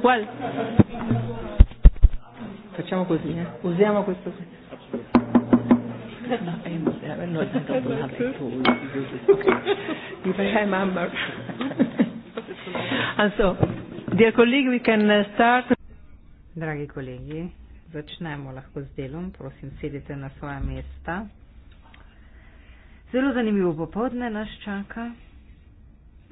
Qual? Facciamo così, eh? usiamo questo. Dragi kolegi, začnemo lahko z delom. Prosim, sedite na svoje mesta. Zelo zanimivo popoldne nas čaka.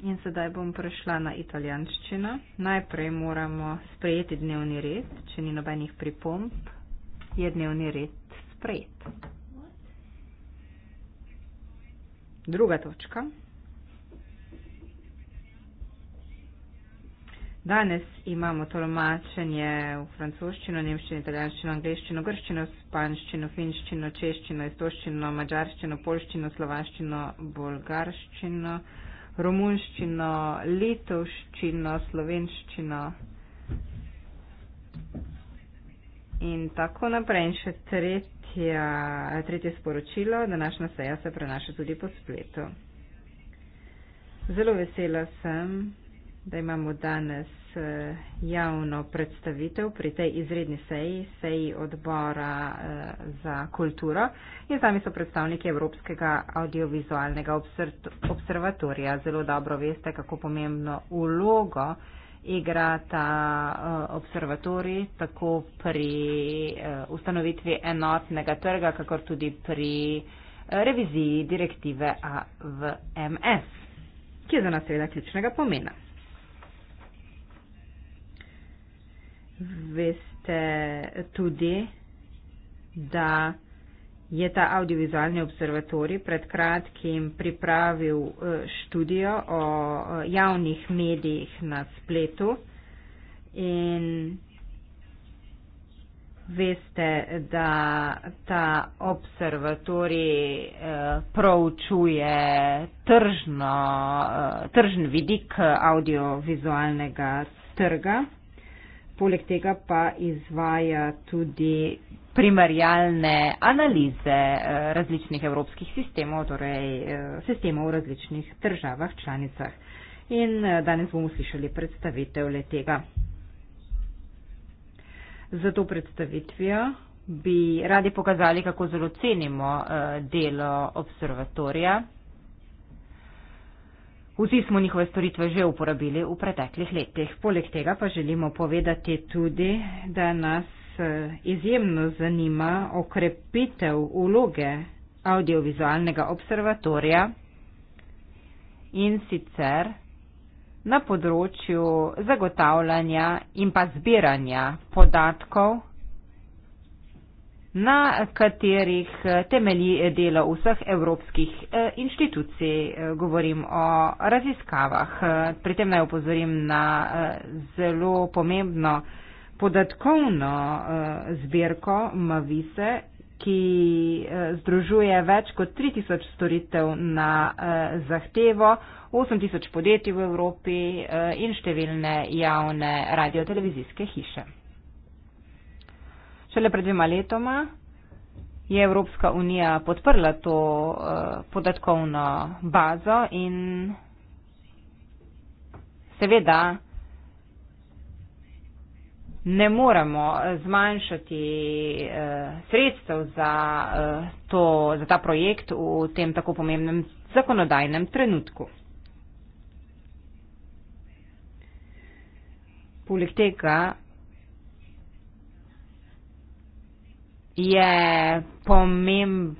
In sedaj bom prešla na italijanščino. Najprej moramo sprejeti dnevni red, če ni nobenih pripomb, je dnevni red sprejet. Druga točka. Danes imamo tolmačenje v francoščino, nemščino, italijanščino, angliščino, grščino, spanščino, finščino, češčino, estoščino, mačarščino, polščino, slovaščino, bolgarščino romunščina, letovščina, slovenščina in tako naprej. In še tretja, tretje sporočilo, današnja seja se prenaša tudi po spletu. Zelo vesela sem, da imamo danes javno predstavitev pri tej izredni seji, seji odbora eh, za kulturo in z nami so predstavniki Evropskega audiovizualnega observatorija. Zelo dobro veste, kako pomembno ulogo igra ta eh, observatorij tako pri eh, ustanovitvi enotnega trga, kakor tudi pri reviziji direktive AVMS, ki je za nas seveda ključnega pomena. veste tudi, da je ta audiovizualni observatorij pred kratkim pripravil eh, študijo o eh, javnih medijih na spletu in veste, da ta observatorij eh, proučuje tržno, tržni vidik audiovizualnega trga poleg tega pa izvaja tudi primarjalne analize eh, različnih evropskih sistemov, torej eh, sistemov v različnih državah članicah. In eh, danes bomo slišali predstavitev le tega. Za to predstavitvijo bi radi pokazali, kako zelo cenimo delo observatorija. Vsi smo njihove storitve že uporabili v preteklih letih. Poleg tega pa želimo povedati tudi, da nas eh, izjemno zanima okrepitev uloge audiovizualnega observatorija in sicer na področju zagotavljanja in pa zbiranja podatkov na katerih eh, temelji eh, delo vseh evropskih eh, inštitucij. Govorim o raziskavah. Pri tem naj upozorim na zelo pomembno podatkovno zbirko Mavise, ki združuje več kot 3000 storitev na zahtevo, 8000 podjetij v Evropi in številne javne radio-televizijske hiše. Šele pred dvema letoma je Evropska unija podprla to eh, podatkovno bazo in seveda ne moremo eh, zmanjšati eh, sredstev za, to, za ta projekt v tem tako pomembnem zakonodajnem trenutku. Poleg tega je pomembna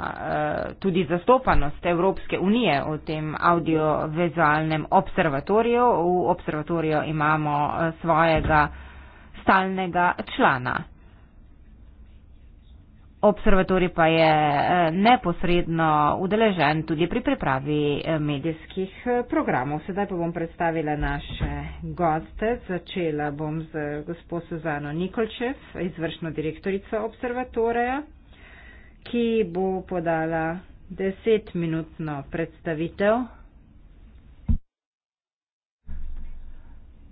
uh, tudi zastopanost Evropske unije v tem audiovizualnem observatoriju. V observatoriju imamo uh, svojega stalnega člana. Observatori pa je eh, neposredno udeležen tudi pri pripravi eh, medijskih eh, programov. Sedaj pa bom predstavila naše goste. Začela bom z gospod Suzano Nikolčev, izvršno direktorico observatoreja, ki bo podala desetminutno predstavitev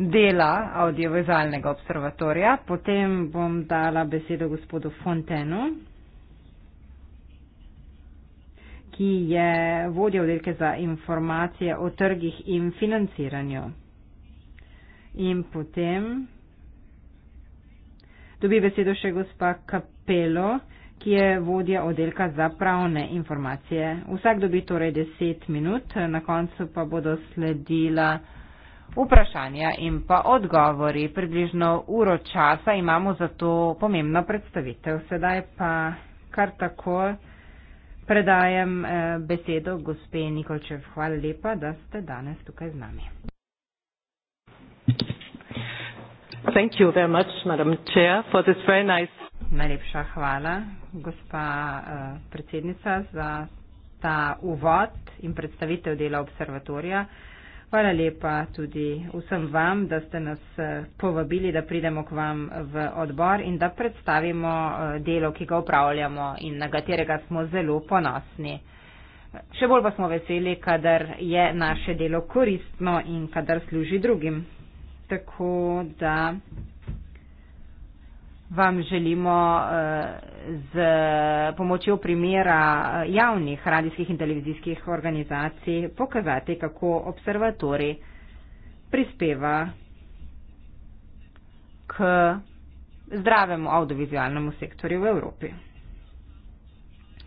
dela audiovizualnega observatorija. Potem bom dala besedo gospodu Fontenu, ki je vodja oddelke za informacije o trgih in financiranju. In potem dobi besedo še gospa Kapelo, ki je vodja oddelka za pravne informacije. Vsak dobi torej 10 minut, na koncu pa bodo sledila vprašanja in pa odgovori. Približno uro časa imamo za to pomembno predstavitev. Sedaj pa kar tako. Predajam eh, besedo gospe Nikolčev. Hvala lepa, da ste danes tukaj z nami. Thank you very much, madam chair, for this very nice. Najlepša hvala, gospa eh, predsednica, za ta uvod in predstavitev dela observatorija. Hvala lepa tudi vsem vam, da ste nas eh, povabili, da pridemo k vam v odbor in da predstavimo eh, delo, ki ga upravljamo in na katerega smo zelo ponosni. Še bolj pa smo veseli, kadar je naše delo koristno in kadar služi drugim. Tako da vam želimo eh, z pomočjo primera eh, javnih radijskih in televizijskih organizacij pokazati, kako observatori prispeva k zdravemu audiovizualnemu sektorju v Evropi.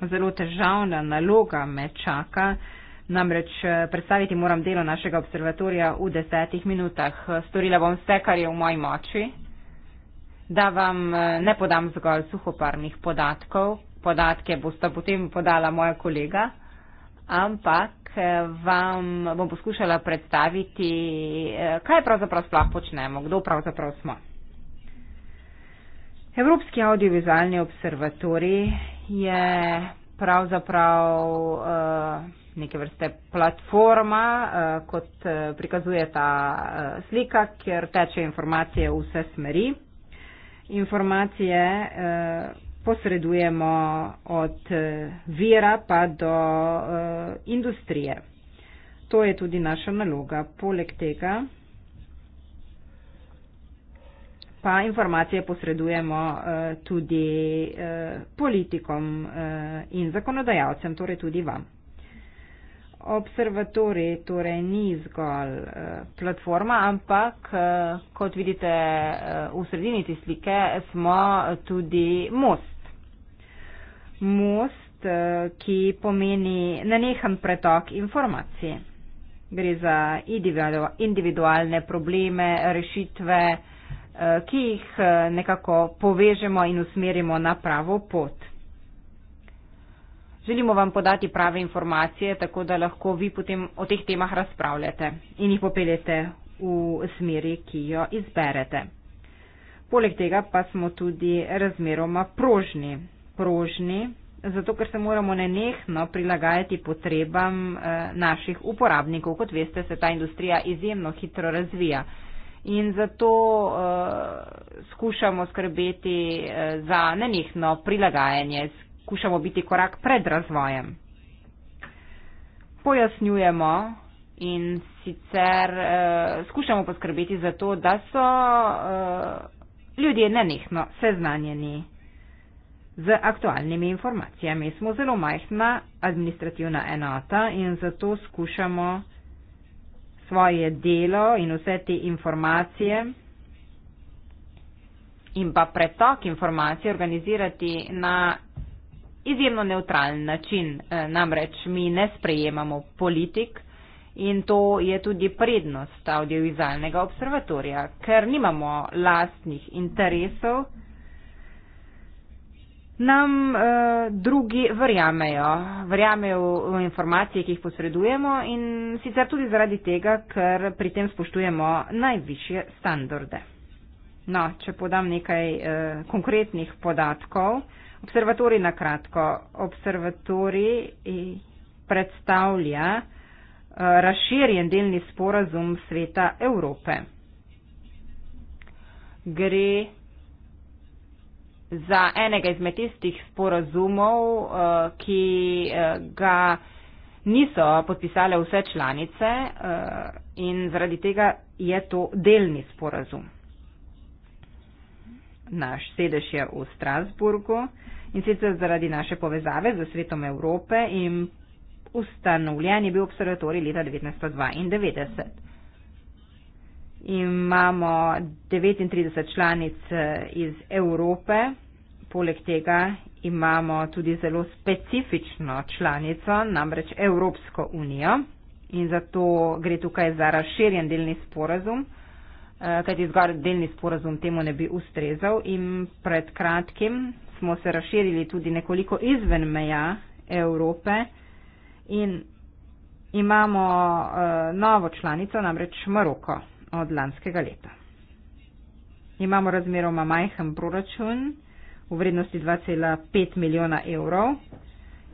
Zelo težavna naloga me čaka, namreč eh, predstaviti moram delo našega observatorija v desetih minutah. Storila bom vse, kar je v moji moči da vam eh, ne podam zgolj suhoparnih podatkov, podatke boste potem podala moja kolega, ampak eh, vam bom poskušala predstaviti, eh, kaj pravzaprav sploh počnemo, kdo pravzaprav smo. Evropski audiovizualni observatorij je pravzaprav neke vrste platforma, kot prikazuje ta slika, kjer teče informacije v vse smeri informacije eh, posredujemo od eh, vira pa do eh, industrije. To je tudi naša naloga. Poleg tega pa informacije posredujemo tudi politikom in zakonodajalcem, torej tudi vam observatorij torej ni zgolj uh, platforma, ampak uh, kot vidite uh, v sredini te slike smo tudi most. Most, uh, ki pomeni nenehen pretok informacij. Gre za individualne probleme, rešitve, uh, ki jih nekako povežemo in usmerimo na pravo pot. Želimo vam podati prave informacije, tako da lahko vi potem o teh temah razpravljate in jih popeljete v smeri, ki jo izberete. Poleg tega pa smo tudi razmeroma prožni. Prožni, zato ker se moramo nenehno prilagajati potrebam eh, naših uporabnikov. Kot veste, se ta industrija izjemno hitro razvija. In zato uh, skušamo skrbeti uh, za nenehno prilagajanje, skušamo biti korak pred razvojem. Pojasnjujemo in sicer eh, skušamo poskrbeti za to, da so eh, ljudje nenehno seznanjeni z aktualnimi informacijami. Smo zelo majhna administrativna enota in zato skušamo svoje delo in vse te informacije in pa pretok informacij organizirati na izjemno neutralen način. Eh, namreč mi ne sprejemamo politik in to je tudi prednost audiovizualnega observatorija, ker nimamo lastnih interesov. Nam eh, drugi verjamejo, verjamejo v informacije, ki jih posredujemo in sicer tudi zaradi tega, ker pri tem spoštujemo najviše standarde. No, če podam nekaj eh, konkretnih podatkov, eh, Observatori na kratko. Observatori predstavlja eh, razširjen delni sporazum sveta Evrope. Gre za enega izmed tistih sporazumov, eh, ki eh, ga niso podpisale vse članice in zaradi tega je to delni sporazum naš sedež je v Strasburgu in sicer zaradi naše povezave z svetom Evrope in ustanovljen je bil observatorij leta 1992. Imamo 39 članic iz Evrope, poleg tega imamo tudi zelo specifično članico, namreč Evropsko unijo. In zato gre tukaj za razširjen delni sporazum, kaj ti zgor delni sporazum temu ne bi ustrezal in pred kratkim smo se razširili tudi nekoliko izven meja Evrope in imamo eh, novo članico, namreč Maroko od lanskega leta. Imamo razmeroma majhen proračun v vrednosti 2,5 milijona evrov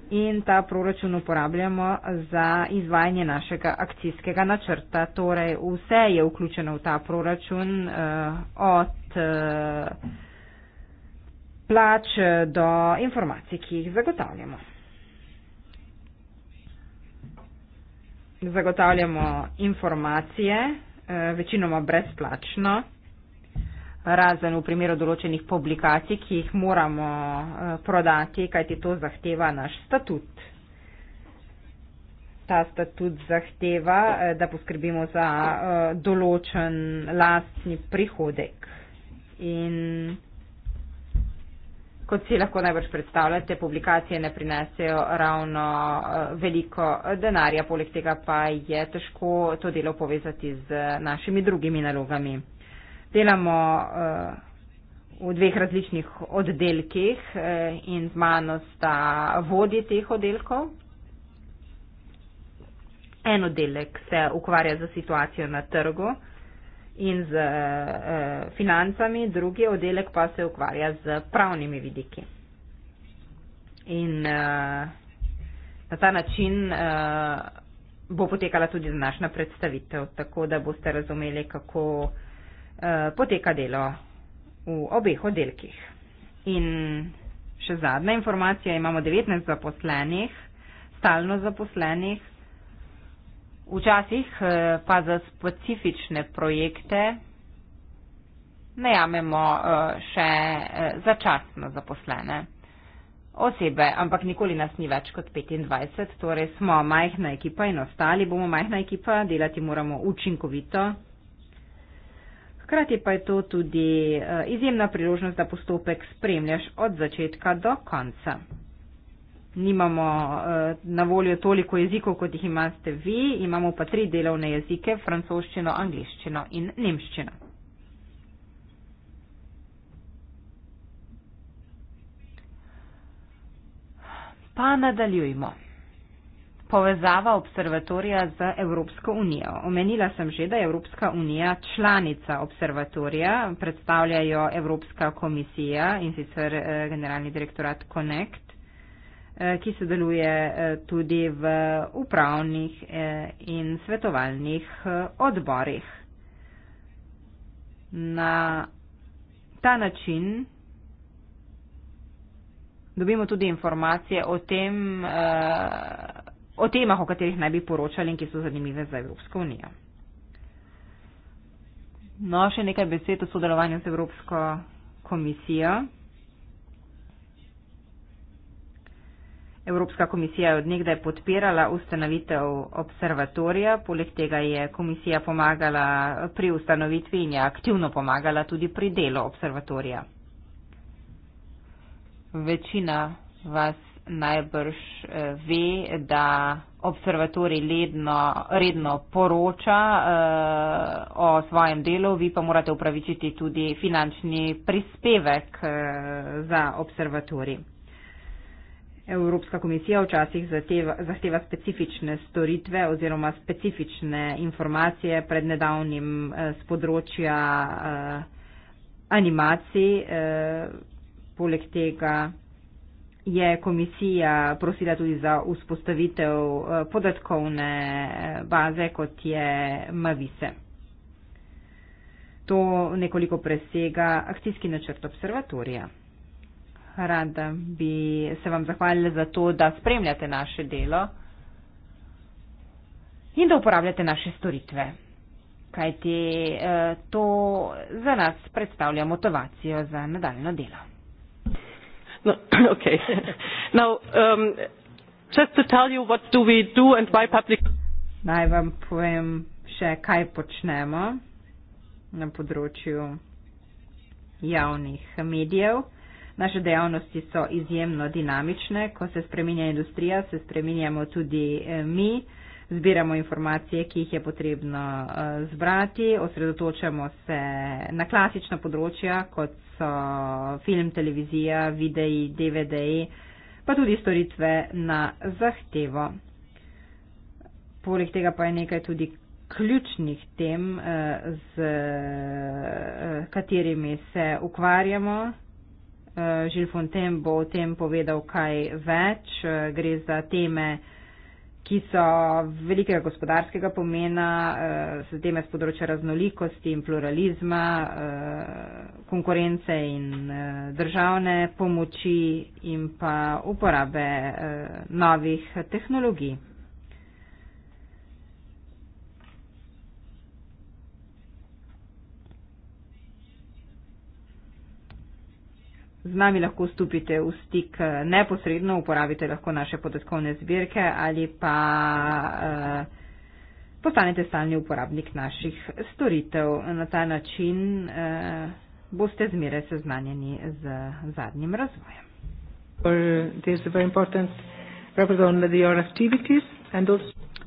in ta proračun uporabljamo za izvajanje našega akcijskega načrta. Torej, vse je vključeno v ta proračun uh, od uh, plač do informacij, ki jih zagotavljamo. Zagotavljamo informacije, uh, večinoma brezplačno razen v primeru določenih publikacij, ki jih moramo eh, prodati, kajti to zahteva naš statut. Ta statut zahteva, eh, da poskrbimo za eh, določen lastni prihodek. In kot si lahko najbrž predstavljate, publikacije ne prinesejo ravno veliko denarja, poleg tega pa je težko to delo povezati z našimi drugimi nalogami delamo uh, v dveh različnih oddelkih uh, in z mano sta vodje teh oddelkov. En oddelek se ukvarja z situacijo na trgu in z uh, financami, drugi oddelek pa se ukvarja z pravnimi vidiki. In uh, na ta način uh, bo potekala tudi današnja predstavitev, tako da boste razumeli, kako. Eh, poteka delo v obeh oddelkih. In še zadnja informacija, imamo 19 zaposlenih, stalno zaposlenih, včasih eh, pa za specifične projekte najamemo eh, še začasno zaposlene osebe, ampak nikoli nas ni več kot 25, torej smo majhna ekipa in ostali bomo majhna ekipa, delati moramo učinkovito, Hkrati pa je to tudi eh, izjemna priložnost, da postopek spremljaš od začetka do konca. Nimamo eh, na voljo toliko jezikov, kot jih imate vi, imamo pa tri delovne jezike, francoščino, angliščino in nemščino. Pa nadaljujmo povezava observatorija z Evropsko unijo. Omenila sem že, da je Evropska unija članica observatorija, predstavljajo Evropska komisija in sicer eh, generalni direktorat Connect eh, ki sodeluje eh, tudi v upravnih in svetovalnih odborih. Na ta način dobimo tudi informacije o tem, o temah, o katerih naj bi poročali in ki so zanimive za Evropsko unijo. No, še nekaj besed o sodelovanju z Evropsko komisijo. Evropska komisija je odnegda podpirala ustanovitev observatorija, poleg tega je komisija pomagala pri ustanovitvi in je aktivno pomagala tudi pri delu observatorija. Večina vas najbrž eh, ve, da observatori ledno, redno poroča eh, o svojem delu, vi pa morate upravičiti tudi finančni prispevek eh, za observatori. Evropska komisija včasih zahteva, zahteva specifične storitve oziroma specifične informacije pred nedavnim eh, z področja eh, animacij. Eh, poleg tega je komisija prosila tudi za vzpostavitev eh, podatkovne eh, baze, kot je Mavise. To nekoliko presega akcijski načrt observatorija. Rada bi se vam zahvalila za to, da spremljate naše delo in da uporabljate naše storitve, kajti eh, to za nas predstavlja motivacijo za nadaljno delo. No, okay. now, um, just to tell you what do we do and why public... Naj vam povem še, kaj počnemo na področju javnih medijev. Naše dejavnosti so izjemno dinamične. Ko se spreminja industrija, se spreminjamo tudi eh, mi zbiramo informacije, ki jih je potrebno eh, zbrati, osredotočamo se na klasična področja, kot so film, televizija, videi, DVD-ji, pa tudi storitve na zahtevo. Poleg tega pa je nekaj tudi ključnih tem, eh, z eh, katerimi se ukvarjamo. Žil Fontaine bo o tem povedal kaj več. Gre za teme, ki so velikega gospodarskega pomena, eh, so teme z področja raznolikosti in pluralizma, eh, konkurence in eh, državne pomoči in pa uporabe eh, novih tehnologij. z nami lahko stopite v stik eh, neposredno, uporabite lahko naše podatkovne zbirke ali pa uh, postanete stalni uporabnik naših storitev. Na ta način uh, boste zmeraj seznanjeni z zadnjim razvojem.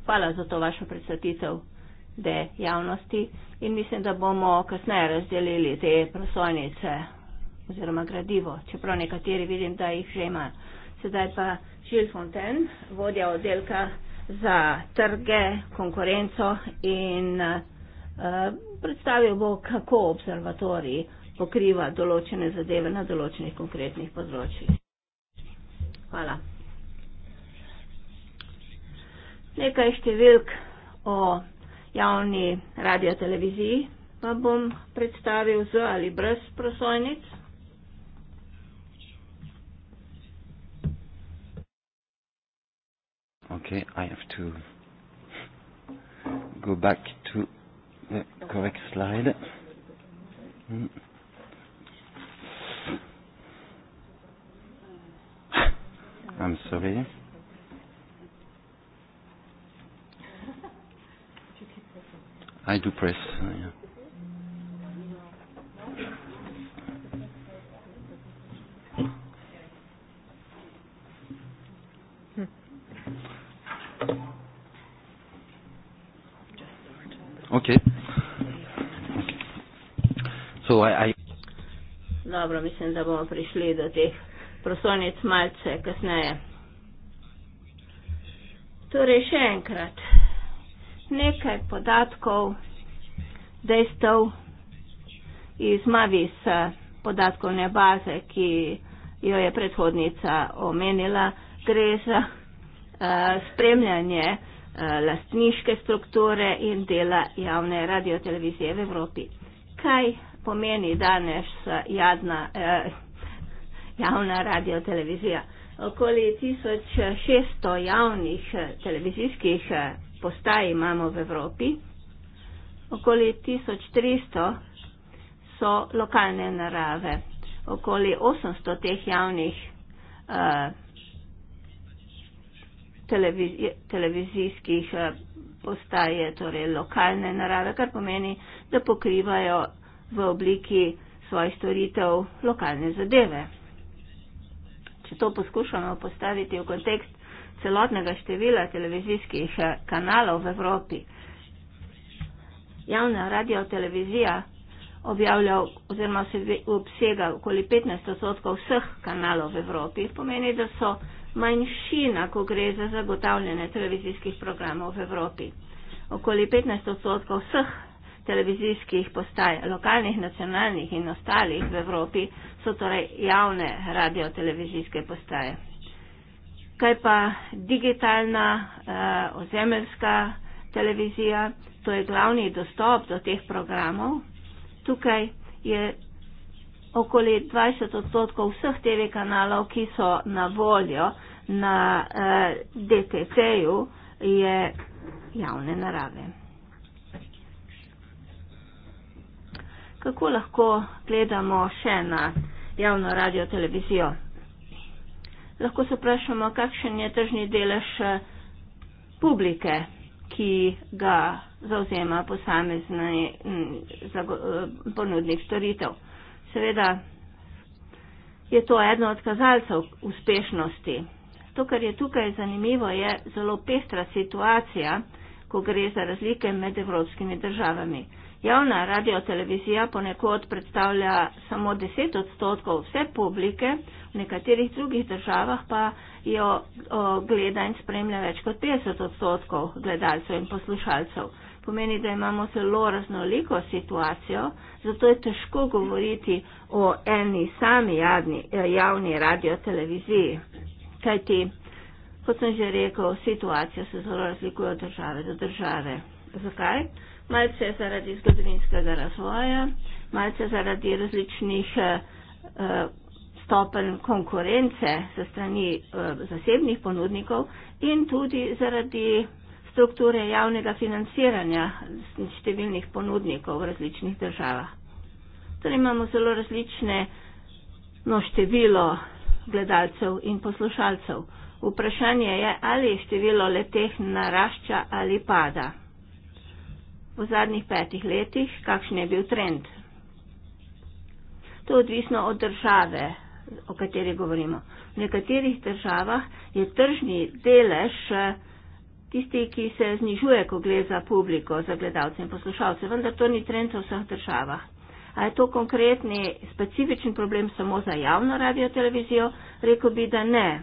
Hvala za to vašo predstavitev javnosti in mislim, da bomo kasneje razdelili te prosojnice oziroma gradivo, čeprav nekateri vidim, da jih že imajo. Sedaj pa Žil Fonten, vodja oddelka za trge, konkurenco in uh, predstavil bo, kako observatorij pokriva določene zadeve na določenih konkretnih področjih. Hvala. Nekaj številk o javni radioteleviziji pa bom predstavil z ali brez prosojnic. Okay, I have to go back to the correct slide. Mm. I'm sorry. I do press. Yeah. Okay. okay. So I, I Dobro, mislim, da bomo prišli do teh prosojnic malce kasneje. Torej, še enkrat. Nekaj podatkov, dejstev iz Mavis eh, podatkovne baze, ki jo je predhodnica omenila, gre za Eh, spremljanje eh, lastniške strukture in dela javne radiotelevizije v Evropi. Kaj pomeni danes eh, jadna eh, javna radiotelevizija? Okoli 1600 javnih televizijskih postaj imamo v Evropi, okoli 1300 so lokalne narave, okoli 800 teh javnih eh, televiz televizijskih eh, postaje, torej lokalne narave, kar pomeni, da pokrivajo v obliki svojih storitev lokalne zadeve. Če to poskušamo postaviti v kontekst celotnega števila televizijskih eh, kanalov v Evropi, javna radiotelevizija objavlja oziroma se obsega okoli 15 odstotkov vseh kanalov v Evropi, pomeni, da so manjšina, ko gre za zagotavljanje televizijskih programov v Evropi. Okoli 15 odstotkov vseh televizijskih postaj, lokalnih, nacionalnih in ostalih v Evropi, so torej javne radiotelevizijske postaje. Kaj pa digitalna eh, ozemeljska televizija, to je glavni dostop do teh programov. Tukaj je okoli 20 odstotkov vseh TV kanalov, ki so na voljo na eh, DTC-ju, je javne narave. Kako lahko gledamo še na javno radio televizijo? Lahko se vprašamo, kakšen je tržni delež eh, publike, ki ga zauzema posamezni eh, ponudnik storitev seveda je to eden od kazalcev uspešnosti. To, kar je tukaj zanimivo, je zelo pestra situacija, ko gre za razlike med evropskimi državami. Javna radiotelevizija ponekod predstavlja samo 10 odstotkov vse publike, v nekaterih drugih državah pa jo o, gleda in spremlja več kot 50 odstotkov gledalcev in poslušalcev pomeni, da imamo zelo raznoliko situacijo, zato je težko govoriti o eni sami javni, eh, javni radioteleviziji. Kajti, kot sem že rekel, situacija se zelo razlikuje od države do države. Zakaj? Malce zaradi zgodovinskega razvoja, malce zaradi različnih uh, eh, eh, stopen konkurence se strani uh, zasebnih ponudnikov in tudi zaradi strukture javnega financiranja številnih ponudnikov v različnih državah. Torej imamo zelo različne no, število gledalcev in poslušalcev. Vprašanje je, ali je število leteh narašča ali pada. V zadnjih petih letih, kakšen je bil trend? To je odvisno od države, o kateri govorimo. V nekaterih državah je tržni delež eh, tisti, ki se znižuje, ko gre za publiko, za gledalce in poslušalce, vendar to ni trend v vseh državah. A je to konkretni, specifičen problem samo za javno radio televizijo? Rekl bi, da ne.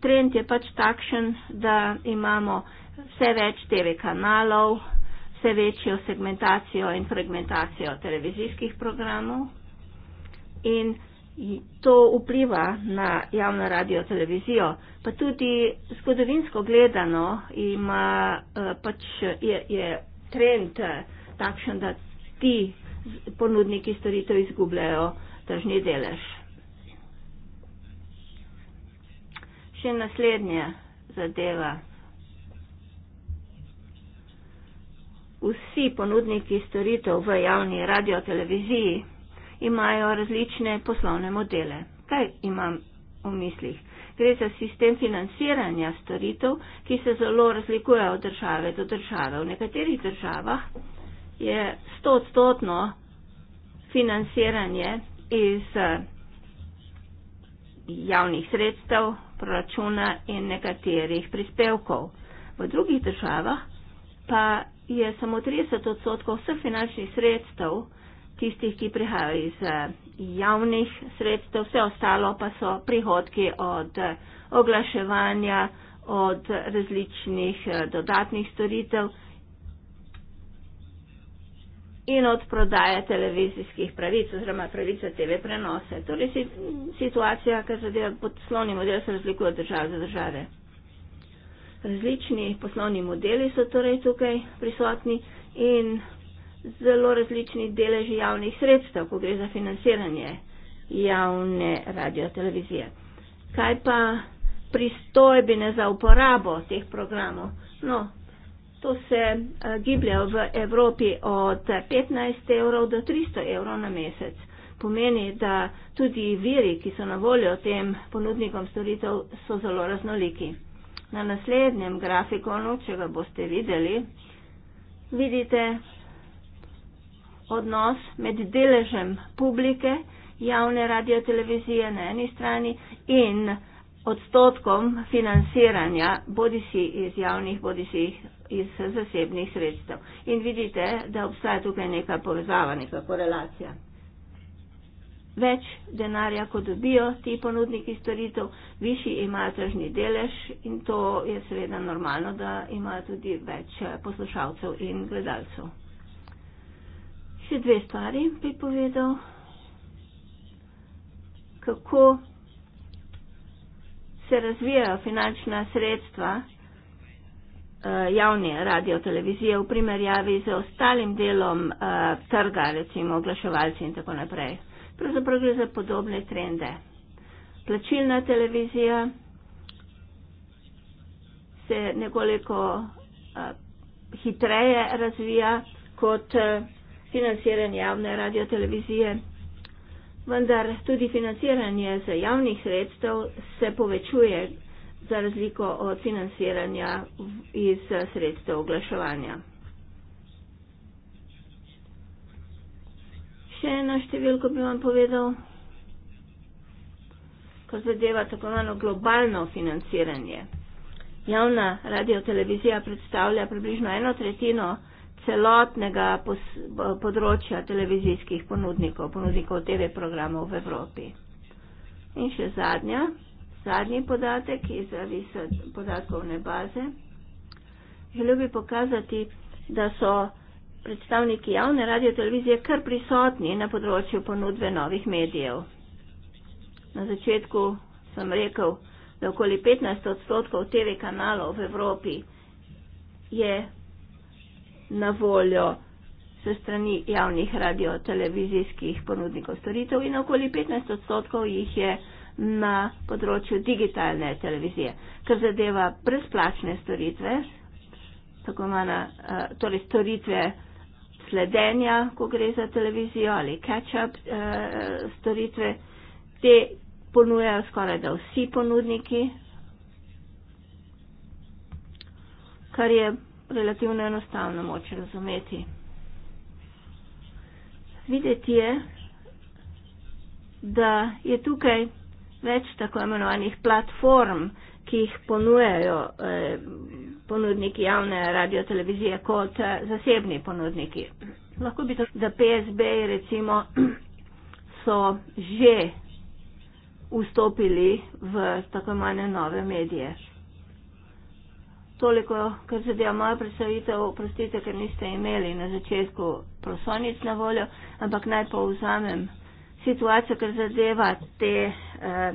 Trend je pač takšen, da imamo vse več TV kanalov, vse večjo segmentacijo in fragmentacijo televizijskih programov. In To vpliva na javno radio televizijo, pa tudi zgodovinsko gledano ima, eh, pač je, je trend eh, takšen, da ti ponudniki storitev izgubljajo tržni delež. Še naslednja zadeva. Vsi ponudniki storitev v javni radio televiziji imajo različne poslovne modele. Kaj imam v mislih? Gre za sistem financiranja storitev, ki se zelo razlikuje od države do države. V nekaterih državah je stotstotno financiranje iz javnih sredstev, proračuna in nekaterih prispevkov. V drugih državah pa je samo 30 odstotkov vseh finančnih sredstev tistih, ki prihajajo iz eh, javnih sredstev, vse ostalo pa so prihodki od eh, oglaševanja, od različnih eh, dodatnih storitev in od prodaje televizijskih pravic oziroma pravice TV prenose. Torej situacija, kar zadeva poslovni model, se razlikuje od države do države. Različni poslovni modeli so torej tukaj prisotni in zelo različni deleži javnih sredstev, ko gre za financiranje javne radiotelevizije. Kaj pa pristojbine za uporabo teh programov? No, to se eh, giblja v Evropi od 15 evrov do 300 evrov na mesec. Pomeni, da tudi viri, ki so na voljo tem ponudnikom storitev, so zelo raznoliki. Na naslednjem grafikonu, če ga boste videli, vidite, odnos med deležem publike, javne radiotelevizije na eni strani in odstotkom financiranja, bodi si iz javnih, bodi si iz zasebnih sredstev. In vidite, da obstaja tukaj neka povezava, neka korelacija. Več denarja, ko dobijo ti ponudniki storitev, višji imajo tržni delež in to je seveda normalno, da imajo tudi več eh, poslušalcev in gledalcev še dve stvari bi povedal, kako se razvijajo finančna sredstva eh, javne radiotelevizije v primerjavi z ostalim delom eh, trga, recimo oglaševalci in tako naprej. Pravzaprav gre za podobne trende. Plačilna televizija se nekoliko eh, hitreje razvija kot financiranje javne radiotelevizije. Vendar tudi financiranje z javnih sredstev se povečuje za razliko od financiranja iz sredstev oglaševanja. Še eno številko bi vam povedal, ko zadeva tako imeno globalno financiranje. Javna radiotelevizija predstavlja približno eno tretjino celotnega pos, področja televizijskih ponudnikov, ponudnikov TV programov v Evropi. In še zadnja, zadnji podatek iz avisa podatkovne baze. Želel bi pokazati, da so predstavniki javne radio televizije kar prisotni na področju ponudbe novih medijev. Na začetku sem rekel, da okoli 15 odstotkov TV kanalov v Evropi je na voljo se strani javnih radiotelevizijskih ponudnikov storitev in okoli 15 odstotkov jih je na področju digitalne televizije. Kar zadeva brezplačne storitve, tako imena, eh, torej storitve sledenja, ko gre za televizijo ali catch-up eh, storitve, te ponujajo skoraj da vsi ponudniki, kar je relativno enostavno moč razumeti. Videti je, da je tukaj več tako imenovanih platform, ki jih ponujajo eh, ponudniki javne radiotelevizije kot eh, zasebni ponudniki. Lahko bi to, da PSB recimo so že vstopili v tako imenovane nove medije toliko, kar zadeva mojo predstavitev, oprostite, ker niste imeli na začetku prosonic na voljo, ampak naj povzamem situacijo, kar zadeva te eh,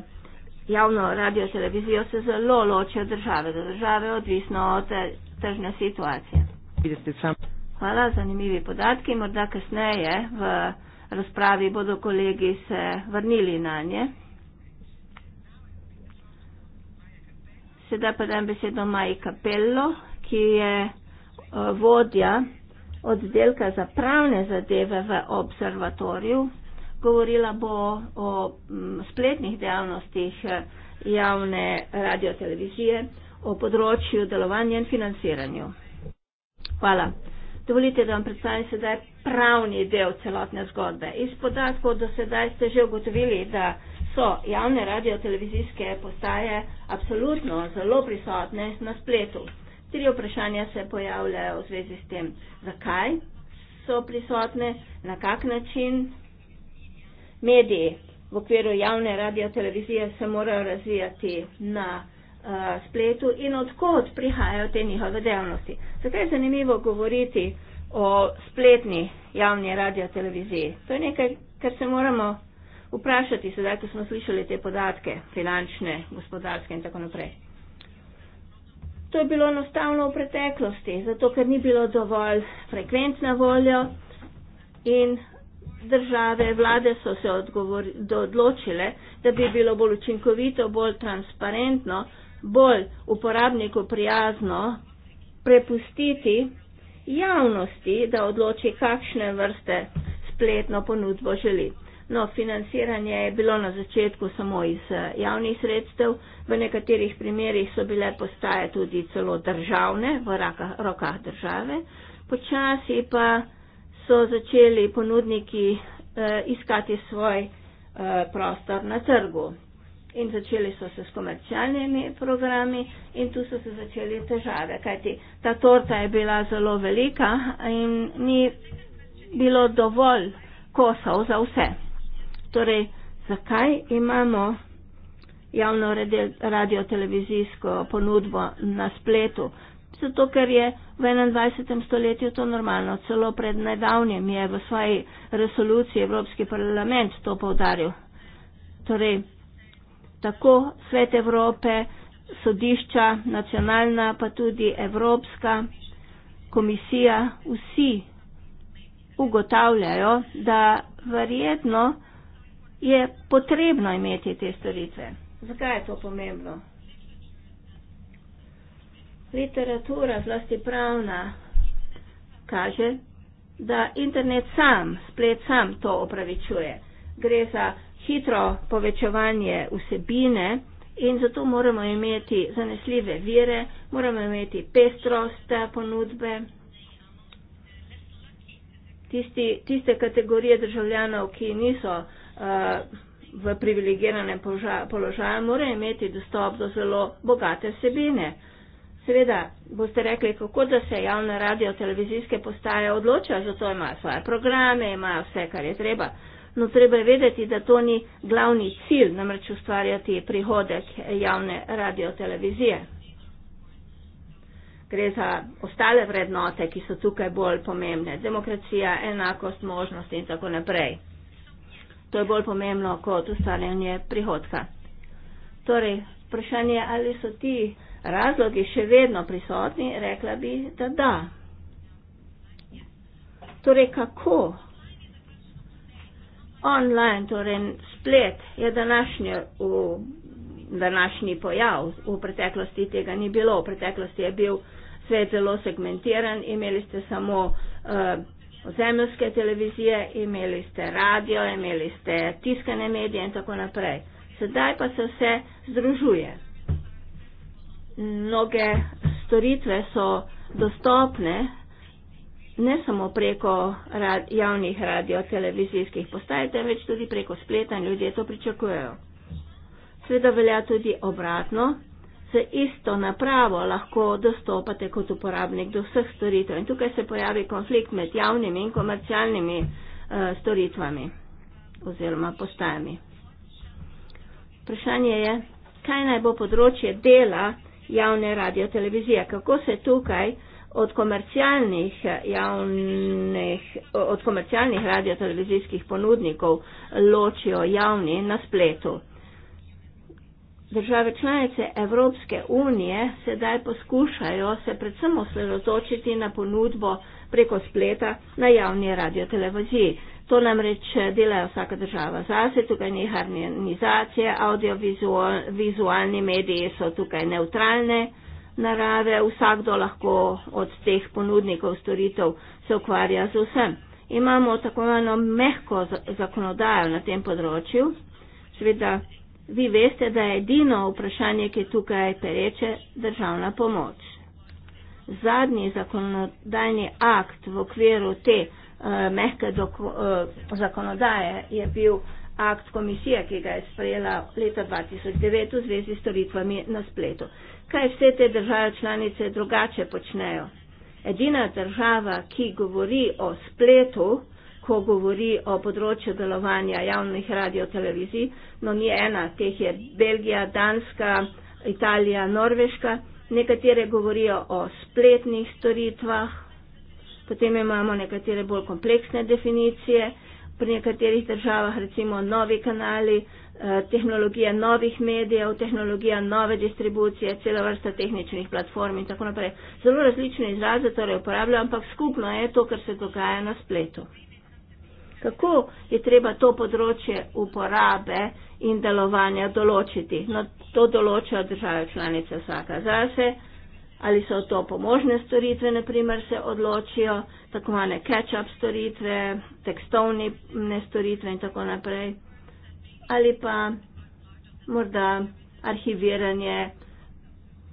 javno radio televizijo, se zelo loči od države do države, odvisno od eh, tržne situacije. Hvala, zanimivi podatki, morda kasneje v razpravi bodo kolegi se vrnili na nje. Sedaj pa dam besedo Maji Kapello, ki je eh, vodja oddelka za pravne zadeve v observatoriju. Govorila bo o mm, spletnih dejavnostih eh, javne radiotelevizije, o področju delovanja in financiranju. Hvala. Dovolite, da vam predstavim sedaj pravni del celotne zgodbe. Iz podatkov do sedaj ste že ugotovili, da so javne radiotelevizijske postaje absolutno zelo prisotne na spletu. Tri vprašanja se pojavljajo v zvezi s tem, zakaj so prisotne, na kak način mediji v okviru javne radiotelevizije se morajo razvijati na uh, spletu in odkot prihajajo te njihove dejavnosti. Zakaj je zanimivo govoriti o spletni javni radioteleviziji? To je nekaj, kar se moramo vprašati, sedaj, ko smo slišali te podatke, finančne, gospodarske in tako naprej. To je bilo enostavno v preteklosti, zato ker ni bilo dovolj frekvent na voljo in države, vlade so se odločile, da bi bilo bolj učinkovito, bolj transparentno, bolj uporabniku prijazno prepustiti javnosti, da odloči, kakšne vrste spletno ponudbo želi. No, financiranje je bilo na začetku samo iz eh, javnih sredstev, v nekaterih primerjih so bile postaje tudi celo državne, v rokah države. Počasi pa so začeli ponudniki eh, iskati svoj eh, prostor na trgu in začeli so se s komercialnimi programi in tu so se začeli težave, kajti ta torta je bila zelo velika in ni bilo dovolj kosov za vse. Torej, zakaj imamo javno radio televizijsko ponudbo na spletu? Zato, ker je v 21. stoletju to normalno. Celo pred nedavnjem je v svoji resoluciji Evropski parlament to povdaril. Torej, tako svet Evrope, sodišča, nacionalna, pa tudi Evropska komisija, vsi ugotavljajo, da verjetno je potrebno imeti te storitve. Zakaj je to pomembno? Literatura, zlasti pravna, kaže, da internet sam, splet sam to opravičuje. Gre za hitro povečevanje vsebine in zato moramo imeti zanesljive vire, moramo imeti pestrost ponudbe. Tisti, tiste kategorije državljanov, ki niso v privilegiranem položaju, morajo imeti dostop do zelo bogate vsebine. Seveda boste rekli, kako da se javne radio televizijske postaje odločajo, zato imajo svoje programe, imajo vse, kar je treba. No, treba je vedeti, da to ni glavni cilj, namreč ustvarjati prihodek javne radio televizije. Gre za ostale vrednote, ki so tukaj bolj pomembne. Demokracija, enakost, možnosti in tako naprej. To je bolj pomembno kot ustvarjanje prihodka. Torej, vprašanje, ali so ti razlogi še vedno prisotni, rekla bi, da da. Torej, kako? Online, torej splet je današnje v današnji pojav, v preteklosti tega ni bilo, v preteklosti je bil svet zelo segmentiran, imeli ste samo uh, zemljske televizije, imeli ste radio, imeli ste tiskane medije in tako naprej. Sedaj pa se vse združuje. Mnoge storitve so dostopne ne samo preko rad, javnih radio-televizijskih postaj, temveč tudi preko spleta in ljudje to pričakujejo. Sveda velja tudi obratno, z isto napravo lahko dostopate kot uporabnik do vseh storitev. In tukaj se pojavi konflikt med javnimi in komercialnimi uh, storitvami oziroma postajami. Vprašanje je, kaj naj bo področje dela javne radiotelevizije, kako se tukaj od komercialnih, eh, javnih, od komercialnih radiotelevizijskih ponudnikov ločijo javni na spletu. Države članice Evropske unije sedaj poskušajo se predvsem osredotočiti na ponudbo preko spleta na javni radioteleviziji. To namreč delajo vsaka država zase, tukaj ni harmonizacije, audiovizualni mediji so tukaj neutralne narave, vsakdo lahko od teh ponudnikov storitev se ukvarja z vsem. Imamo tako eno mehko zakonodajo na tem področju, seveda vi veste, da je edino vprašanje, ki je tukaj pereče, državna pomoč. Zadnji zakonodajni akt v okviru te uh, mehke doko, uh, zakonodaje je bil akt komisije, ki ga je sprejela leta 2009 v zvezi s storitvami na spletu. Kaj vse te države članice drugače počnejo? Edina država, ki govori o spletu, uh, ko govori o področju delovanja javnih radiotelevizij, no ni ena, teh je Belgija, Danska, Italija, Norveška, nekatere govorijo o spletnih storitvah, potem imamo nekatere bolj kompleksne definicije, pri nekaterih državah recimo novi kanali, eh, tehnologija novih medijev, tehnologija nove distribucije, cela vrsta tehničnih platform in tako naprej. Zelo različne izraze torej uporabljajo, ampak skupno je to, kar se dogaja na spletu kako je treba to področje uporabe in delovanja določiti. No, to določajo države članice vsaka zase, ali so to pomožne storitve, naprimer se odločijo, tako imane catch-up storitve, tekstovne storitve in tako naprej, ali pa morda arhiviranje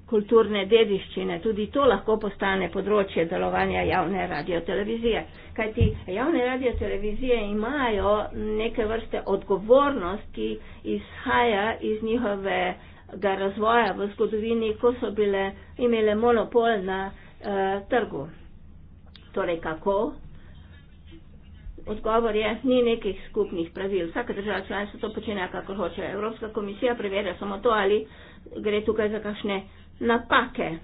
kulturne dediščine, tudi to lahko postane področje delovanja javne radiotelevizije. Kajti javne radiotelevizije imajo neke vrste odgovornost, ki izhaja iz njihovega razvoja v zgodovini, ko so bile, imele monopol na eh, trgu. Torej, kako? Odgovor je, ni nekih skupnih pravil. Vsaka država članica to počne, kako hoče. Evropska komisija preverja samo to, ali gre tukaj za kakšne napake,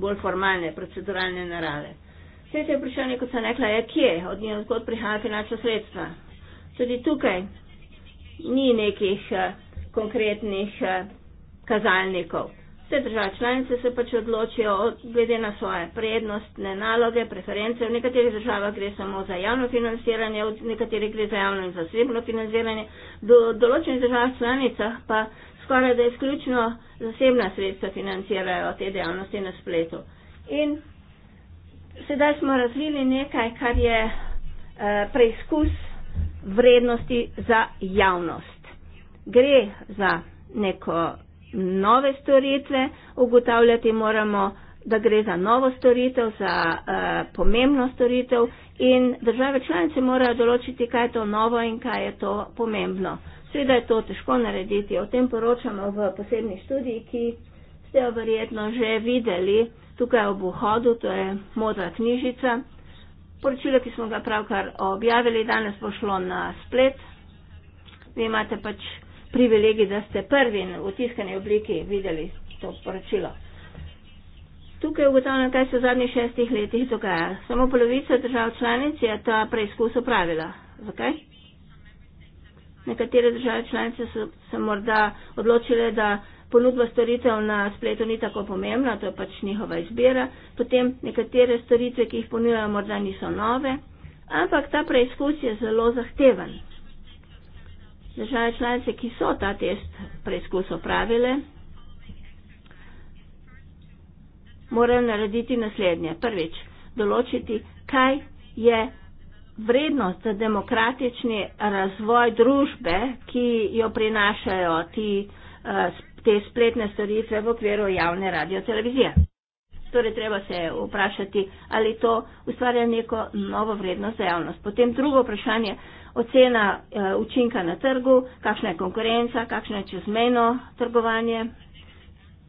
bolj formalne, proceduralne narave. Tretje vprašanje, kot sem rekla, je kje, od njih odkot prihajajo finančna sredstva. Tudi tukaj ni nekih eh, konkretnih eh, kazalnikov. Vse države članice se pač odločijo od, glede na svoje prednostne naloge, preference. V nekaterih državah gre samo za javno financiranje, v nekaterih gre za javno in zasebno financiranje. Do določenih držav članicah pa skoraj da izključno zasebna sredstva financirajo te dejavnosti na spletu. In sedaj smo razvili nekaj, kar je eh, preizkus vrednosti za javnost. Gre za neko nove storitve, ugotavljati moramo, da gre za novo storitev, za eh, pomembno storitev in države članice morajo določiti, kaj je to novo in kaj je to pomembno. Seveda je to težko narediti, o tem poročamo v posebni študiji, ki ste jo verjetno že videli tukaj ob vhodu, to je modra knjižica. Poročilo, ki smo ga pravkar objavili, danes bo šlo na splet. Vi imate pač privilegij, da ste prvi v tiskani obliki videli to poročilo. Tukaj ugotavljam, kaj se v zadnjih šestih letih dogaja. Samo polovica držav članic je ta preizkus opravila. Zakaj? Okay? Nekatere države članice so se morda odločile, da ponudba storitev na spletu ni tako pomembna, to je pač njihova izbira. Potem nekatere storitve, ki jih ponujajo, morda niso nove, ampak ta preizkus je zelo zahteven. Države članice, ki so ta test preizkus opravile, morajo narediti naslednje. Prvič, določiti, kaj je vrednost za demokratični razvoj družbe, ki jo prinašajo ti, eh, te spletne storitve v okviru javne radiotelevizije. Torej, treba se vprašati, ali to ustvarja neko novo vrednost za javnost. Potem drugo vprašanje, ocena eh, učinka na trgu, kakšna je konkurenca, kakšno je čezmejno trgovanje.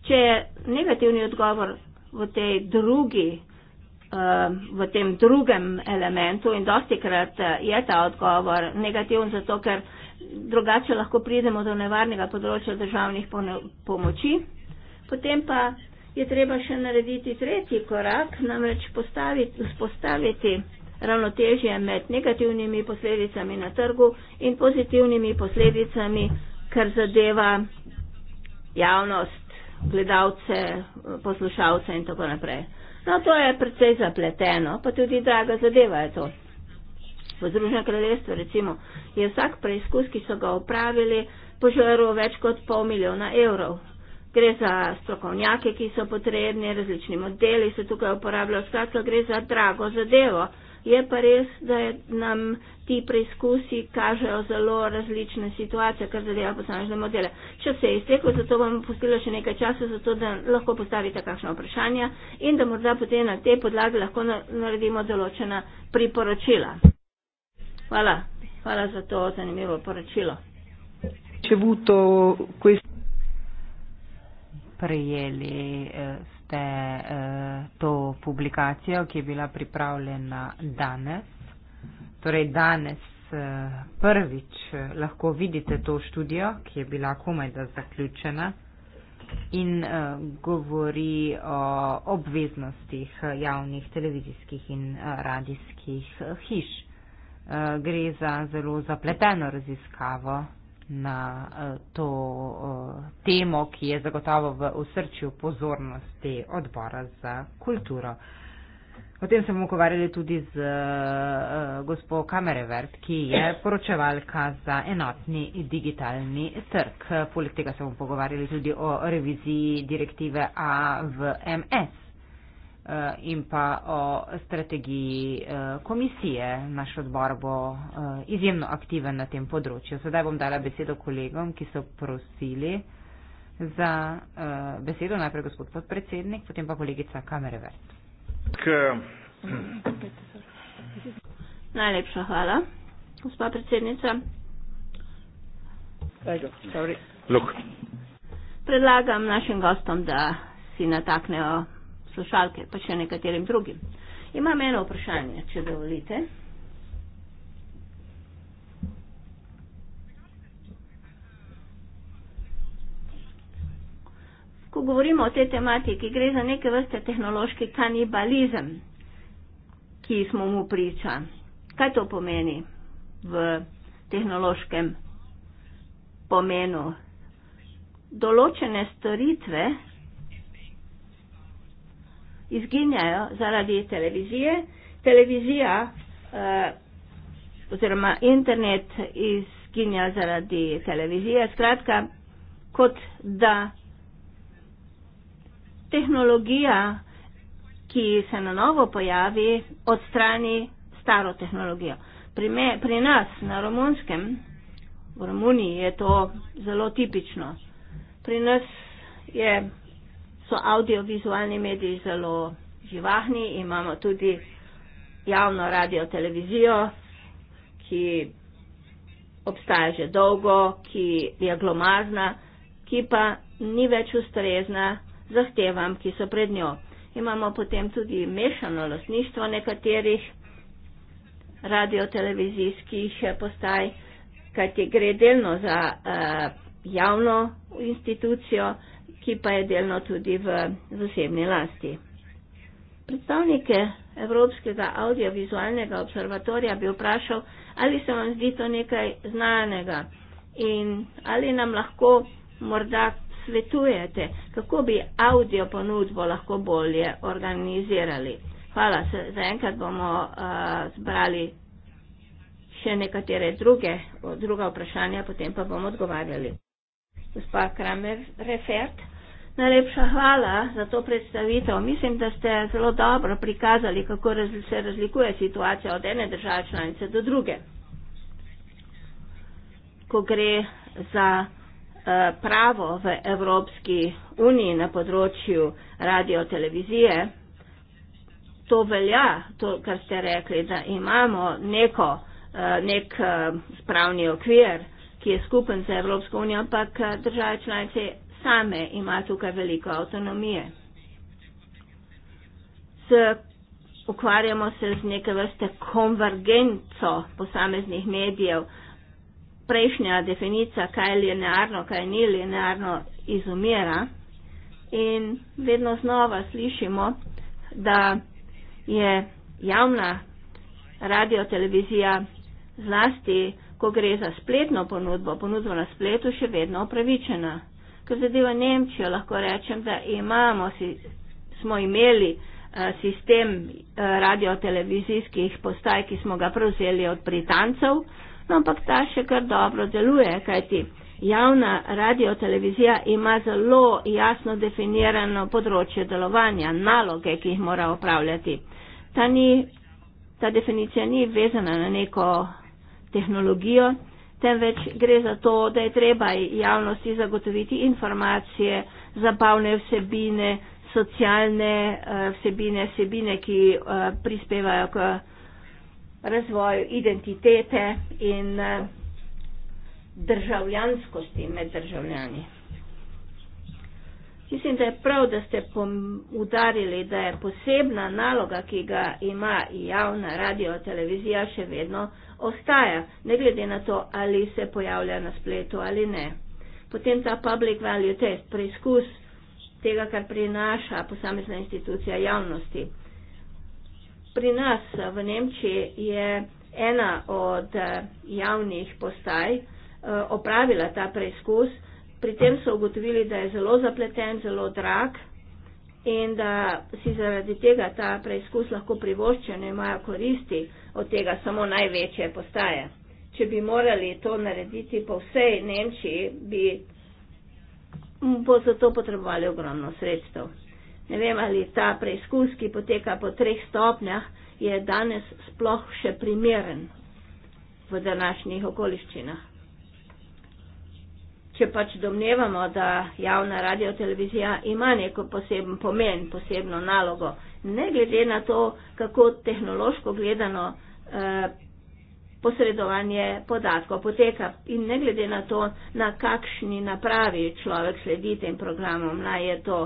Če je negativni odgovor v tej drugi Eh, v tem drugem elementu in dosti krat eh, je ta odgovor negativen, zato ker drugače lahko pridemo do nevarnega področja državnih pomoči. Potem pa je treba še narediti tretji korak, namreč vzpostaviti ravnotežje med negativnimi posledicami na trgu in pozitivnimi posledicami, kar zadeva javnost, gledalce, eh, poslušalce in tako naprej. No, to je precej zapleteno, pa tudi draga zadeva je to. V Združenem kraljestvu, recimo, je vsak preizkus, ki so ga upravili, požaril več kot pol milijona evrov. Gre za strokovnjake, ki so potrebni, različni modeli se tukaj uporabljajo, skratka gre za drago zadevo. Je pa res, da nam ti preizkusi kažejo zelo različne situacije, kar zadeva posamezne modele. Če se je iztekel, zato bom pustila še nekaj časa, zato da lahko postavite kakšno vprašanje in da morda potem na te podlage lahko naredimo določena priporočila. Hvala. Hvala za to zanimivo poročilo. Če bo to, ko je prejeli. Eh, ste eh, to publikacijo, ki je bila pripravljena danes. Torej danes eh, prvič eh, lahko vidite to študijo, ki je bila komaj da zaključena in govori o obveznostih javnih televizijskih in radijskih hiš. Gre za zelo zapleteno raziskavo, na eh, to eh, temo, ki je zagotovo v osrčju pozornosti odbora za kulturo. Potem smo pogovarjali tudi z eh, gospod Kamerevert, ki je poročevalka za enotni digitalni trg. Poleg tega smo pogovarjali tudi o reviziji direktive AVMS. Eh, in pa o strategiji eh, komisije. Naš odbor bo eh, izjemno aktiven na tem področju. Sedaj bom dala besedo kolegom, ki so prosili za besedo. Najprej gospod podpredsednik, potem pa kolegica Kamerevert. Najlepša hvala, gospa predsednica. Predlagam našim gostom, da si nataknejo slušalke, pa še nekaterim drugim. Imam eno vprašanje, če dovolite. Ko govorimo o tej tematiki, gre za neke vrste tehnološki kanibalizem, ki smo mu priča. Kaj to pomeni v tehnološkem pomenu? Določene storitve izginjajo zaradi televizije. Televizija eh, oziroma internet izginja zaradi televizije. Skratka, kot da tehnologija, ki se na novo pojavi, odstrani staro tehnologijo. Pri, me, pri nas na romunskem, v Romuniji je to zelo tipično. Pri nas je so audiovizualni mediji zelo živahni, imamo tudi javno radio televizijo, ki obstaja že dolgo, ki je glomazna, ki pa ni več ustrezna zahtevam, ki so pred njo. Imamo potem tudi mešano lasništvo nekaterih radiotelevizijskih eh, postaj, kajti gre delno za uh, javno institucijo, ki pa je delno tudi v zasebni lasti. Predstavnike Evropskega audiovizualnega observatorija bi vprašal, ali se vam zdi to nekaj znanega in ali nam lahko morda svetujete, kako bi audio ponudbo lahko bolje organizirali. Hvala, zaenkrat bomo uh, zbrali še nekatere druge, druga vprašanja, potem pa bomo odgovarjali. Gospa Kramer, refert. Najlepša hvala za to predstavitev. Mislim, da ste zelo dobro prikazali, kako se razlikuje situacija od ene države članice do druge. Ko gre za eh, pravo v Evropski uniji na področju radiotelevizije, to velja, to, kar ste rekli, da imamo neko, eh, nek spravni eh, okvir, ki je skupen za Evropsko unijo, ampak države članice same ima tukaj veliko avtonomije. S, ukvarjamo se z neke vrste konvergenco posameznih medijev. Prejšnja definicija, kaj je linearno, kaj ni linearno, izumira. In vedno znova slišimo, da je javna radiotelevizija zlasti, ko gre za spletno ponudbo, ponudbo na spletu, še vedno upravičena. Ko zadeva Nemčijo, lahko rečem, da imamo, si, smo imeli eh, sistem eh, radiotelevizijskih postaj, ki smo ga prevzeli od Britancev, no, ampak ta še kar dobro deluje, kajti javna radiotelevizija ima zelo jasno definirano področje delovanja, naloge, ki jih mora opravljati. Ta, ni, ta definicija ni vezana na neko tehnologijo temveč gre za to, da je treba javnosti zagotoviti informacije, zabavne vsebine, socialne eh, vsebine, vsebine, ki eh, prispevajo k razvoju identitete in eh, državljanskosti med državljani. Mislim, da je prav, da ste udarili, da je posebna naloga, ki ga ima javna radio televizija še vedno ostaja, ne glede na to, ali se pojavlja na spletu ali ne. Potem ta public value test, preizkus tega, kar prinaša posamezna institucija javnosti. Pri nas v Nemčiji je ena od eh, javnih postaj eh, opravila ta preizkus, pri tem so ugotovili, da je zelo zapleten, zelo drag in da si zaradi tega ta preizkus lahko privoščeno imajo koristi od tega samo največje postaje. Če bi morali to narediti po vsej Nemčiji, bi bo za to potrebovali ogromno sredstev. Ne vem, ali ta preizkus, ki poteka po treh stopnjah, je danes sploh še primeren v današnjih okoliščinah če pač domnevamo, da javna radiotelevizija ima neko poseben pomen, posebno nalogo, ne glede na to, kako tehnološko gledano eh, posredovanje podatkov poteka in ne glede na to, na kakšni napravi človek sledi tem programom, naj je to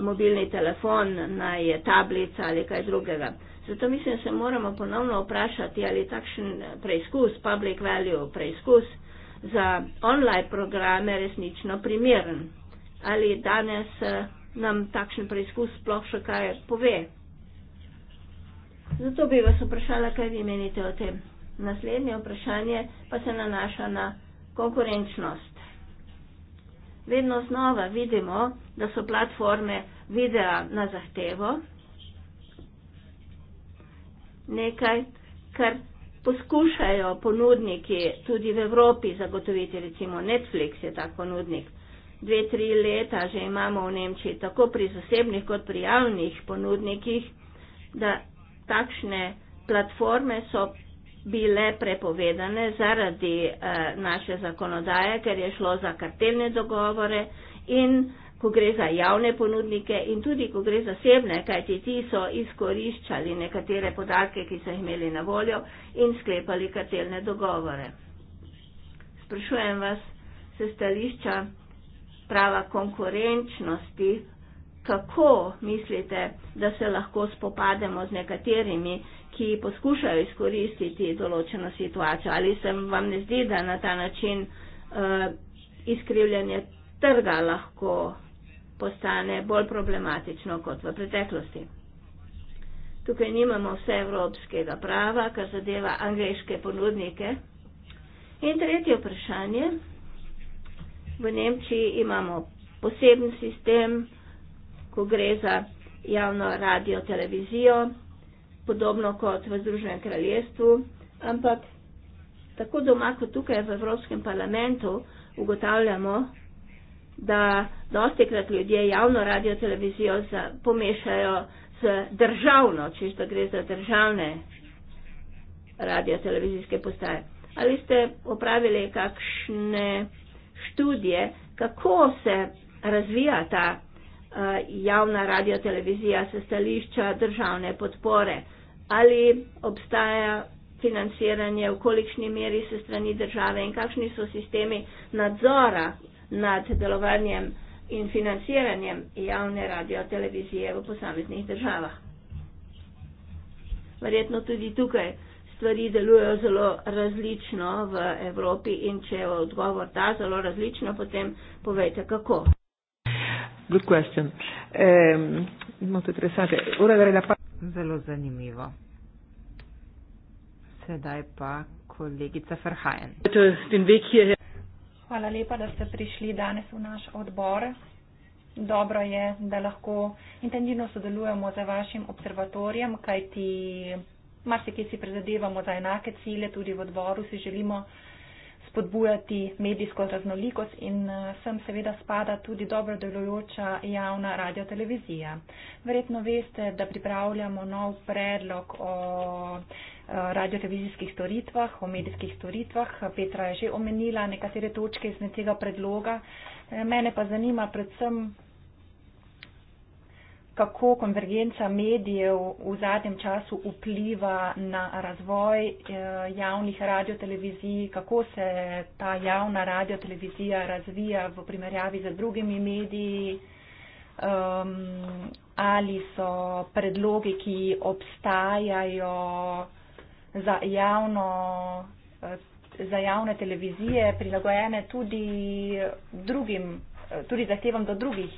mobilni telefon, naj je tablica ali kaj drugega. Zato mislim, da se moramo ponovno vprašati, ali takšen eh, preizkus, public value preizkus, eh, za online programe resnično primeren. Ali danes eh, nam takšen preizkus sploh še kaj pove? Zato bi vas vprašala, kaj vi menite o tem. Naslednje vprašanje pa se nanaša na konkurenčnost. Vedno znova vidimo, da so platforme videa na zahtevo nekaj, kar poskušajo ponudniki tudi v Evropi zagotoviti, recimo Netflix je tak ponudnik. Dve, tri leta že imamo v Nemčiji tako pri zasebnih kot pri javnih ponudnikih, da takšne platforme so bile prepovedane zaradi eh, naše zakonodaje, ker je šlo za kartelne dogovore in ko gre za javne ponudnike in tudi ko gre zasebne, kajti ti so izkoriščali nekatere podatke, ki so jih imeli na voljo in sklepali kartelne dogovore. Sprašujem vas se stališča prava konkurenčnosti, kako mislite, da se lahko spopademo z nekaterimi, ki poskušajo izkoristiti določeno situacijo. Ali se vam ne zdi, da na ta način uh, izkrivljanje trga lahko postane bolj problematično kot v preteklosti. Tukaj nimamo vse evropskega prava, kar zadeva angliške ponudnike. In tretje vprašanje. V Nemčiji imamo poseben sistem, ko gre za javno radio televizijo, podobno kot v Združenem kraljestvu, ampak tako doma kot tukaj v Evropskem parlamentu ugotavljamo, da dosti krat ljudje javno radio televizijo pomešajo z državno, čisto da gre za državne radio televizijske postaje. Ali ste opravili kakšne študije, kako se razvija ta uh, javna radio televizija se stališča državne podpore? Ali obstaja financiranje, v kolikšni meri se strani države in kakšni so sistemi nadzora nad delovanjem in financiranjem javne radiotelevizije v posameznih državah. Verjetno tudi tukaj stvari delujejo zelo različno v Evropi in če je odgovor ta zelo različno, potem povejte kako. Good question. Um, zelo zanimivo. Sedaj pa kolegica Ferhajen. To je ten vek, ki je. Hvala lepa, da ste prišli danes v naš odbor. Dobro je, da lahko intenzivno sodelujemo za vašim observatorijem, kajti marsikaj si prizadevamo za enake cilje, tudi v odboru si želimo spodbujati medijsko raznolikost in eh, sem seveda spada tudi dobro delujoča javna radiotelevizija. Verjetno veste, da pripravljamo nov predlog o radiotelevizijskih storitvah, o medijskih storitvah. Petra je že omenila nekatere točke iz tega predloga. Eh, mene pa zanima predvsem, kako konvergenca medijev v zadnjem času vpliva na razvoj eh, javnih radiotelevizij, kako se ta javna radiotelevizija razvija v primerjavi z drugimi mediji. Um, ali so predlogi, ki obstajajo, za javno, eh, za javne televizije, prilagojene tudi drugim, eh, tudi zahtevam do drugih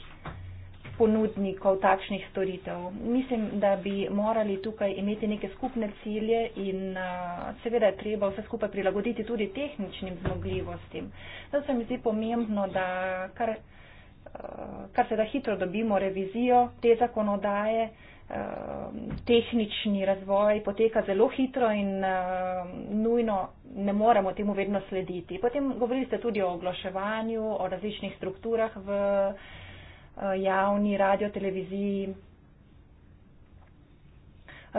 ponudnikov takšnih storitev. Mislim, da bi morali tukaj imeti neke skupne cilje in eh, seveda je treba vse skupaj prilagoditi tudi tehničnim zmogljivostim. Zato se mi zdi pomembno, da kar, kar se da hitro dobimo revizijo te zakonodaje, Ehm, tehnični razvoj poteka zelo hitro in ehm, nujno ne moremo temu vedno slediti. Potem govorili ste tudi o oglaševanju, o različnih strukturah v eh, javni radio, televiziji.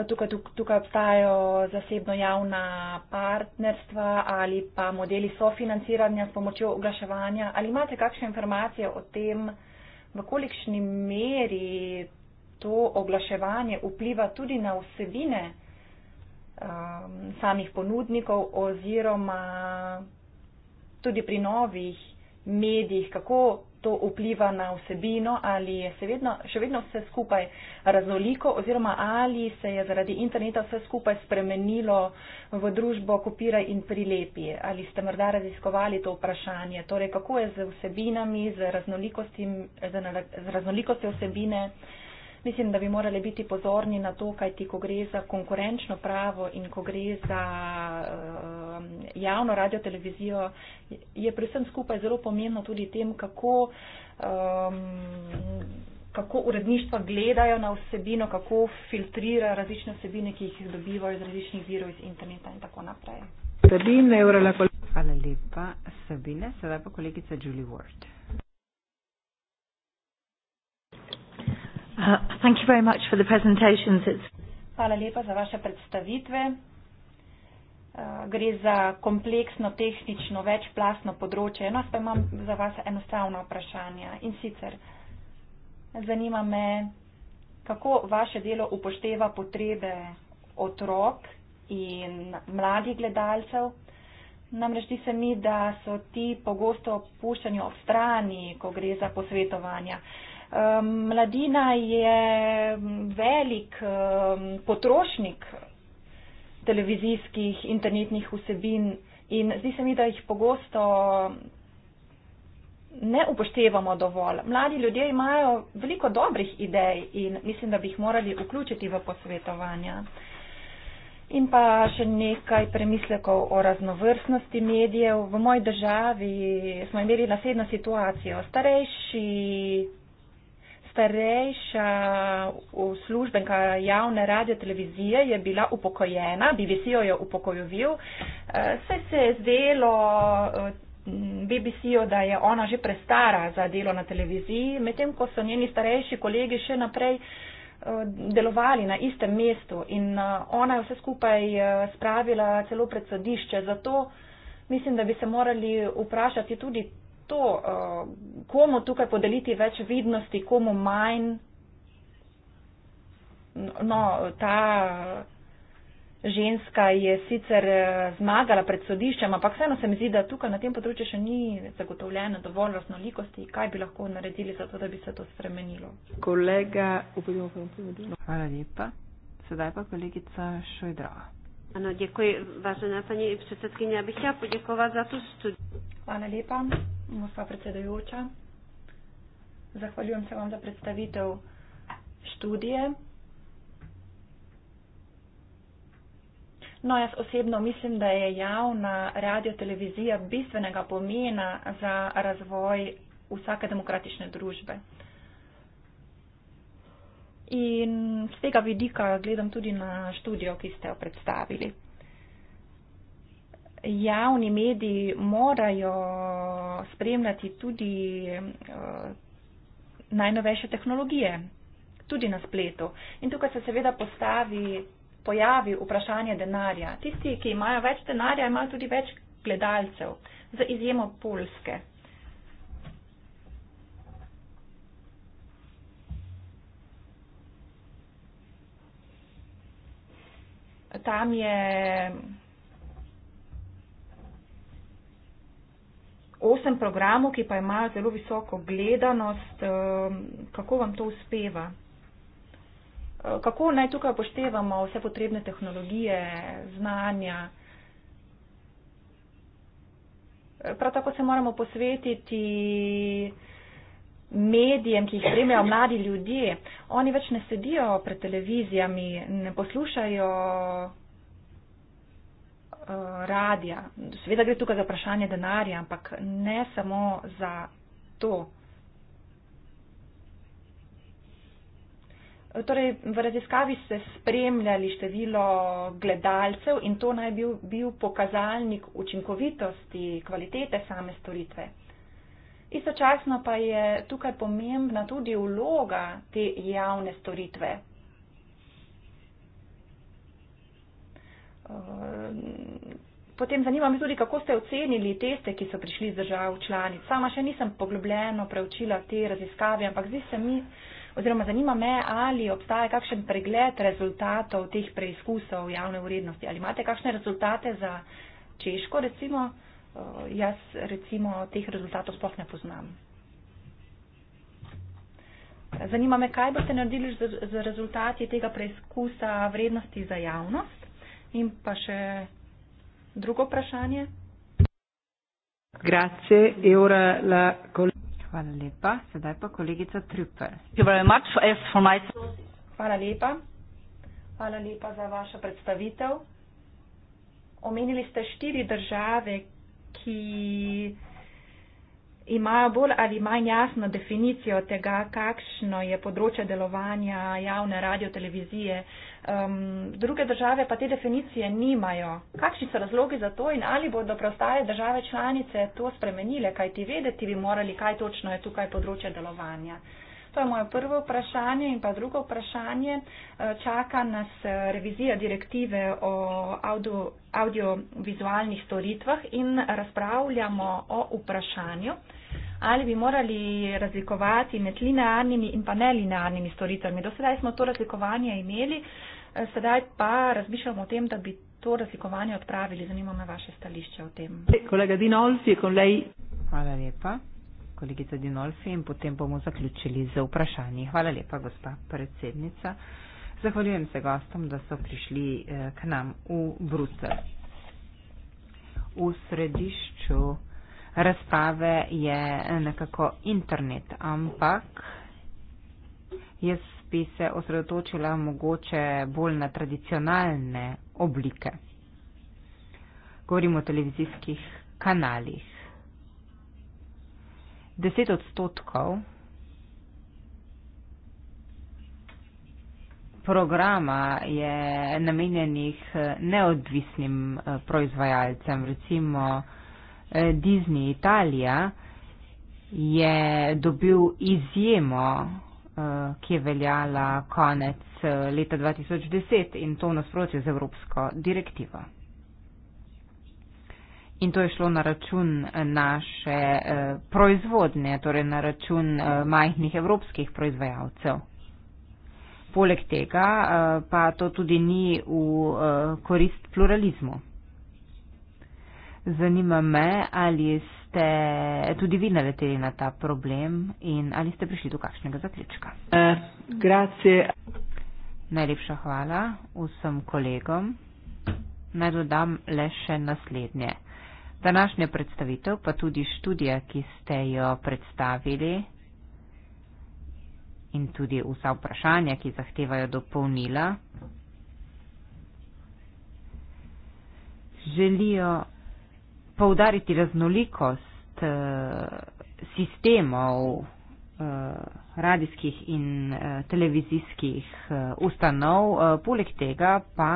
Tukaj, tukaj, tukaj obstajajo zasebno-javna partnerstva ali pa modeli sofinanciranja s pomočjo oglaševanja. Ali imate kakšne informacije o tem, v kolikšni meri to oglaševanje vpliva tudi na vsebine um, samih ponudnikov oziroma tudi pri novih medijih, kako to vpliva na vsebino, ali je se vedno, še vedno vse skupaj raznoliko oziroma ali se je zaradi interneta vse skupaj spremenilo v družbo kopira in prilepi. Ali ste morda raziskovali to vprašanje, torej kako je z vsebinami, z raznolikostjo vsebine. Uh, mislim, da bi morali biti pozorni na to, kaj ti, ko gre za konkurenčno pravo in ko gre za uh, javno radio televizijo, je pri vsem skupaj zelo pomembno tudi tem, kako, um, kako uredništva gledajo na vsebino, kako filtrira različne vsebine, ki jih dobivajo iz različnih virov, iz interneta in tako naprej. Hvala lepa, Sabine. Sedaj pa kolegica Julie Ward. Uh, thank you very much for the presentations. It's Hvala lepa za vaše predstavitve. Uh, gre za kompleksno, tehnično, večplastno področje. No, pa imam za vas enostavna vprašanja. In sicer, zanima me, kako vaše delo upošteva potrebe otrok in mladih gledalcev? Namreč zdi se mi, da so ti pogosto puščani ob strani, ko gre za posvetovanja. Um, mladina je velik um, potrošnik televizijskih internetnih vsebin in zdi se mi, da jih pogosto ne upoštevamo dovolj. Mladi ljudje imajo veliko dobrih idej in mislim, da bi jih morali vključiti v posvetovanja. In pa še nekaj premislekov o raznovrstnosti medijev. V moji državi smo imeli naslednjo situacijo. Starejši najstarejša uslužbenka javne radio televizije je bila upokojena, BBC jo je upokojovil. Eh, saj se je zdelo eh, BBC-ju, da je ona že prestara za delo na televiziji, medtem ko so njeni starejši kolegi še naprej eh, delovali na istem mestu in ona je vse skupaj spravila celo pred sodišče. Zato mislim, da bi se morali vprašati tudi to, uh, komu tukaj podeliti več vidnosti, komu manj. No, ta ženska je sicer eh, zmagala pred sodiščem, ampak vseeno se mi zdi, da tukaj na tem področju še ni zagotovljeno dovolj raznolikosti, kaj bi lahko naredili za to, da bi se to spremenilo. Kolega, upodimo, kaj bomo povedali. Hvala lepa. Sedaj pa kolegica Šojdra. Ano, děkuji, vážená paní předsedkyně, já bych chtěla poděkovat za tu studiu. Hvala lepa gospa predsedujoča. Zahvaljujem se vam za predstavitev študije. No, jaz osebno mislim, da je javna radiotelevizija bistvenega pomena za razvoj vsake demokratične družbe. In z tega vidika gledam tudi na študijo, ki ste jo predstavili javni mediji morajo spremljati tudi uh, najnovejše tehnologije, tudi na spletu. In tukaj se seveda postavi, pojavi vprašanje denarja. Tisti, ki imajo več denarja, imajo tudi več gledalcev, z izjemo polske. Tam je osem programov, ki pa imajo zelo visoko gledanost. Ehm, kako vam to uspeva? Eh, kako naj tukaj poštevamo vse potrebne tehnologije, znanja? Eh, prav tako se moramo posvetiti medijem, ki jih spremljajo mladi ljudje. Oni več ne sedijo pred televizijami, ne poslušajo Eh, radija. Seveda gre tukaj za vprašanje denarja, ampak ne samo za to. Torej, v raziskavi ste spremljali število gledalcev in to naj bil, bil pokazalnik učinkovitosti, kvalitete same storitve. Istočasno pa je tukaj pomembna tudi vloga te javne storitve, Potem zanima me tudi, kako ste ocenili teste, ki so prišli iz držav članic. Sama še nisem poglobljeno preučila te raziskave, ampak zdi se mi, oziroma zanima me, ali obstaja kakšen pregled rezultatov teh preizkusov javne urednosti. Ali imate kakšne rezultate za Češko, recimo? Eh, jaz recimo teh rezultatov sploh ne poznam. Zanima me, kaj boste naredili z rezultati tega preizkusa vrednosti za javnost? In pa še drugo vprašanje. Grazie, Eura, la Hvala lepa. Sedaj pa kolegica Trüpper. Hvala lepa. Hvala lepa za vašo predstavitev. Omenili ste štiri države, ki imajo bolj ali manj jasno definicijo tega, kakšno je področje delovanja javne radiotelevizije. Um, druge države pa te definicije nimajo. Kakšni so razlogi za to in ali bodo preostale države članice to spremenile, kaj ti vedeti bi morali, kaj točno je tukaj področje delovanja. To je moje prvo vprašanje in pa drugo vprašanje. Eh, čaka nas eh, revizija direktive o audio, audiovizualnih storitvah in razpravljamo o vprašanju, ali bi morali razlikovati med linearnimi in pa nelinearnimi storitvami. Do sedaj smo to razlikovanje imeli, eh, sedaj pa razmišljamo o tem, da bi to razlikovanje odpravili. Zanima me vaše stališče o tem. Kolega Dinolf je kolej. Hvala lepa kolegica Dinolfi in potem bomo zaključili z vprašanji. Hvala lepa, gospa predsednica. Zahvaljujem se gostom, da so prišli eh, k nam v Brusel. V središču razprave je eh, nekako internet, ampak jaz bi se osredotočila mogoče bolj na tradicionalne oblike. Govorimo o televizijskih kanalih. 10 odstotkov programa je namenjenih eh, neodvisnim eh, proizvajalcem. Recimo eh, Disney Italija je dobil izjemo, ki je veljala konec leta 2010 in to v nasprotju z Evropsko direktivo in to je šlo na račun eh, naše eh, proizvodne, torej na račun eh, majhnih evropskih proizvajalcev. Poleg tega pa to tudi ni v korist pluralizmu. Zanima me, ali ste tudi vi naleteli na ta problem in ali ste prišli do kakšnega zaključka. Eh, Najlepša hvala vsem kolegom. Naj dodam le še naslednje. Današnja predstavitev, pa tudi študija, ki ste jo predstavili in tudi vsa vprašanja, ki zahtevajo dopolnila, želijo poudariti raznolikost eh, sistemov, eh, radijskih in uh, televizijskih uh, ustanov. Uh, poleg tega pa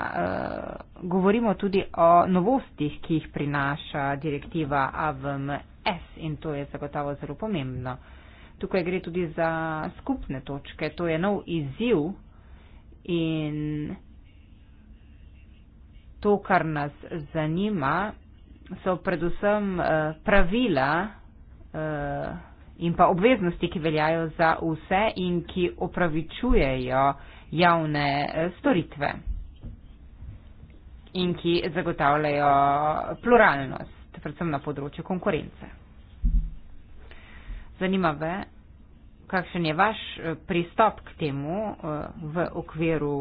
uh, govorimo tudi o novostih, ki jih prinaša direktiva AVMS in to je zagotovo zelo pomembno. Tukaj gre tudi za skupne točke, to je nov izziv in to, kar nas zanima, so predvsem uh, pravila, uh, in pa obveznosti, ki veljajo za vse in ki opravičujejo javne eh, storitve in ki zagotavljajo pluralnost, predvsem na področju konkurence. Zanima me, kakšen je vaš eh, pristop k temu eh, v okviru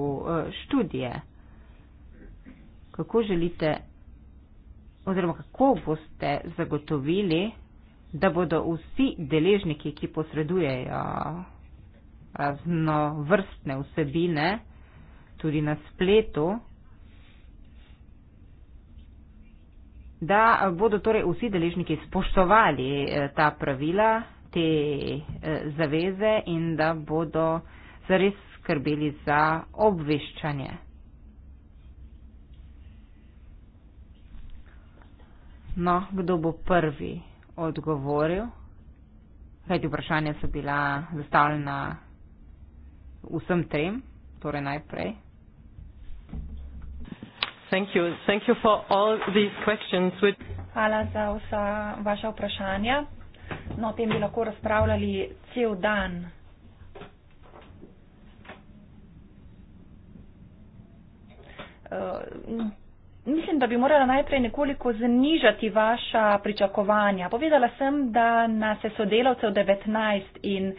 študije. Kako želite oziroma kako boste zagotovili, da bodo vsi deležniki, ki posredujejo raznovrstne eh, vsebine, tudi na spletu, da bodo torej vsi deležniki spoštovali eh, ta pravila, te eh, zaveze in da bodo zares skrbeli za obveščanje. No, kdo bo prvi? odgovoril, kajti vprašanja so bila zastavljena vsem trem, torej najprej. Thank you. Thank you for all these questions. Hvala za vsa vaša vprašanja. No, o tem bi lahko razpravljali cel dan. Uh, mislim, da bi morala najprej nekoliko znižati vaša pričakovanja. Povedala sem, da nas je sodelavcev 19 in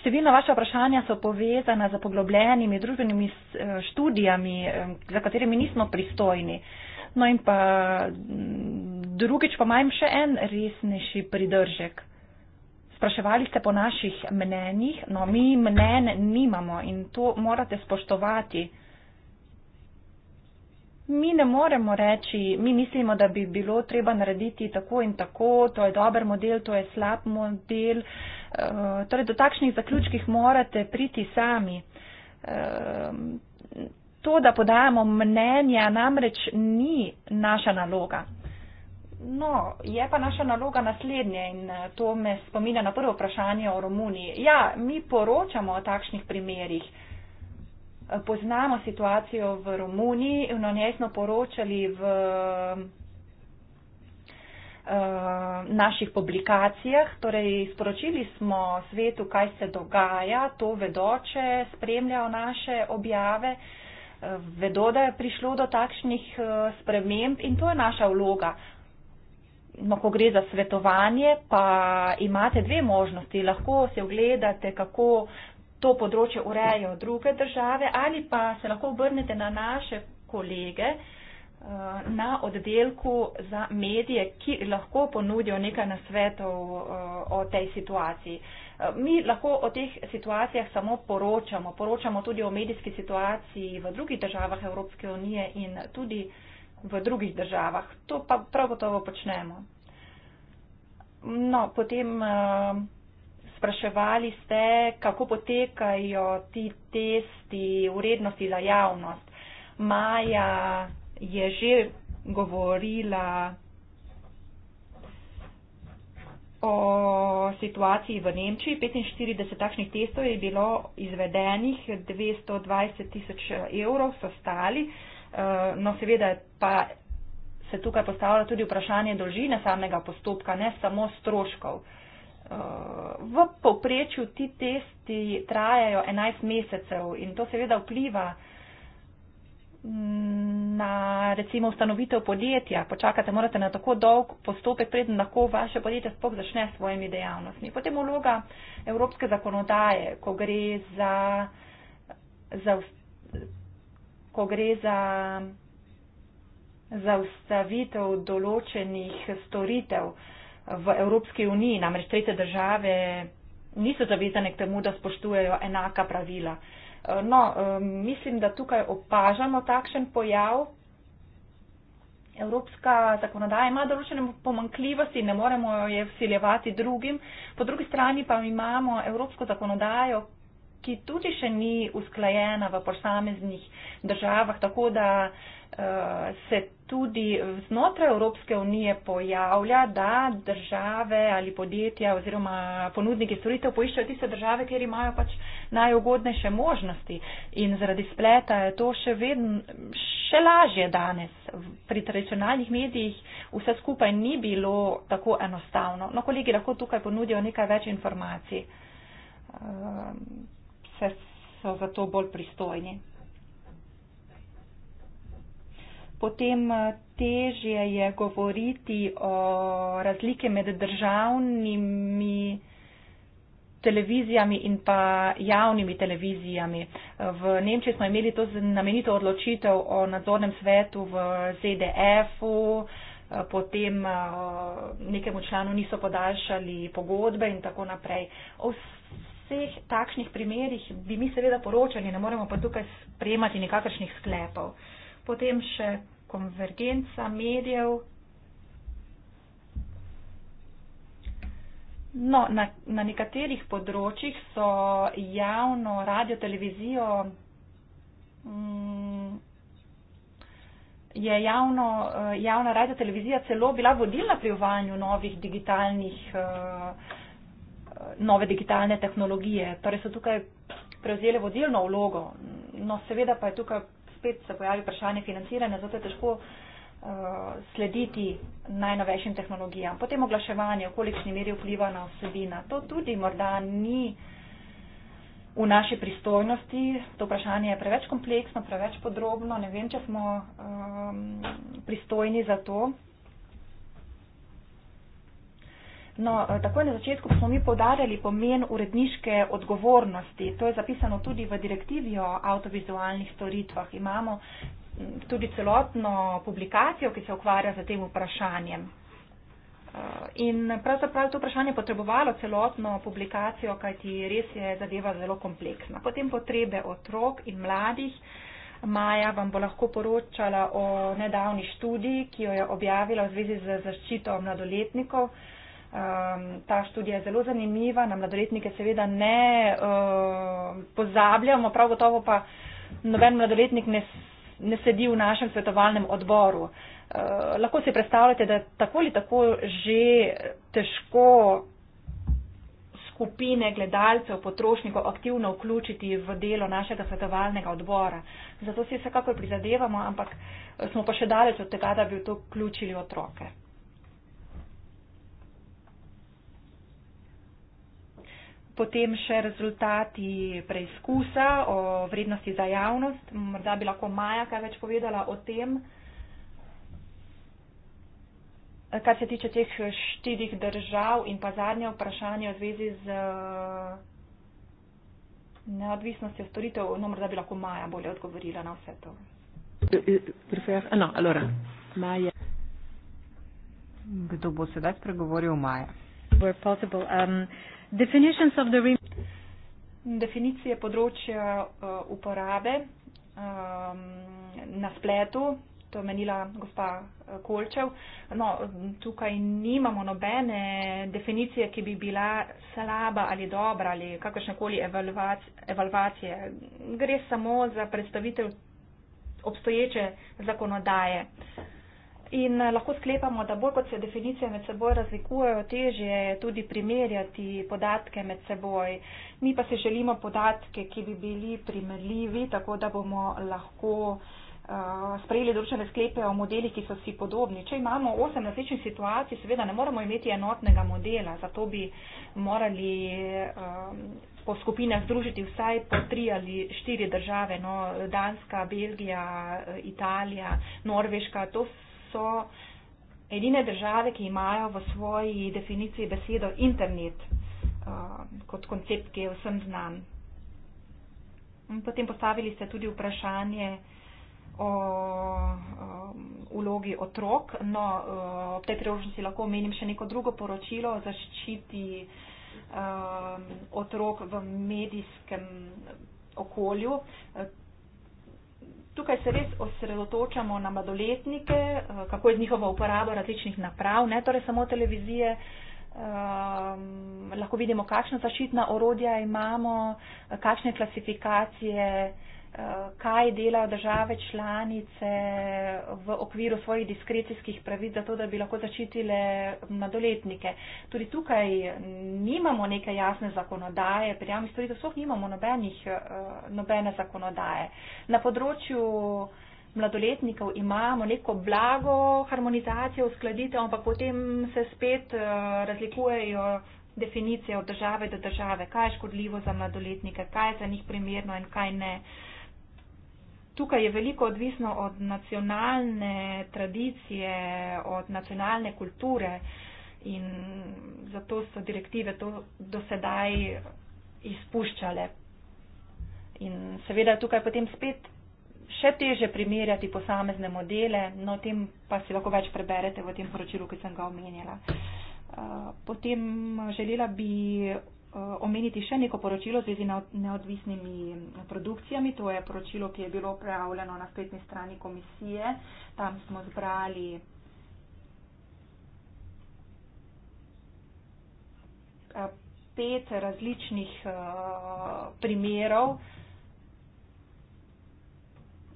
Vsebina vaša vprašanja so povezana z poglobljenimi družbenimi študijami, za katerimi nismo pristojni. No in pa drugič pa imam še en resnejši pridržek. Spraševali ste po naših mnenjih, no mi mnen nimamo in to morate spoštovati. Mi ne moremo reči, mi mislimo, da bi bilo treba narediti tako in tako, to je dober model, to je slab model. Eh, torej, do takšnih zaključkih morate priti sami. Ehm, to, da podajamo mnenja, namreč ni naša naloga. No, je pa naša naloga naslednje in eh, to me spominja na prvo vprašanje o Romuniji. Ja, mi poročamo o takšnih primerjih. Eh, poznamo situacijo v Romuniji in o njej smo poročali v eh, naših publikacijah, torej sporočili smo svetu, kaj se dogaja, to vedoče spremljajo naše objave, eh, vedo, da je prišlo do takšnih sprememb in to je naša vloga. No, ko gre za svetovanje, pa imate dve možnosti. Lahko se ogledate, kako to področje urejajo druge države ali pa se lahko obrnete na naše kolege eh, na oddelku za medije, ki lahko ponudijo nekaj nasvetov eh, o tej situaciji. Eh, mi lahko o teh situacijah samo poročamo. Poročamo tudi o medijski situaciji v drugih državah Evropske unije in tudi v drugih državah. To pa prav gotovo počnemo. No, potem uh, spraševali ste, kako potekajo ti testi urednosti za javnost. Maja je že govorila o situaciji v Nemčiji. 45 takšnih testov je bilo izvedenih, 220 tisoč evrov so stali. Eh, no, seveda pa se tukaj postavlja tudi vprašanje dolžine samega postopka, ne samo stroškov. Uh, v povprečju ti testi trajajo 11 mesecev in to seveda vpliva na recimo ustanovitev podjetja. Počakate, morate na tako dolg postopek, preden lahko vaše podjetje spok začne s svojimi dejavnostmi. Potem vloga evropske zakonodaje, ko gre za, za, ko gre za zaustavitev določenih storitev. Uh, v Evropski uniji, namreč tretje države niso zavezane k temu, da spoštujejo enaka pravila. E, no, e, mislim, da tukaj opažamo takšen pojav. Evropska zakonodaja ima določene pomankljivosti, ne moremo je vsiljevati drugim. Po drugi strani pa imamo evropsko zakonodajo, ki tudi še ni usklajena v posameznih državah, tako da uh, Eh, se tudi znotraj Evropske unije pojavlja, da države ali podjetja oziroma ponudniki storitev poiščejo tiste države, kjer imajo pač najugodnejše možnosti. In zaradi spleta je to še vedno še lažje danes. Pri tradicionalnih medijih vse skupaj ni bilo tako enostavno. No, kolegi lahko tukaj ponudijo nekaj več informacij. Eh, se so zato bolj pristojni potem eh, težje je govoriti o razlike med državnimi televizijami in pa javnimi televizijami. V Nemčiji smo imeli to znamenito odločitev o nadzornem svetu v ZDF-u, eh, potem eh, nekemu članu niso podaljšali pogodbe in tako naprej. O vseh takšnih primerjih bi mi seveda poročali, ne moremo pa tukaj spremati nekakršnih sklepov potem še konvergenca medijev. No, na, na nekaterih področjih so javno radiotelevizijo mm, je javno, eh, javna radiotelevizija celo bila vodilna pri uvajanju novih digitalnih, eh, nove digitalne tehnologije. Torej so tukaj prevzeli vodilno vlogo. No, seveda pa je tukaj spet se pojavi vprašanje financiranja, zato je težko uh, slediti najnovejšim tehnologijam. Potem oglaševanje, v kolikšni meri vpliva na vsebina. To tudi morda ni v naši pristojnosti. To vprašanje je preveč kompleksno, preveč podrobno. Ne vem, če smo um, pristojni za to. No, eh, takoj na začetku smo mi podarjali pomen uredniške odgovornosti. To je zapisano tudi v direktivi o avtovizualnih storitvah. Imamo mm, tudi celotno publikacijo, ki se ukvarja z tem vprašanjem. Eh, in pravzaprav to vprašanje potrebovalo celotno publikacijo, kajti res je zadeva zelo kompleksna. Potem potrebe otrok in mladih. Maja vam bo lahko poročala o nedavni študiji, ki jo je objavila v zvezi z zaščito mladoletnikov um, ta študija je zelo zanimiva, na mladoletnike seveda ne uh, pozabljamo, prav gotovo pa noben mladoletnik ne, ne sedi v našem svetovalnem odboru. Uh, lahko si predstavljate, da tako ali tako že težko skupine gledalcev, potrošnikov aktivno vključiti v delo našega svetovalnega odbora. Zato si vsekakor prizadevamo, ampak smo pa še daleč od tega, da bi v to vključili otroke. Potem še rezultati preizkusa o vrednosti za javnost. Morda bi lahko Maja kaj več povedala o tem, kar se tiče teh štirih držav in pa zadnje vprašanje v zvezi z eh, neodvisnostjo storitev. No, morda bi lahko Maja bolje odgovorila na vse to. Eh, eh, no, allora. Maja. Kdo bo sedaj spregovoril o Maja? Where possible. Um, Definitions of the re Definicije področja uh, uporabe um, na spletu, to je menila gospa eh, Kolčev. No, tukaj nimamo nobene definicije, ki bi bila slaba ali dobra ali kakršnekoli evalvacije. Gre samo za predstavitev obstoječe zakonodaje. Uh, In eh, lahko sklepamo, da bolj kot se definicije med seboj razlikujejo, težje je tudi primerjati podatke med seboj. Mi pa se želimo podatke, ki bi bili primerljivi, tako da bomo lahko eh, sprejeli določene sklepe o modelih, ki so vsi podobni. Če imamo osem različnih situacij, seveda ne moremo imeti enotnega modela, zato bi morali um, po skupinah združiti vsaj po tri ali štiri države, no, Danska, Belgija, Italija, Norveška, to so so edine države, ki imajo v svoji definiciji besedo internet uh, kot koncept, ki je vsem znan. In potem postavili ste tudi vprašanje o ulogi um, otrok. No, uh, ob tej priložnosti lahko omenim še neko drugo poročilo o zaščiti um, otrok v medijskem okolju. Tukaj se res osredotočamo na madoletnike, eh, kako je njihova uporaba različnih naprav, ne torej samo televizije. Um, lahko vidimo, kakšna zaščitna orodja imamo, eh, kakšne klasifikacije Eh, kaj delajo države članice v okviru svojih diskrecijskih pravic, zato da bi lahko začitile mladoletnike. Tudi tukaj nimamo neke jasne zakonodaje, pri javnih storitev soh nimamo nobenih, eh, nobene zakonodaje. Na področju mladoletnikov imamo neko blago harmonizacijo, uskladitev, ampak potem se spet eh, razlikujejo definicije od države do države, kaj je škodljivo za mladoletnike, kaj je za njih primerno in kaj ne tukaj je veliko odvisno od nacionalne tradicije, od nacionalne kulture in zato so direktive to dosedaj izpuščale. In seveda je tukaj potem spet še teže primerjati posamezne modele, no o tem pa si lahko več preberete v tem poročilu, ki sem ga omenjala. Eh, potem eh, želela bi Eh, omeniti še neko poročilo v zvezi z neodvisnimi mm, produkcijami. To je poročilo, ki je bilo prejavljeno na spletni strani komisije. Tam smo zbrali eh, pet različnih uh, primerov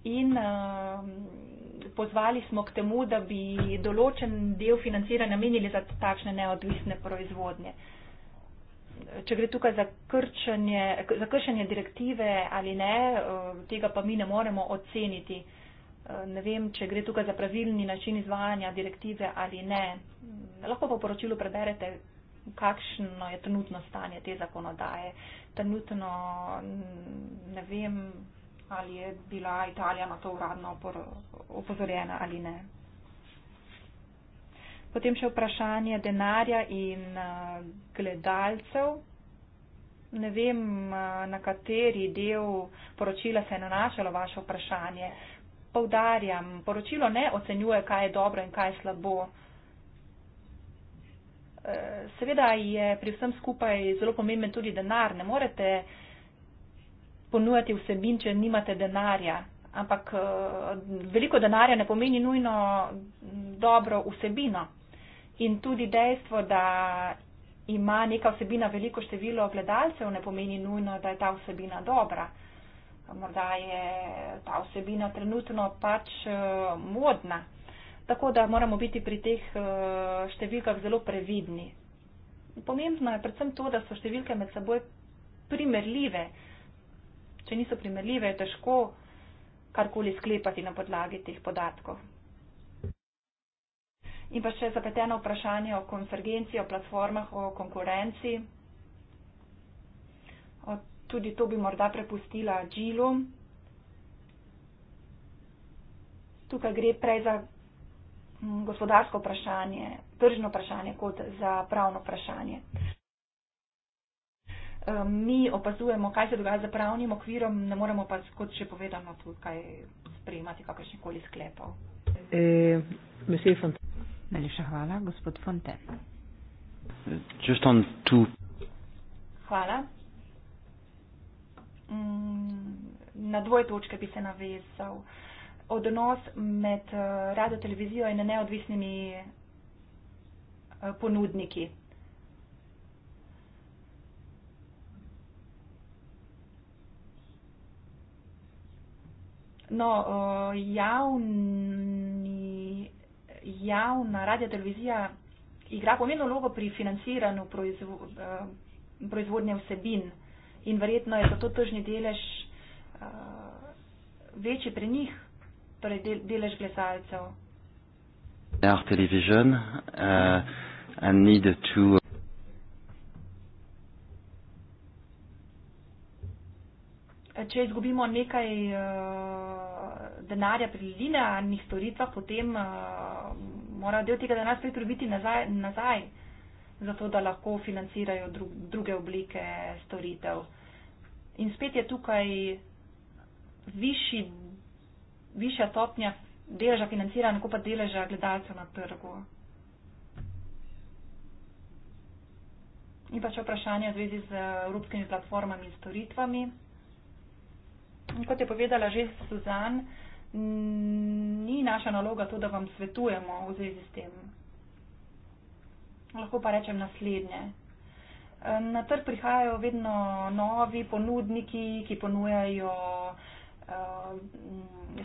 in uh, pozvali smo k temu, da bi določen del financiranja namenili za takšne neodvisne proizvodnje. Uh, če gre tukaj za krčenje, za kršenje direktive ali ne, eh, tega pa mi ne moremo oceniti. Eh, ne vem, če gre tukaj za pravilni način izvajanja direktive ali ne. Lahko pa v poročilu preberete, kakšno je trenutno stanje te zakonodaje. Trenutno ne vem, ali je bila Italija na to uradno opozorjena ali ne. Potem še vprašanje denarja in eh, gledalcev. Ne vem, eh, na kateri del poročila se je nanašalo vaše vprašanje. Povdarjam, poročilo ne ocenjuje, kaj je dobro in kaj je slabo. Eh, seveda je pri vsem skupaj zelo pomemben tudi denar. Ne morete ponujati vsebin, če nimate denarja. Ampak veliko denarja ne pomeni nujno dobro vsebino. In tudi dejstvo, da ima neka vsebina veliko število gledalcev, ne pomeni nujno, da je ta vsebina dobra. Morda je ta vsebina trenutno pač eh, modna. Tako da moramo biti pri teh eh, številkah zelo previdni. Pomembno je predvsem to, da so številke med seboj primerljive. Če niso primerljive, je težko karkoli sklepati na podlagi teh podatkov. In pa še zapleteno vprašanje o konvergenci, o platformah, o konkurenci. O, tudi to bi morda prepustila Džilu. Tukaj gre prej za gospodarsko vprašanje, tržno vprašanje, kot za pravno vprašanje. E, mi opazujemo, kaj se dogaja z pravnim okvirom, ne moremo pa, kot še povedano, tukaj sprejemati kakršnih koli sklepov. E, Najlepša hvala, gospod Fonten. Just on to. Hvala. Mm, na dvoje točke bi se navezal. Odnos med eh, radio televizijo in neodvisnimi eh, ponudniki. No, eh, javni javna radio televizija igra pomembno vlogo pri financiranju proizvo, eh, proizvodnje vsebin in verjetno je zato tržni delež uh, večji pri njih, torej del, delež glesalcev. Our television uh, and need to če izgubimo nekaj uh, denarja pri ljudi na njih storitvah, potem uh, mora del tega denarja spet dobiti nazaj, nazaj, zato da lahko financirajo dru druge oblike storitev. In spet je tukaj višji, višja stopnja deleža financiranja, kot pa deleža gledalcev na trgu. In pa še vprašanje v zvezi z evropskimi platformami in storitvami kot je povedala že Suzan, ni naša naloga to, da vam svetujemo v zvezi s tem. Lahko pa rečem naslednje. Na trg prihajajo vedno novi ponudniki, ki ponujajo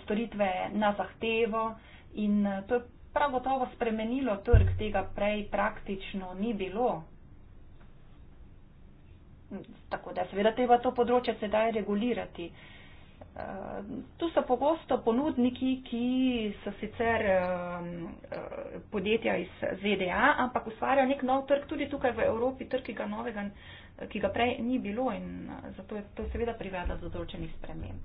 storitve na zahtevo in to je prav gotovo spremenilo trg, tega prej praktično ni bilo. Tako da seveda treba to področje sedaj regulirati. Eh, tu so pogosto ponudniki, ki so sicer eh, podjetja iz ZDA, ampak ustvarjajo nek nov trg tudi tukaj v Evropi, trg, ki ga, novega, ki ga prej ni bilo in zato je to seveda privedlo do določenih sprememb.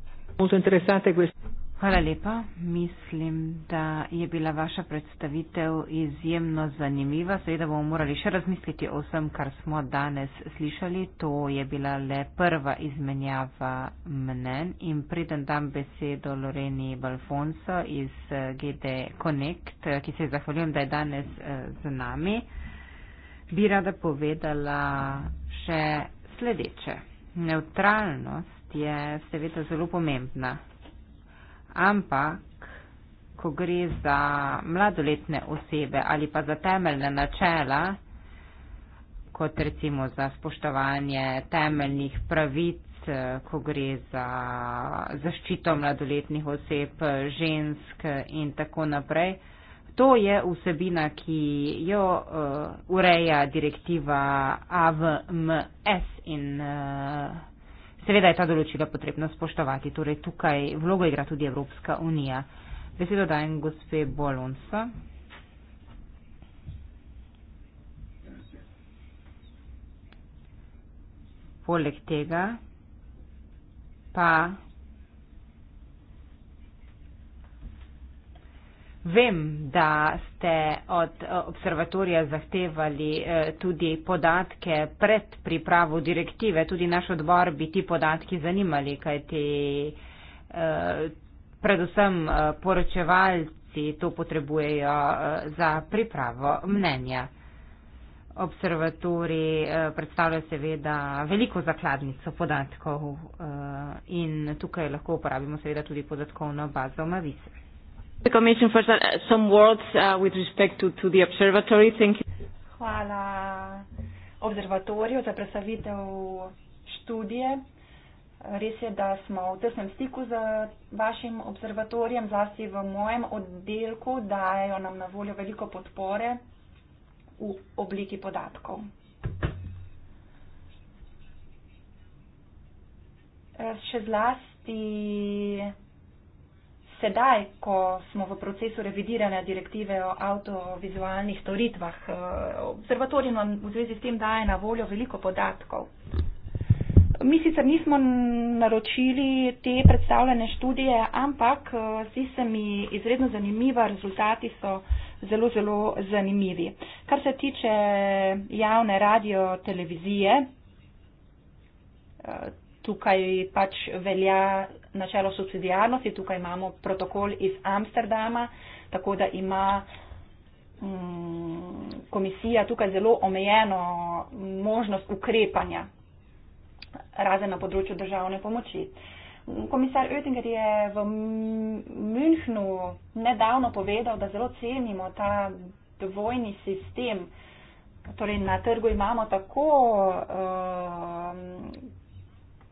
Hvala lepa. Mislim, da je bila vaša predstavitev izjemno zanimiva. Seveda bomo morali še razmisliti o vsem, kar smo danes slišali. To je bila le prva izmenjava mnen. In preden dam besedo Loreni Balfonso iz eh, GD Connect, eh, ki se zahvaljujem, da je danes eh, z nami, bi rada povedala še sledeče. Neutralnost je seveda zelo pomembna ampak ko gre za mladoletne osebe ali pa za temeljne načela, kot recimo za spoštovanje temeljnih pravic, ko gre za zaščito mladoletnih oseb, žensk in tako naprej. To je vsebina, ki jo eh, ureja direktiva AVMS in eh, Seveda je ta določila potrebno spoštovati, torej tukaj vlogo igra tudi Evropska unija. Besedo dajem gospe Bolonsa. Poleg tega pa Vem, da ste od eh, observatorija zahtevali eh, tudi podatke pred pripravo direktive. Tudi naš odbor bi ti podatki zanimali, kajti eh, predvsem poročevalci to potrebujejo za pripravo mnenja. Observatori predstavljajo seveda veliko zakladnico podatkov in tukaj lahko uporabimo seveda tudi podatkovno bazo Mavisa the Commission first uh, some words uh, with respect to, to the observatory. Thank you. Hvala observatoriju za predstavitev študije. Res je, da smo v tesnem stiku z vašim observatorijem, zlasti v mojem oddelku, dajo nam na voljo veliko podpore v obliki podatkov. Še zlasti sedaj, ko smo v procesu revidiranja direktive o avtovizualnih storitvah, eh, observatorij nam v zvezi s tem daje na voljo veliko podatkov. Mi sicer nismo naročili te predstavljene študije, ampak eh, zdi se mi izredno zanimiva, rezultati so zelo, zelo zanimivi. Kar se tiče javne radio televizije, eh, tukaj pač velja načelo subsidijarnosti, tukaj imamo protokol iz Amsterdama, tako da ima mm, komisija tukaj zelo omejeno možnost ukrepanja, razen na področju državne pomoči. Komisar Oettinger je v Münchnu nedavno povedal, da zelo cenimo ta dvojni sistem, torej na trgu imamo tako uh,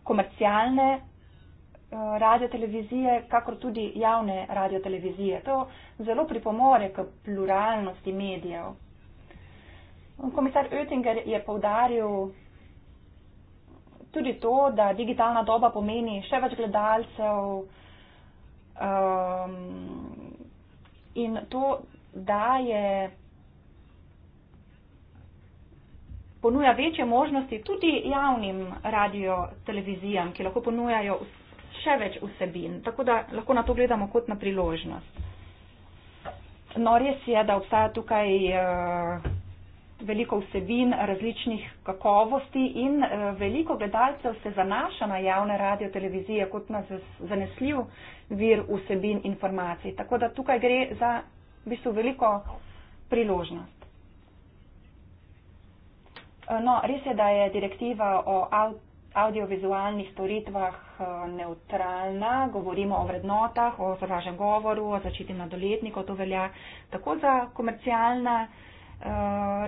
komercialne eh, radiotelevizije, kakor tudi javne radiotelevizije. To zelo pripomore k pluralnosti medijev. Komisar Oettinger je povdaril tudi to, da digitalna doba pomeni še več gledalcev um, in to daje ponuja večje možnosti tudi javnim radio televizijam, ki lahko ponujajo še več vsebin, tako da lahko na to gledamo kot na priložnost. No, res je, da obstaja tukaj eh, veliko vsebin različnih kakovosti in eh, veliko gledalcev se zanaša na javne radio televizije kot na zanesljiv vir vsebin informacij. Tako da tukaj gre za v bistvu veliko priložnost. No, res je, da je direktiva o audiovizualnih storitvah eh, neutralna, govorimo o vrednotah, o zražen govoru, o začiti mladoletnikov, to velja tako za komercialna eh,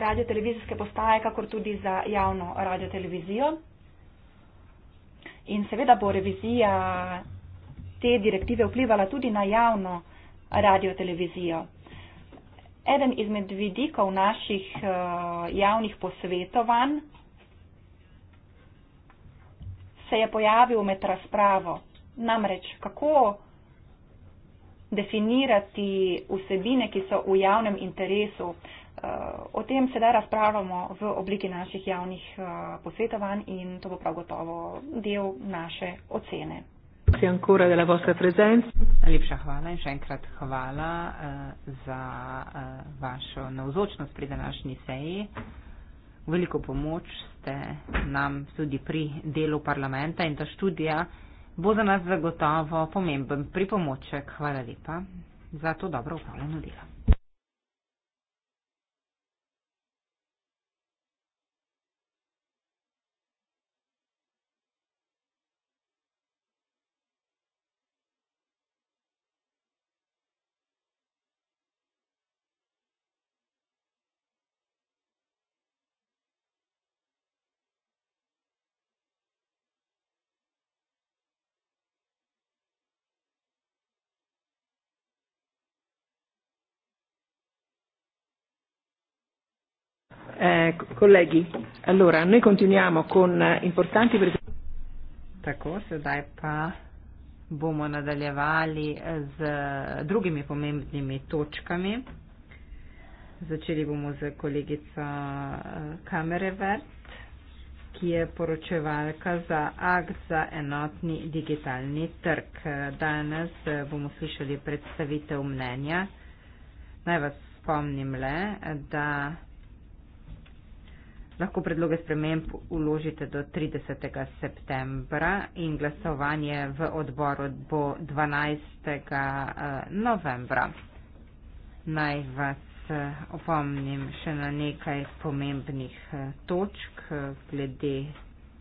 radiotelevizijske postaje, kakor tudi za javno radiotelevizijo. In seveda bo revizija te direktive vplivala tudi na javno radiotelevizijo eden izmed vidikov naših eh, javnih posvetovanj se je pojavil med razpravo. Namreč, kako definirati vsebine, ki so v javnem interesu. Eh, o tem sedaj razpravljamo v obliki naših javnih eh, posvetovanj in to bo prav gotovo del naše ocene. Grazie ancora della vostra presenza. Najlepša hvala in še enkrat hvala uh, za uh, vašo navzočnost pri današnji seji. Veliko pomoč ste nam tudi pri delu parlamenta in ta študija bo za nas zagotovo pomemben pripomoček. Hvala lepa za to dobro upravljeno delo. Eh, colleghi, allora noi continuiamo con eh, importanti presentazioni. bomo nadaljevali z drugimi pomembnimi točkami. Začeli bomo z kolegico eh, Kamerevert, ki je poročevalka za akt za enotni digitalni trg. Danes eh, bomo slišali predstavitev mnenja. Naj vas spomnim le, da lahko predloge sprememb uložite do 30. septembra in glasovanje v odboru bo 12. Eh, novembra. Naj vas eh, opomnim še na nekaj pomembnih eh, točk glede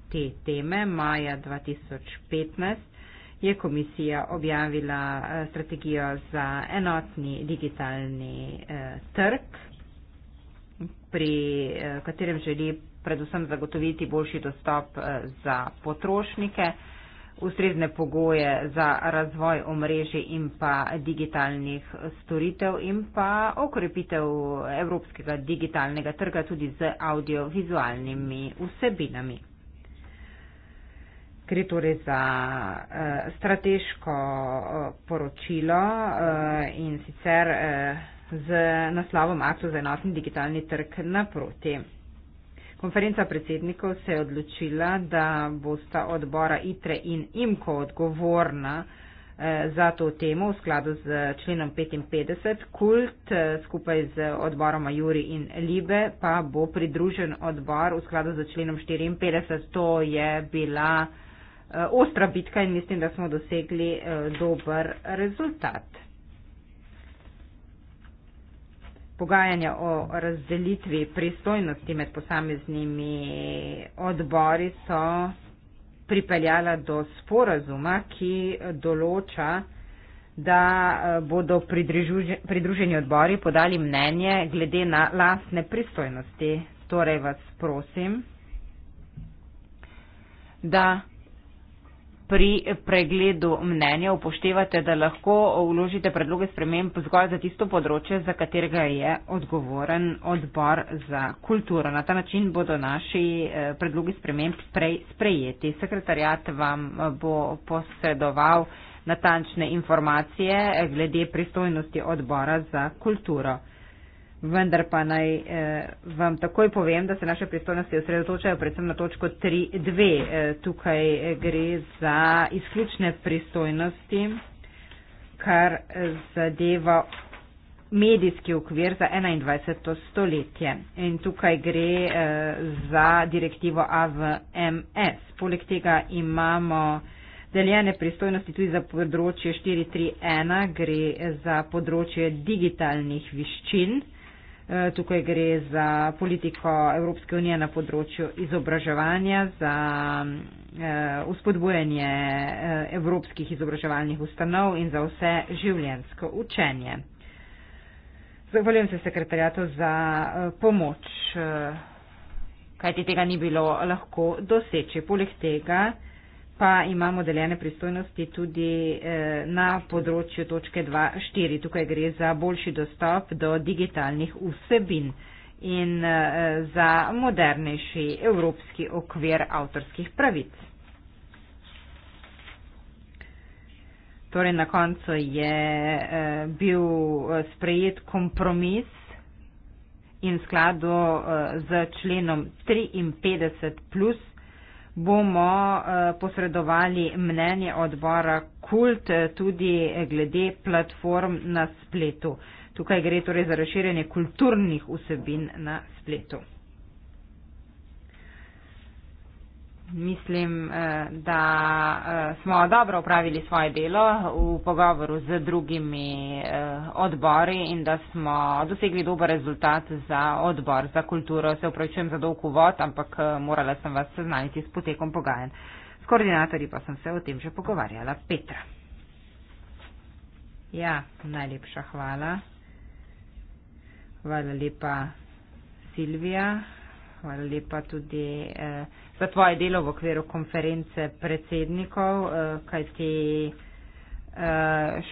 te teme. Maja 2015 je komisija objavila strategijo za enotni digitalni trg pri eh, katerem želi predvsem zagotoviti boljši dostop eh, za potrošnike, ustrezne pogoje za razvoj omrežij in pa digitalnih storitev in pa okrepitev evropskega digitalnega trga tudi z audiovizualnimi vsebinami. Gre torej za eh, strateško poročilo in sicer z naslovom Akt za enotni digitalni trg naproti. Konferenca predsednikov se je odločila, da bosta odbora ITRE in IMKO odgovorna eh, za to temo v skladu z členom 55. Kult eh, skupaj z odborom Juri in Libe pa bo pridružen odbor v skladu z členom 54. To je bila eh, ostra bitka in mislim, da smo dosegli dober rezultat. pogajanja o razdelitvi pristojnosti med posameznimi odbori so pripeljala do sporazuma, ki določa, da eh, bodo pridruženi odbori podali mnenje glede na lastne pristojnosti. Torej vas prosim, da pri pregledu mnenja upoštevate, da lahko vložite predloge sprememb zgolj za tisto področje, za katerega je odgovoren odbor za kulturo. Na ta način bodo naši eh, predlogi sprememb prej sprejeti. Sekretarjat vam eh, bo posredoval natančne informacije eh, glede pristojnosti odbora za kulturo vendar pa naj eh, vam takoj povem, da se naše pristojnosti osredotočajo predvsem na točko 3.2. Eh, tukaj eh, gre za izključne pristojnosti, kar eh, zadeva medijski okvir za 21. stoletje. In tukaj gre eh, za direktivo AVMS. Poleg tega imamo deljene pristojnosti tudi za področje 4.3.1, gre za področje digitalnih viščin. Eh, tukaj gre za politiko Evropske unije na področju izobraževanja, za uspodbujanje eh, eh, evropskih izobraževalnih ustanov in za vse življensko učenje. Zahvaljujem se sekretarjatu za pomoč, kajti tega ni bilo lahko doseči. Poleg tega, pa imamo deljene pristojnosti tudi eh, na področju točke 2.4. Tukaj gre za boljši dostop do digitalnih vsebin in eh, za modernejši evropski okvir avtorskih pravic. Torej, na koncu je eh, bil eh, sprejet kompromis in skladu eh, z členom 53 plus bomo eh, posredovali mnenje odbora Kult tudi glede platform na spletu. Tukaj gre torej za razširjanje kulturnih vsebin na spletu. Mislim, eh, da eh, smo dobro upravili svoje delo v pogovoru z drugimi eh, odbori in da smo dosegli dober rezultat za odbor za kulturo. Se upravičujem za dolg uvod, ampak morala sem vas seznaniti s potekom pogajanj. S koordinatorji pa sem se o tem že pogovarjala. Petra. Ja, najlepša hvala. Hvala lepa, Silvija hvala lepa tudi eh, za tvoje delo v okviru konference predsednikov, eh, kaj ti eh,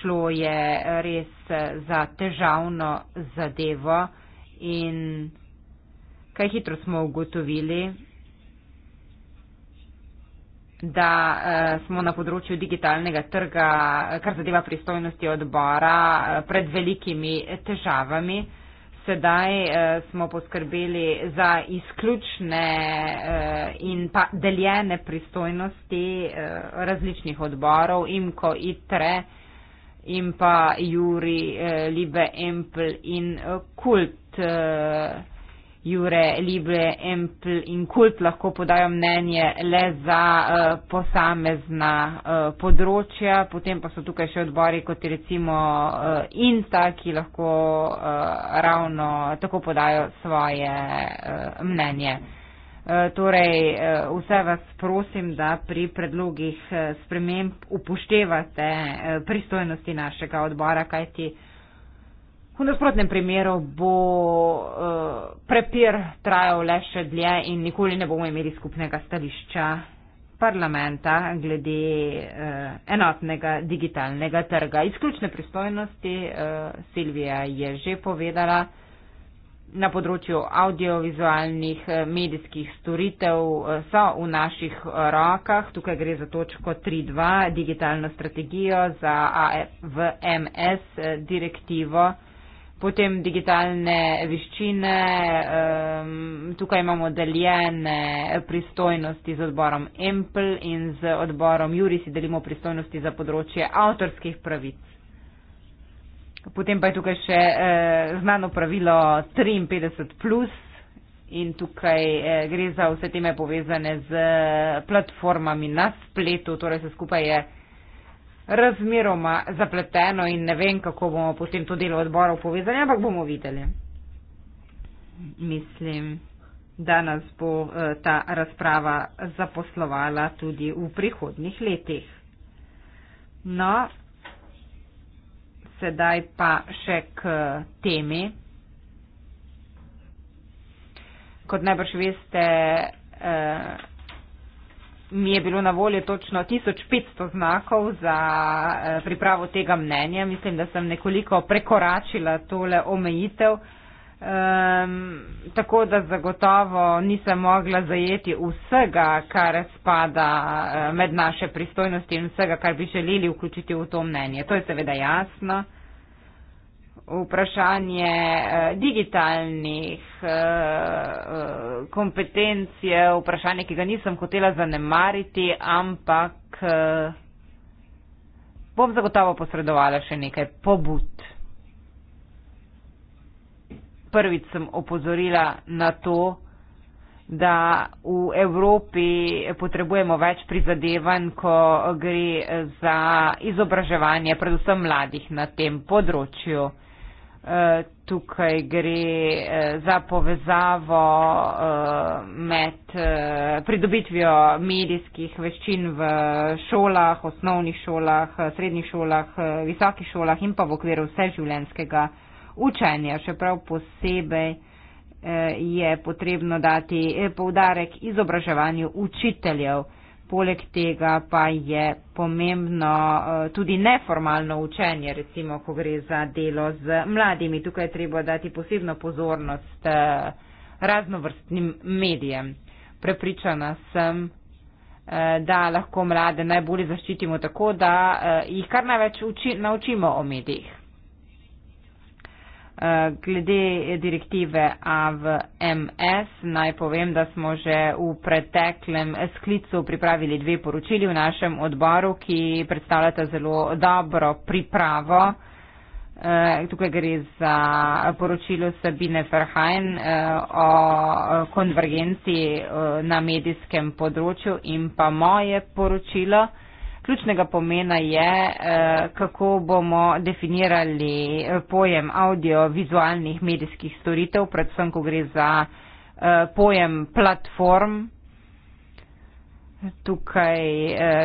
šlo je res za težavno zadevo in kaj hitro smo ugotovili, da eh, smo na področju digitalnega trga, eh, kar zadeva pristojnosti odbora, eh, pred velikimi težavami. Eh, sedaj uh, smo poskrbeli za izključne uh, in pa deljene pristojnosti uh, različnih odborov, IMKO, ITRE in pa Juri, uh, Libe, Empel in uh, Kult. Uh, Jure Libre Empl in Kult lahko podajo mnenje le za uh, posamezna uh, področja, potem pa so tukaj še odbori kot recimo uh, eh, INTA, ki lahko uh, ravno tako podajo svoje uh, mnenje. Torej, vse vas prosim, da pri predlogih sprememb upoštevate pristojnosti našega odbora, kajti uh, V nasprotnem primeru bo uh, prepir trajal le še dlje in nikoli ne bomo imeli skupnega stališča parlamenta glede uh, enotnega digitalnega trga. Izključne pristojnosti, uh, Silvija je že povedala, na področju audiovizualnih medijskih storitev uh, so v naših rokah. Tukaj gre za točko 3.2, digitalno strategijo za AFVMS e direktivo. Potem digitalne veščine, tukaj imamo deljene pristojnosti z odborom Empl in z odborom Juri si delimo pristojnosti za področje avtorskih pravic. Potem pa je tukaj še eh, znano pravilo 53 plus in tukaj eh, gre za vse teme povezane z platformami na spletu, torej vse skupaj je razmeroma zapleteno in ne vem, kako bomo potem to delo odborov povezali, ampak bomo videli. Mislim, da nas bo eh, ta razprava zaposlovala tudi v prihodnih letih. No, sedaj pa še k eh, temi. Kot najbrž veste, eh, mi je bilo na voljo točno 1500 znakov za eh, pripravo tega mnenja. Mislim, da sem nekoliko prekoračila tole omejitev. Um, tako da zagotovo nisem mogla zajeti vsega, kar spada eh, med naše pristojnosti in vsega, kar bi želeli vključiti v to mnenje. To je seveda jasno vprašanje eh, digitalnih eh, eh, kompetenc je vprašanje, ki ga nisem hotela zanemariti, ampak bom zagotovo posredovala še nekaj pobud. Prvič sem opozorila na to, da v Evropi potrebujemo več prizadevanj, ko gre za izobraževanje predvsem mladih na tem področju tukaj gre eh, za povezavo eh, med eh, pridobitvijo medijskih veščin v šolah, osnovnih šolah, srednjih šolah, visokih šolah in pa v okviru vseživljenjskega učenja. Še prav posebej je potrebno dati poudarek izobraževanju učiteljev. Poleg tega pa je pomembno eh, tudi neformalno učenje, recimo, ko gre za delo z mladimi. Tukaj je treba dati posebno pozornost eh, raznovrstnim medijem. Prepričana sem, eh, da lahko mlade najbolje zaščitimo tako, da jih kar največ uči, naučimo o medijih. Eh, glede direktive AVMS naj povem, da smo že v preteklem sklicu pripravili dve poročili v našem odboru, ki predstavljata zelo dobro pripravo. Eh, tukaj gre za poročilo Sabine Ferhajn eh, o konvergenciji na medijskem področju in pa moje poročilo. Ključnega pomena je, eh, kako bomo definirali eh, pojem audio-vizualnih medijskih storitev, predvsem, ko gre za eh, pojem platform. Tukaj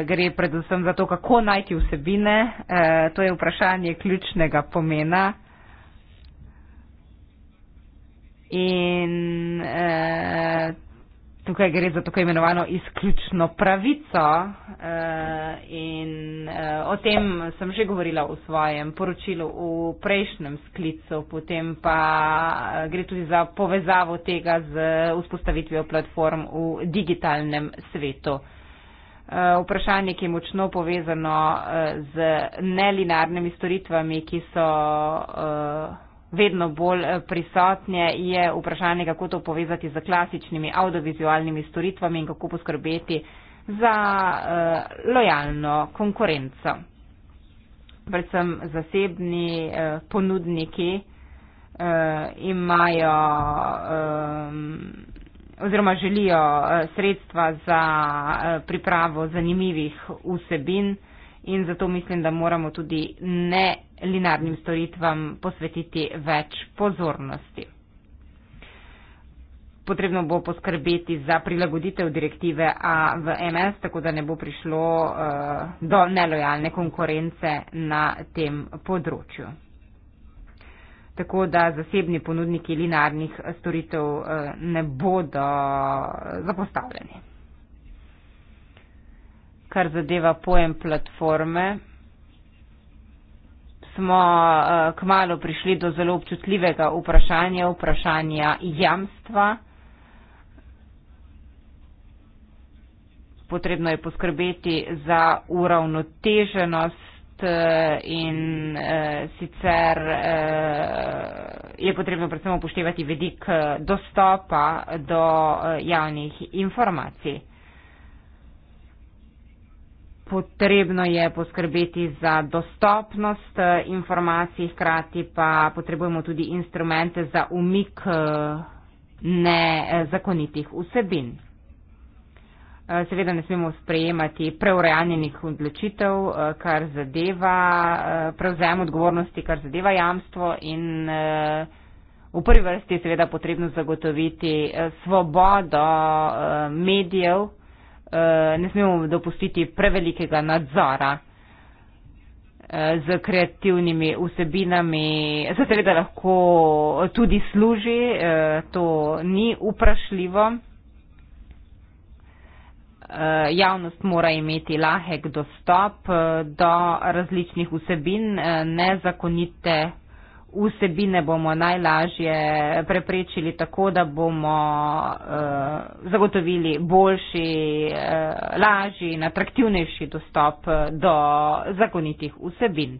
gre predvsem za to, kako najti vsebine. To je vprašanje ključnega pomena. In Tukaj gre za tako imenovano izključno pravico uh, in uh, o tem sem že govorila v svojem poročilu v prejšnjem sklicu, potem pa eh, gre tudi za povezavo tega z vzpostavitvijo platform v digitalnem svetu. Vprašanje, ki je močno povezano z nelinarnimi storitvami, ki so vedno bolj eh, prisotne, je vprašanje, kako to povezati z klasičnimi audiovizualnimi storitvami in kako poskrbeti za eh, lojalno konkurenco. Predvsem zasebni eh, ponudniki eh, imajo eh, oziroma želijo eh, sredstva za eh, pripravo zanimivih vsebin in zato mislim, da moramo tudi ne linarnim storitvam posvetiti več pozornosti. Potrebno bo poskrbeti za prilagoditev direktive A v MS, tako da ne bo prišlo uh, do nelojalne konkurence na tem področju. Tako da zasebni ponudniki linarnih storitev uh, ne bodo eh, zapostavljeni. Kar zadeva pojem platforme smo uh, eh, kmalo prišli do zelo občutljivega vprašanja, vprašanja jamstva. Potrebno je poskrbeti za uravnoteženost eh, in uh, sicer uh, je potrebno predvsem upoštevati vedik dostopa do uh, javnih informacij potrebno je poskrbeti za dostopnost eh, informacij, hkrati pa potrebujemo tudi instrumente za umik eh, nezakonitih vsebin. Eh, seveda ne smemo sprejemati preurejanjenih odločitev, kar zadeva prevzem odgovornosti, kar zadeva jamstvo in v prvi vrsti je seveda potrebno zagotoviti svobodo medijev, Eh, ne smemo dopustiti prevelikega nadzora z eh, kreativnimi vsebinami. Seveda lahko tudi služi, eh, to ni uprašljivo. Javnost mora imeti lahek dostop do različnih vsebin, nezakonite vsebine bomo najlažje preprečili tako, da bomo uh, zagotovili boljši, uh, lažji in atraktivnejši dostop eh, do zakonitih vsebin.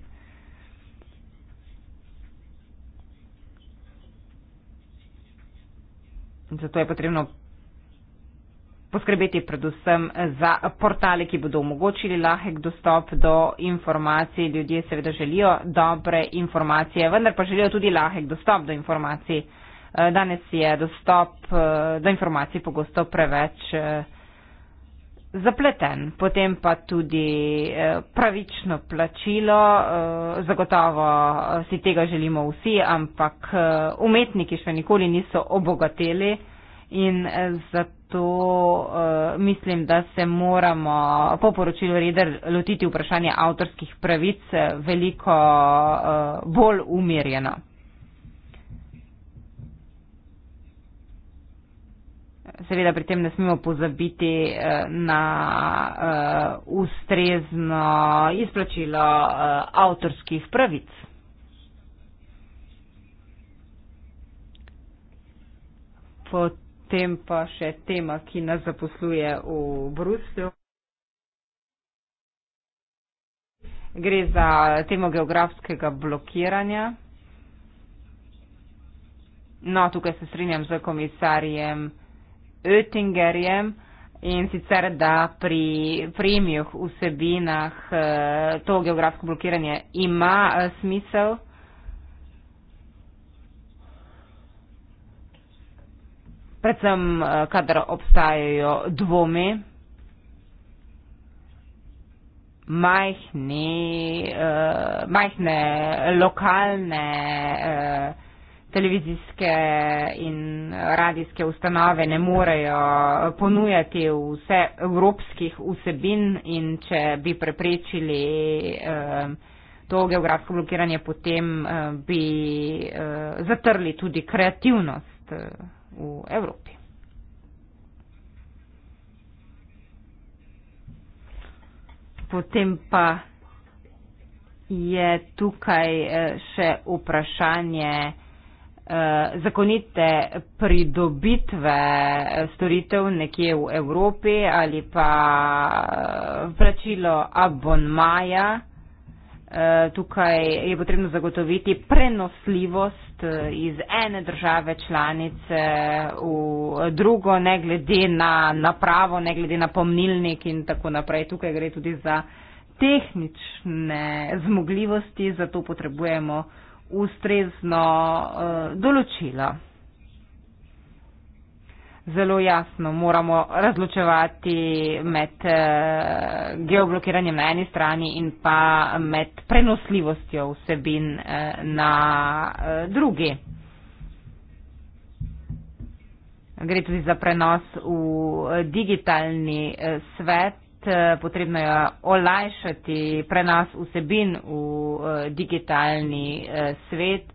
Zato je potrebno poskrbeti predvsem za portale, ki bodo omogočili lahek dostop do informacij. Ljudje seveda želijo dobre informacije, vendar pa želijo tudi lahek dostop do informacij. Eh, danes je dostop eh, do informacij pogosto preveč eh, zapleten, potem pa tudi pravično plačilo. Zagotovo si tega želimo vsi, ampak umetniki še nikoli niso obogateli in zato zato uh, eh, mislim, da se moramo po poročilu Reder lotiti vprašanja avtorskih pravic eh, veliko uh, bolj umirjeno. Seveda pri tem ne smemo pozabiti na uh, ustrezno izplačilo uh, avtorskih pravic. Pot potem pa še tema, ki nas zaposluje v Bruslju. Gre za temo geografskega blokiranja. No, tukaj se strinjam z komisarjem Oettingerjem in sicer, da pri premijih vsebinah eh, to geografsko blokiranje ima eh, smisel. predvsem eh, kadar obstajajo dvomi, majhni, uh, majhne lokalne uh, televizijske in radijske ustanove ne morejo ponujati vse evropskih vsebin in če bi preprečili uh, To geografsko blokiranje potem bi zatrli tudi kreativnost u Evropi. Potem pa je tukaj eh, še vprašanje eh, zakonite pridobitve eh, storitev nekje v Evropi ali pa vračilo abonmaja. Eh, tukaj je potrebno zagotoviti prenosljivost eh, iz ene države članice v drugo, ne glede na napravo, ne glede na pomnilnik in tako naprej. Tukaj gre tudi za tehnične zmogljivosti, zato potrebujemo ustrezno eh, določilo zelo jasno moramo razločevati med eh, geoblokiranjem na eni strani in pa med prenosljivostjo vsebin eh, na eh, drugi. Gre tudi za prenos v digitalni svet, potrebno je olajšati prenos vsebin v digitalni svet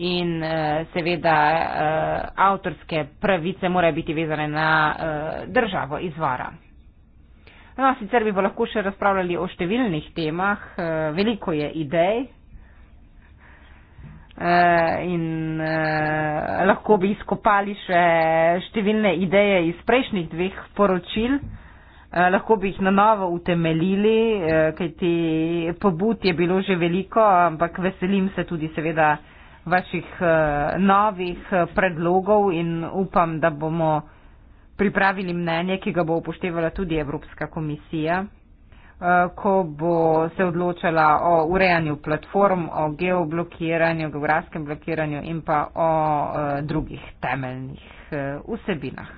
in uh, seveda uh, avtorske pravice morajo biti vezane na uh, državo izvora. No, sicer bi pa lahko še razpravljali o številnih temah, uh, veliko je idej uh, in uh, lahko bi izkopali še številne ideje iz prejšnjih dveh poročil. Lahko bi jih na novo utemeljili, kajti pobud je bilo že veliko, ampak veselim se tudi seveda vaših eh, novih eh, predlogov in upam, da bomo pripravili mnenje, ki ga bo upoštevala tudi Evropska komisija, eh, ko bo se odločala o urejanju platform, o geoblokiranju, geografskem blokiranju in pa o drugih temeljnih vsebinah.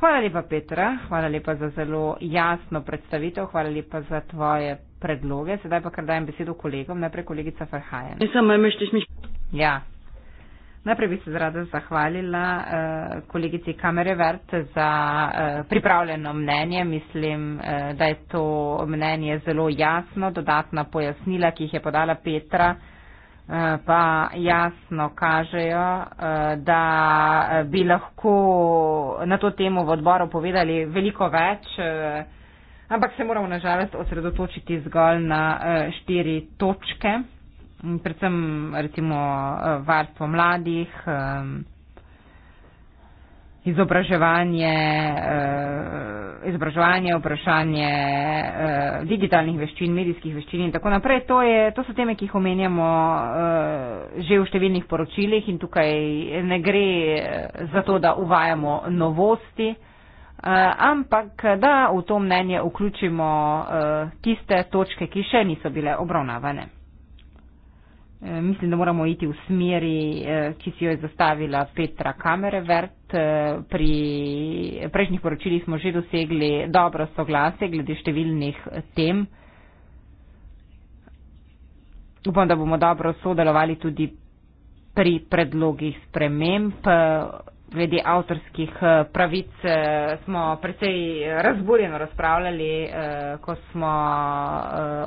Hvala lepa, Petra, hvala lepa za zelo jasno predstavitev, hvala lepa za tvoje predloge. Sedaj pa kar dajem besedo kolegom, najprej kolegica Farhajen. Ja. Najprej bi se rada zahvalila uh, kolegici Kamerevert za uh, pripravljeno mnenje. Mislim, uh, da je to mnenje zelo jasno. Dodatna pojasnila, ki jih je podala Petra, uh, pa jasno kažejo, uh, da bi lahko na to temo v odboru povedali veliko več. Uh, ampak se moramo nažalost osredotočiti zgolj na uh, štiri točke. Mm, predvsem recimo eh, varstvo mladih, eh, izobraževanje, eh, izobraževanje, vprašanje digitalnih veščin, medijskih veščin in tako naprej. To, je, to so teme, ki jih omenjamo že v številnih poročilih in tukaj ne gre za to, da uvajamo novosti. Uh, ampak da v to mnenje vključimo uh, tiste točke, ki še niso bile obravnavane. Eh, mislim, da moramo iti v smeri, eh, ki si jo je zastavila Petra Kamerevert. Eh, pri prejšnjih poročilih smo že dosegli dobro soglase glede številnih tem. Upam, da bomo dobro sodelovali tudi pri predlogih sprememb. Glede avtorskih pravic smo precej razburjeno razpravljali, ko smo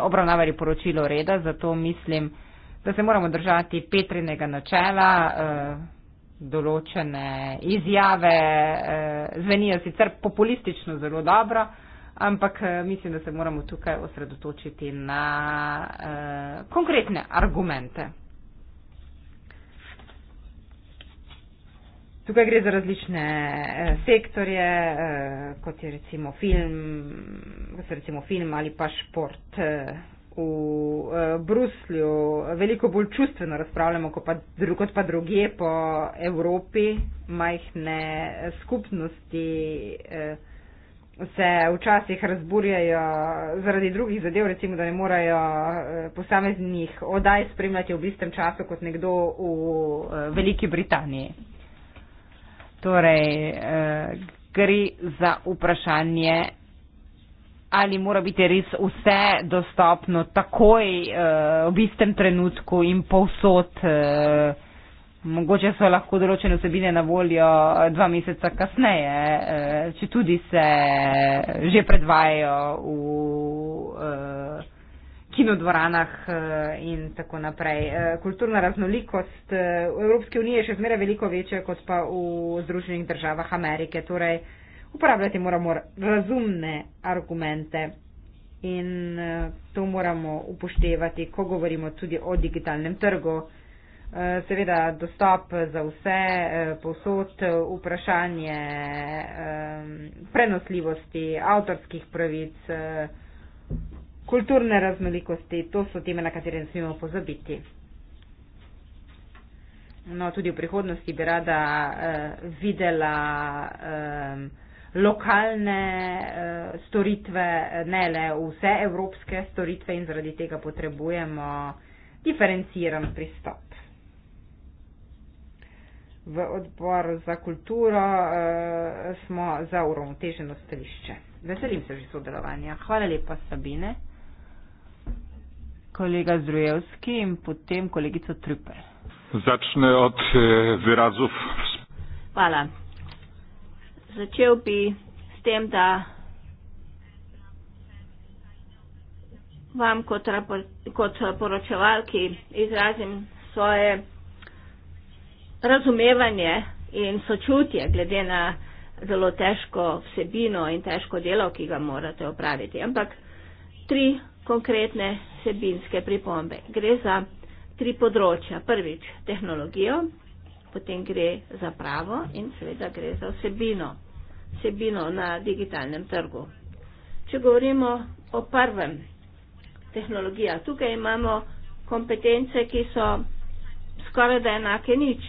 obravnavali poročilo reda, zato mislim, da se moramo držati Petrinega načela, eh, določene izjave eh, zvenijo sicer populistično zelo dobro, ampak eh, mislim, da se moramo tukaj osredotočiti na konkretne argumente. Tukaj gre za različne sektorje, kot je recimo film, recimo film ali pa šport v eh, Bruslju veliko bolj čustveno razpravljamo kot pa, kot pa druge po Evropi, majhne eh, skupnosti eh, se včasih razburjajo zaradi drugih zadev, recimo, da ne morajo eh, posameznih odaj spremljati v istem času kot nekdo v eh, Veliki Britaniji. Torej, eh, gre za vprašanje ali mora biti res vse dostopno takoj eh, v istem trenutku in povsod. Eh, mogoče so lahko določene vsebine na voljo eh, dva meseca kasneje, če tudi se že predvajajo v kinodvoranah in tako naprej. Kulturna raznolikost v Evropski uniji je še zmeraj veliko večja kot pa v Združenih državah Amerike. Torej, uporabljati moramo razumne argumente in eh, to moramo upoštevati, ko govorimo tudi o digitalnem trgu. Eh, seveda dostop za vse, eh, posod, vprašanje prenosljivosti, avtorskih pravic, kulturne raznolikosti, to so teme, na katere ne smemo pozabiti. No, tudi v prihodnosti bi rada eh, videla eh, lokalne uh, storitve, ne le vse evropske storitve in zaradi tega potrebujemo diferenciran pristop. V odbor za kulturo uh, smo za uravnoteženo stališče. Veselim se že sodelovanja. Hvala lepa, Sabine. Kolega Zrujevski in potem kolegica Trupe. Začne od eh, virazov. Hvala. Začel bi s tem, da vam kot, kot poročevalki izrazim svoje razumevanje in sočutje glede na zelo težko vsebino in težko delo, ki ga morate opraviti. Ampak tri konkretne vsebinske pripombe. Gre za tri področja. Prvič, tehnologijo, potem gre za pravo in seveda gre za vsebino, vsebino na digitalnem trgu. Če govorimo o prvem, tehnologija, tukaj imamo kompetence, ki so skoraj da enake nič.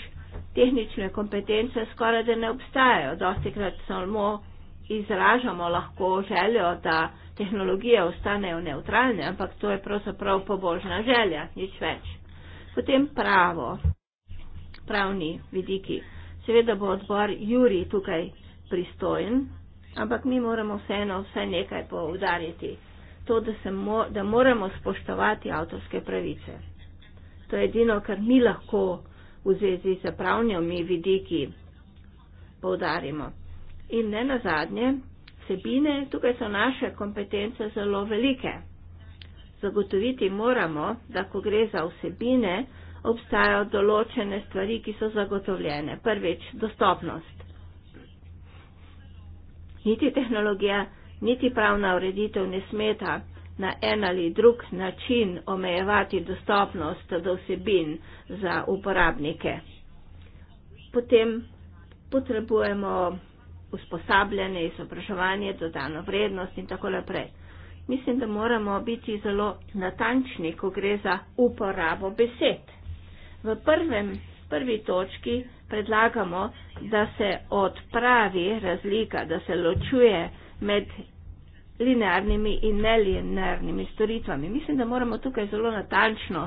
Tehnične kompetence skoraj da ne obstajajo. Dosti krat samo izražamo lahko željo, da tehnologije ostanejo neutralne, ampak to je pravzaprav pobožna želja, nič več. Potem pravo pravni vidiki. Seveda bo odbor Juri tukaj pristojen, ampak mi moramo vseeno vse nekaj poudariti. To, da, se mo da moramo spoštovati avtorske pravice. To je edino, kar mi lahko v zvezi z pravnjami vidiki poudarimo. In ne nazadnje, sebine, tukaj so naše kompetence zelo velike. Zagotoviti moramo, da ko gre za vsebine, obstajajo določene stvari, ki so zagotovljene. Prvič, dostopnost. Niti tehnologija, niti pravna ureditev ne smeta na en ali drug način omejevati dostopnost do vsebin za uporabnike. Potem potrebujemo usposabljanje, izobraževanje, dodano vrednost in tako naprej. Mislim, da moramo biti zelo natančni, ko gre za uporabo besed. V prvem, prvi točki predlagamo, da se odpravi razlika, da se ločuje med linearnimi in nelinearnimi storitvami. Mislim, da moramo tukaj zelo natančno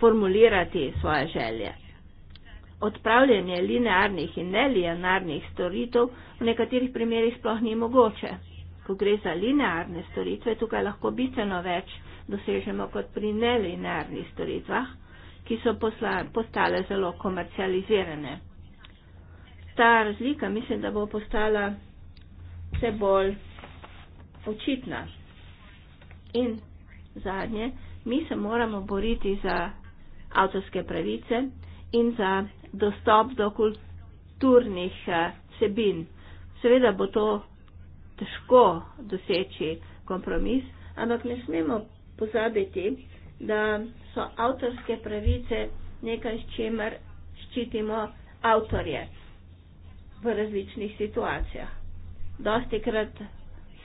formulirati svoje želje. Odpravljanje linearnih in nelinearnih storitev v nekaterih primerjih sploh ni mogoče. Ko gre za linearne storitve, tukaj lahko bistveno več dosežemo kot pri nelinearnih storitvah ki so posla, postale zelo komercializirane. Ta razlika mislim, da bo postala vse bolj očitna. In zadnje, mi se moramo boriti za avtorske pravice in za dostop do kulturnih eh, vsebin. Seveda bo to težko doseči kompromis, ampak ne smemo pozabiti, da so avtorske pravice nekaj, s čimer ščitimo avtorje v različnih situacijah. Dosti krat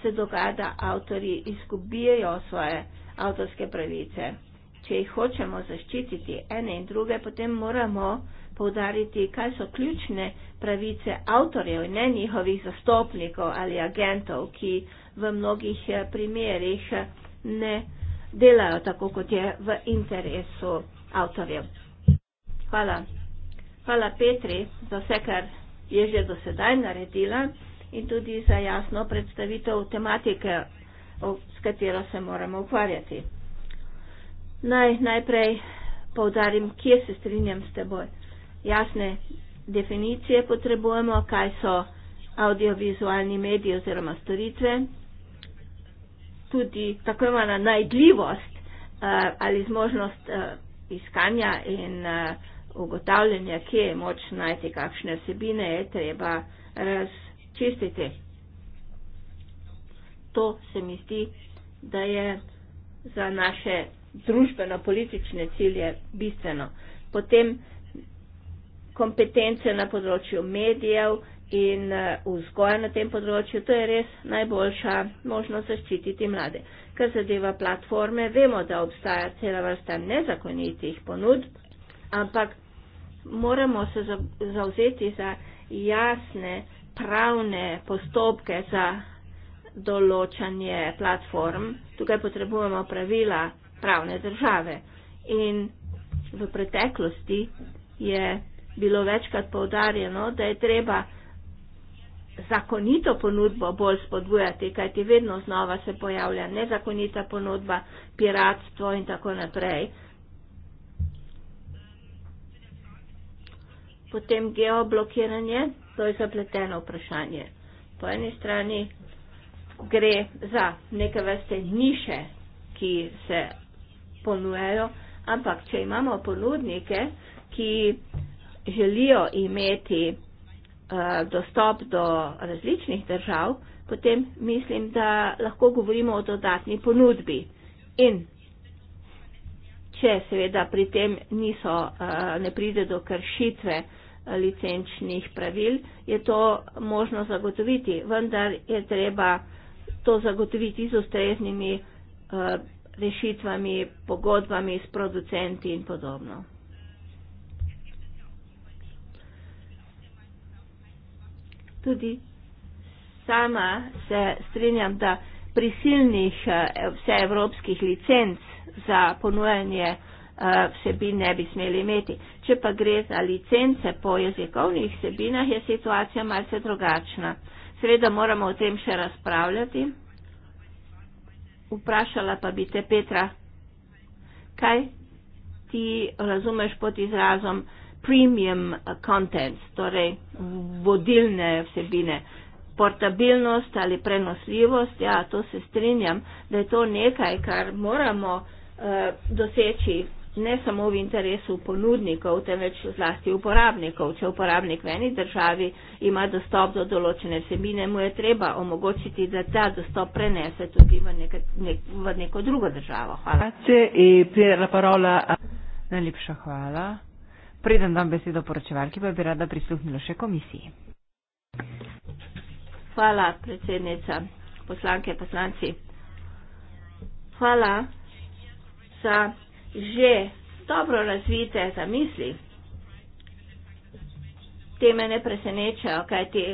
se dogaja, da avtori izgubijo svoje avtorske pravice. Če jih hočemo zaščititi ene in druge, potem moramo povdariti, kaj so ključne pravice avtorjev in ne njihovih zastopnikov ali agentov, ki v mnogih eh, primerjih eh, ne delajo tako, kot je v interesu avtorjev. Hvala. Hvala Petri za vse, kar je že do sedaj naredila in tudi za jasno predstavitev tematike, s katero se moramo ukvarjati. Naj najprej povdarim, kje se strinjam s teboj. Jasne definicije potrebujemo, kaj so audiovizualni mediji oziroma storitve, tudi tako imena najdljivost uh, ali zmožnost uh, iskanja in uh, ugotavljanja, kje je moč najti kakšne vsebine, je treba razčistiti. To se mi zdi, da je za naše družbeno-politične cilje bistveno. Potem kompetence na področju medijev, in eh, vzgoja na tem področju, to je res najboljša možnost zaščititi mlade. Kar zadeva platforme, vemo, da obstaja cela vrsta nezakonitih ponudb, ampak moramo se zauzeti za jasne pravne postopke za določanje platform. Tukaj potrebujemo pravila pravne države. In v preteklosti je bilo večkrat povdarjeno, da je treba zakonito ponudbo bolj spodbujati, kajti vedno znova se pojavlja nezakonita ponudba, piratstvo in tako naprej. Potem geoblokiranje, to je zapleteno vprašanje. Po eni strani gre za neke vrste niše, ki se ponujajo, ampak če imamo ponudnike, ki želijo imeti Eh, dostop do različnih držav, potem mislim, da lahko govorimo o dodatni ponudbi. In če seveda pri tem niso, eh, ne pride do kršitve eh, licenčnih pravil, je to možno zagotoviti, vendar je treba to zagotoviti z ustreznimi rešitvami, pogodbami s producenti in podobno. tudi sama se strinjam, da prisilnih eh, vseevropskih licenc za ponujanje eh, vsebin ne bi smeli imeti. Če pa gre za licence po jezikovnih vsebinah, je situacija malce drugačna. Seveda moramo o tem še razpravljati. Vprašala pa bi te, Petra, kaj ti razumeš pod izrazom premium uh, contents, torej vodilne vsebine. Portabilnost ali prenosljivost, ja, to se strinjam, da je to nekaj, kar moramo eh, doseči ne samo v interesu ponudnikov, temveč zlasti uporabnikov. Če uporabnik v eni državi ima dostop do določene vsebine, mu je treba omogočiti, da ta dostop prenese tudi v, neka, nek, v neko drugo državo. Hvala. E Najlepša hvala. Preden dam besedo poročevalki, pa bi rada prisluhnila še komisiji. Hvala, predsednica, poslanke, poslanci. Hvala za že dobro razvite zamisli. Te me ne presenečajo, kajti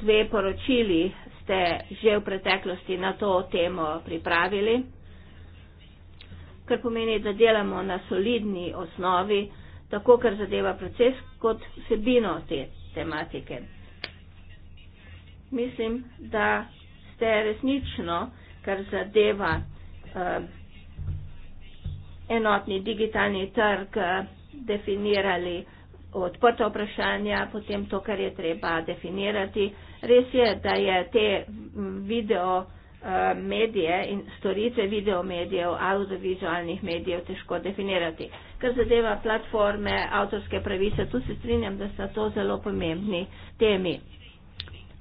dve poročili ste že v preteklosti na to temo pripravili, kar pomeni, da delamo na solidni osnovi, tako kar zadeva proces, kot vsebino te tematike. Mislim, da ste resnično, kar zadeva eh, enotni digitalni trg, eh, definirali odprta vprašanja, potem to, kar je treba definirati. Res je, da je te mm, video Eh, medije in storitve videomedijev, audiovizualnih medijev težko definirati. Kar zadeva platforme, avtorske pravice, tu se strinjam, da sta to zelo pomembni temi.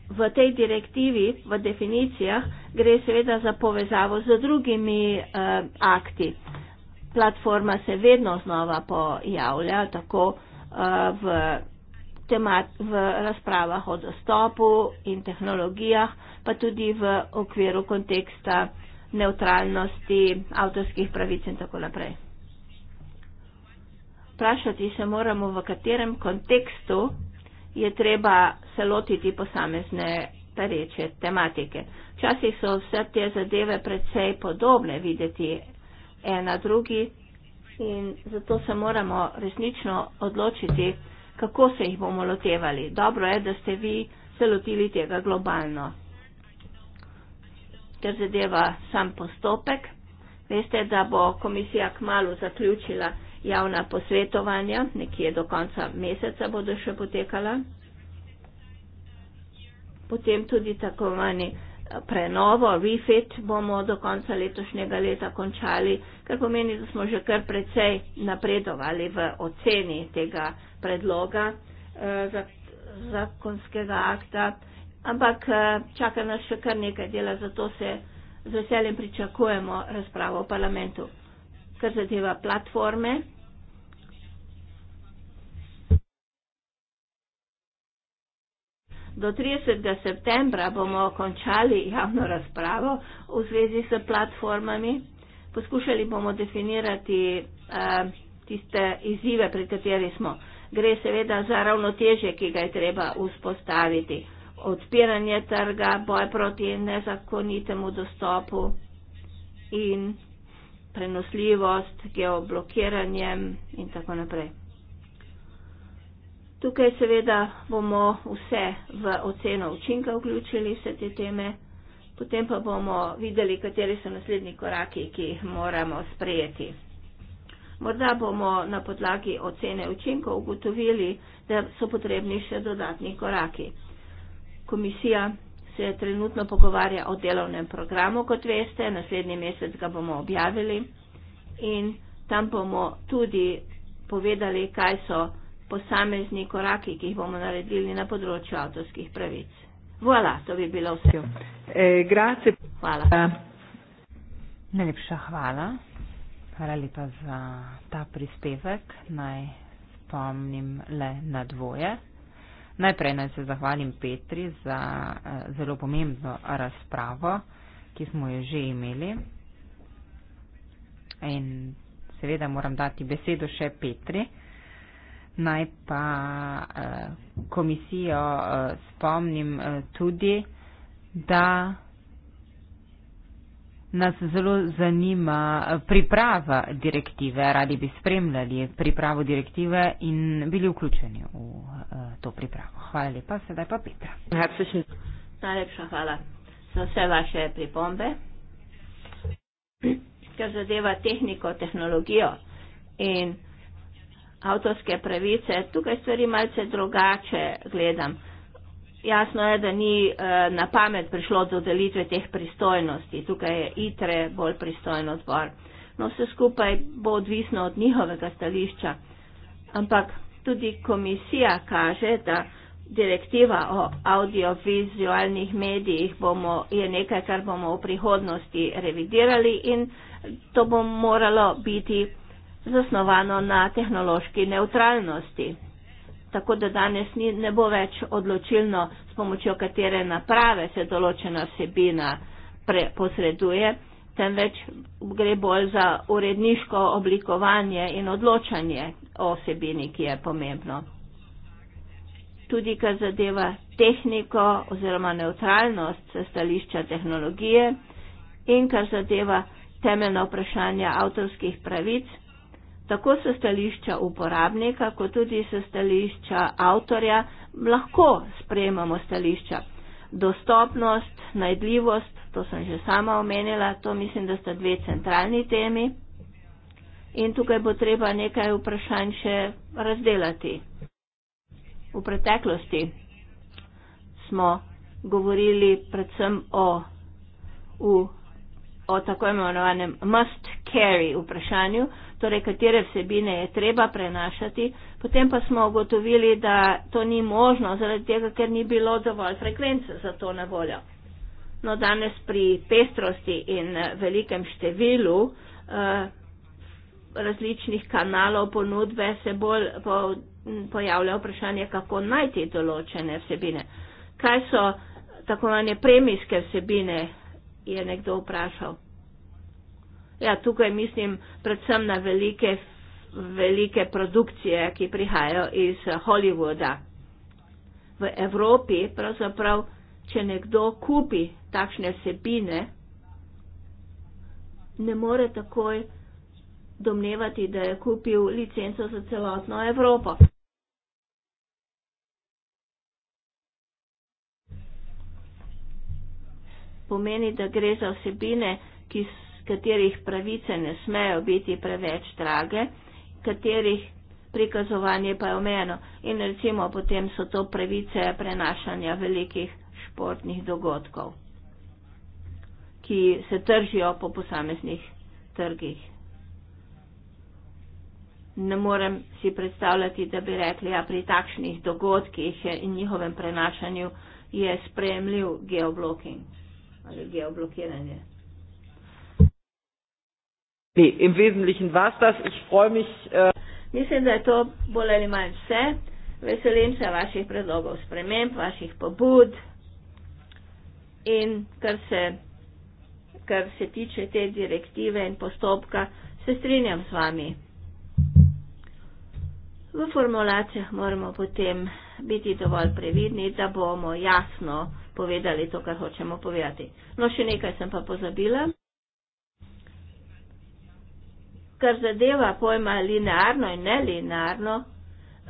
V tej direktivi, v definicijah, gre seveda za povezavo z drugimi eh, akti. Platforma se vedno znova pojavlja, tako eh, v temat, v razpravah o dostopu in tehnologijah, pa tudi v okviru konteksta neutralnosti, avtorskih pravic in tako naprej. Vprašati se moramo, v katerem kontekstu je treba se lotiti posamezne pereče tematike. Včasih so vse te zadeve predvsej podobne videti ena drugi in zato se moramo resnično odločiti, kako se jih bomo lotevali. Dobro je, da ste vi se lotili tega globalno. Ker zadeva sam postopek, veste, da bo komisija kmalo zaključila javna posvetovanja, nekje do konca meseca bodo še potekala. Potem tudi tako manj prenovo, refit bomo do konca letošnjega leta končali, kar pomeni, da smo že kar precej napredovali v oceni tega predloga eh, zakonskega akta, ampak eh, čaka nas še kar nekaj dela, zato se z veseljem pričakujemo razpravo v parlamentu. Kar zadeva platforme, Do 30. septembra bomo končali javno razpravo v zvezi s platformami. Poskušali bomo definirati eh, tiste izzive, pred kateri smo. Gre seveda za ravnotežje, ki ga je treba vzpostaviti. Odpiranje trga, boj proti nezakonitemu dostopu in prenosljivost, geoblokiranjem in tako naprej. Tukaj seveda bomo vse v oceno učinka vključili, vse te teme, potem pa bomo videli, kateri so naslednji koraki, ki jih moramo sprejeti. Morda bomo na podlagi ocene učinkov ugotovili, da so potrebni še dodatni koraki. Komisija se trenutno pogovarja o delovnem programu, kot veste, naslednji mesec ga bomo objavili in tam bomo tudi povedali, kaj so posamezni koraki, ki jih bomo naredili na področju avtorskih pravic. Voilà, to bi bilo vse. E, grazie. Hvala. Najlepša hvala. Hvala lepa za ta prispevek. Naj spomnim le na dvoje. Najprej naj se zahvalim Petri za eh, zelo pomembno razpravo, ki smo jo že imeli. In seveda moram dati besedo še Petri. Naj pa eh, komisijo eh, spomnim eh, tudi, da nas zelo zanima eh, priprava direktive. Radi bi spremljali pripravo direktive in bili vključeni v eh, to pripravo. Hvala lepa, sedaj pa Petra. Najlepša hvala za vse vaše pripombe. Kar zadeva tehniko, tehnologijo in avtorske pravice. Tukaj stvari malce drugače gledam. Jasno je, da ni eh, na pamet prišlo do delitve teh pristojnosti. Tukaj je ITRE bolj pristojen odbor. No, vse skupaj bo odvisno od njihovega stališča. Ampak tudi komisija kaže, da direktiva o audiovizualnih medijih bomo, je nekaj, kar bomo v prihodnosti revidirali in to bo moralo biti zasnovano na tehnološki neutralnosti. Tako da danes ni, ne bo več odločilno, s pomočjo katere naprave se določena vsebina posreduje, temveč gre bolj za uredniško oblikovanje in odločanje o vsebini, ki je pomembno. Tudi kar zadeva tehniko oziroma neutralnost stališča tehnologije in kar zadeva temeljna vprašanja avtorskih pravic, tako so stališča uporabnika, kot tudi so stališča avtorja, lahko sprejemamo stališča. Dostopnost, najdljivost, to sem že sama omenila, to mislim, da sta dve centralni temi. In tukaj bo treba nekaj vprašanj še razdelati. V preteklosti smo govorili predvsem o, v, o tako imenovanem must Kerry vprašanju, torej katere vsebine je treba prenašati, potem pa smo ugotovili, da to ni možno, zaradi tega, ker ni bilo dovolj frekvence za to na voljo. No, danes pri pestrosti in eh, velikem številu eh, različnih kanalov ponudbe se bolj po, pojavlja vprašanje, kako najti določene vsebine. Kaj so tako manje premijske vsebine, je nekdo vprašal. Ja, tukaj mislim predvsem na velike, velike produkcije, ki prihajajo iz Hollywooda. V Evropi pravzaprav, če nekdo kupi takšne sebine, ne more takoj domnevati, da je kupil licenco za celotno Evropo. Pomeni, da gre za vsebine, ki so katerih pravice ne smejo biti preveč drage, katerih prikazovanje pa je omejeno. In recimo potem so to pravice prenašanja velikih športnih dogodkov, ki se tržijo po posameznih trgih. Ne morem si predstavljati, da bi rekli, a ja, pri takšnih dogodkih in njihovem prenašanju je spremljiv geoblocking ali geoblokiranje. Nee, im Wesentlichen war es das. Ich freue mich. Äh Mislim, da je to bolj ali manj vse. Veselim se vaših predlogov sprememb, vaših pobud. In kar se, kar se tiče te direktive in postopka, se strinjam s vami. V formulacijah moramo potem biti dovolj previdni, da bomo jasno povedali to, kar hočemo povedati. No, še nekaj sem pa pozabila kar zadeva pojma linearno in nelinearno,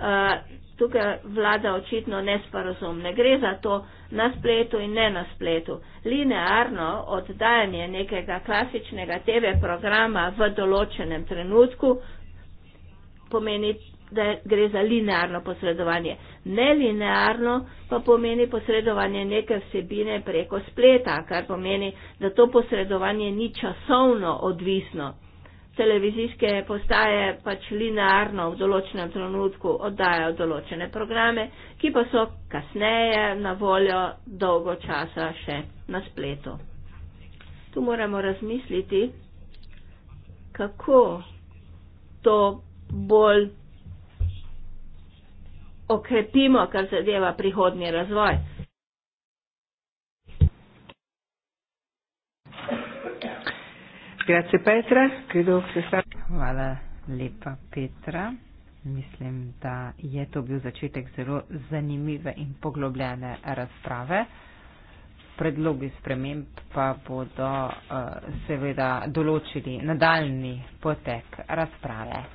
eh, tukaj vlada očitno nesporazum. Ne gre za to na spletu in ne na spletu. Linearno oddajanje nekega klasičnega TV programa v določenem trenutku pomeni, da gre za linearno posredovanje. Nelinearno pa pomeni posredovanje neke vsebine preko spleta, kar pomeni, da to posredovanje ni časovno odvisno televizijske postaje pač linearno v določenem trenutku oddajajo določene programe, ki pa so kasneje na voljo dolgo časa še na spletu. Tu moramo razmisliti, kako to bolj okrepimo, kar zadeva prihodnji razvoj. Grazie Petra, credo sia stato. Hvala lepa Petra. Mislim, da je to bil začetek zelo zanimive in poglobljene razprave. Predlogi sprememb pa bodo uh, seveda določili nadaljni potek razprave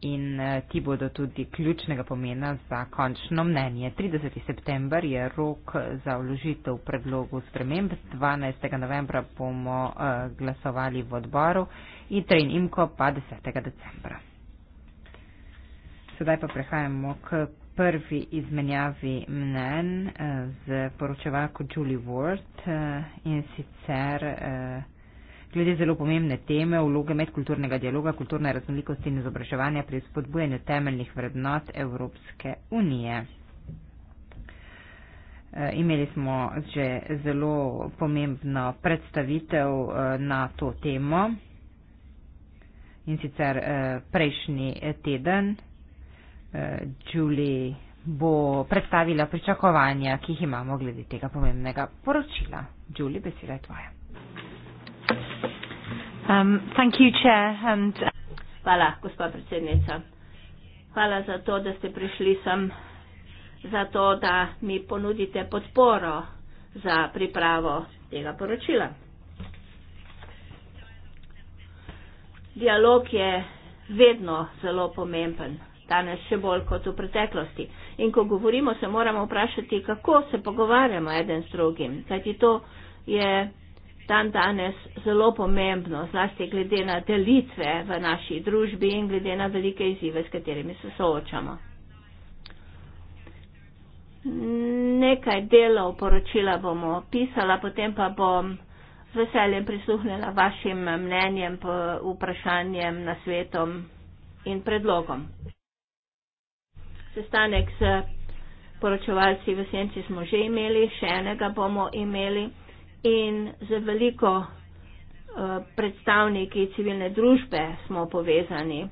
in eh, ti bodo tudi ključnega pomena za končno mnenje. 30. september je rok za vložitev predlogu sprememb, 12. novembra bomo eh, glasovali v odboru in trejn imko pa 10. decembra. Sedaj pa prehajamo k prvi izmenjavi mnen z eh, poročevalko Julie Ward in sicer glede zelo pomembne teme vloge medkulturnega dialoga, kulturne raznolikosti in izobraževanja pri spodbujanju temeljnih vrednot Evropske unije. E, imeli smo že zelo pomembno predstavitev e, na to temo in sicer e, prejšnji teden Julie bo predstavila pričakovanja, ki jih imamo glede tega pomembnega poročila. Julie, beseda je tvoja. Um, thank you, chair, and... Uh, Hvala, gospod predsednica. Hvala za to, da ste prišli sem, za to, da mi ponudite podporo za pripravo tega poročila. Dialog je vedno zelo pomemben, danes še bolj kot v preteklosti. In ko govorimo, se moramo vprašati, kako se pogovarjamo eden s drugim, kajti to je dan danes zelo pomembno, zlasti glede na delitve v naši družbi in glede na velike izzive, s katerimi se soočamo. Nekaj delov poročila bom opisala, potem pa bom z veseljem prisluhnila vašim mnenjem, vprašanjem, nasvetom in predlogom. Sestanek s poročevalci v Senci smo že imeli, še enega bomo imeli in z veliko uh, predstavniki civilne družbe smo povezani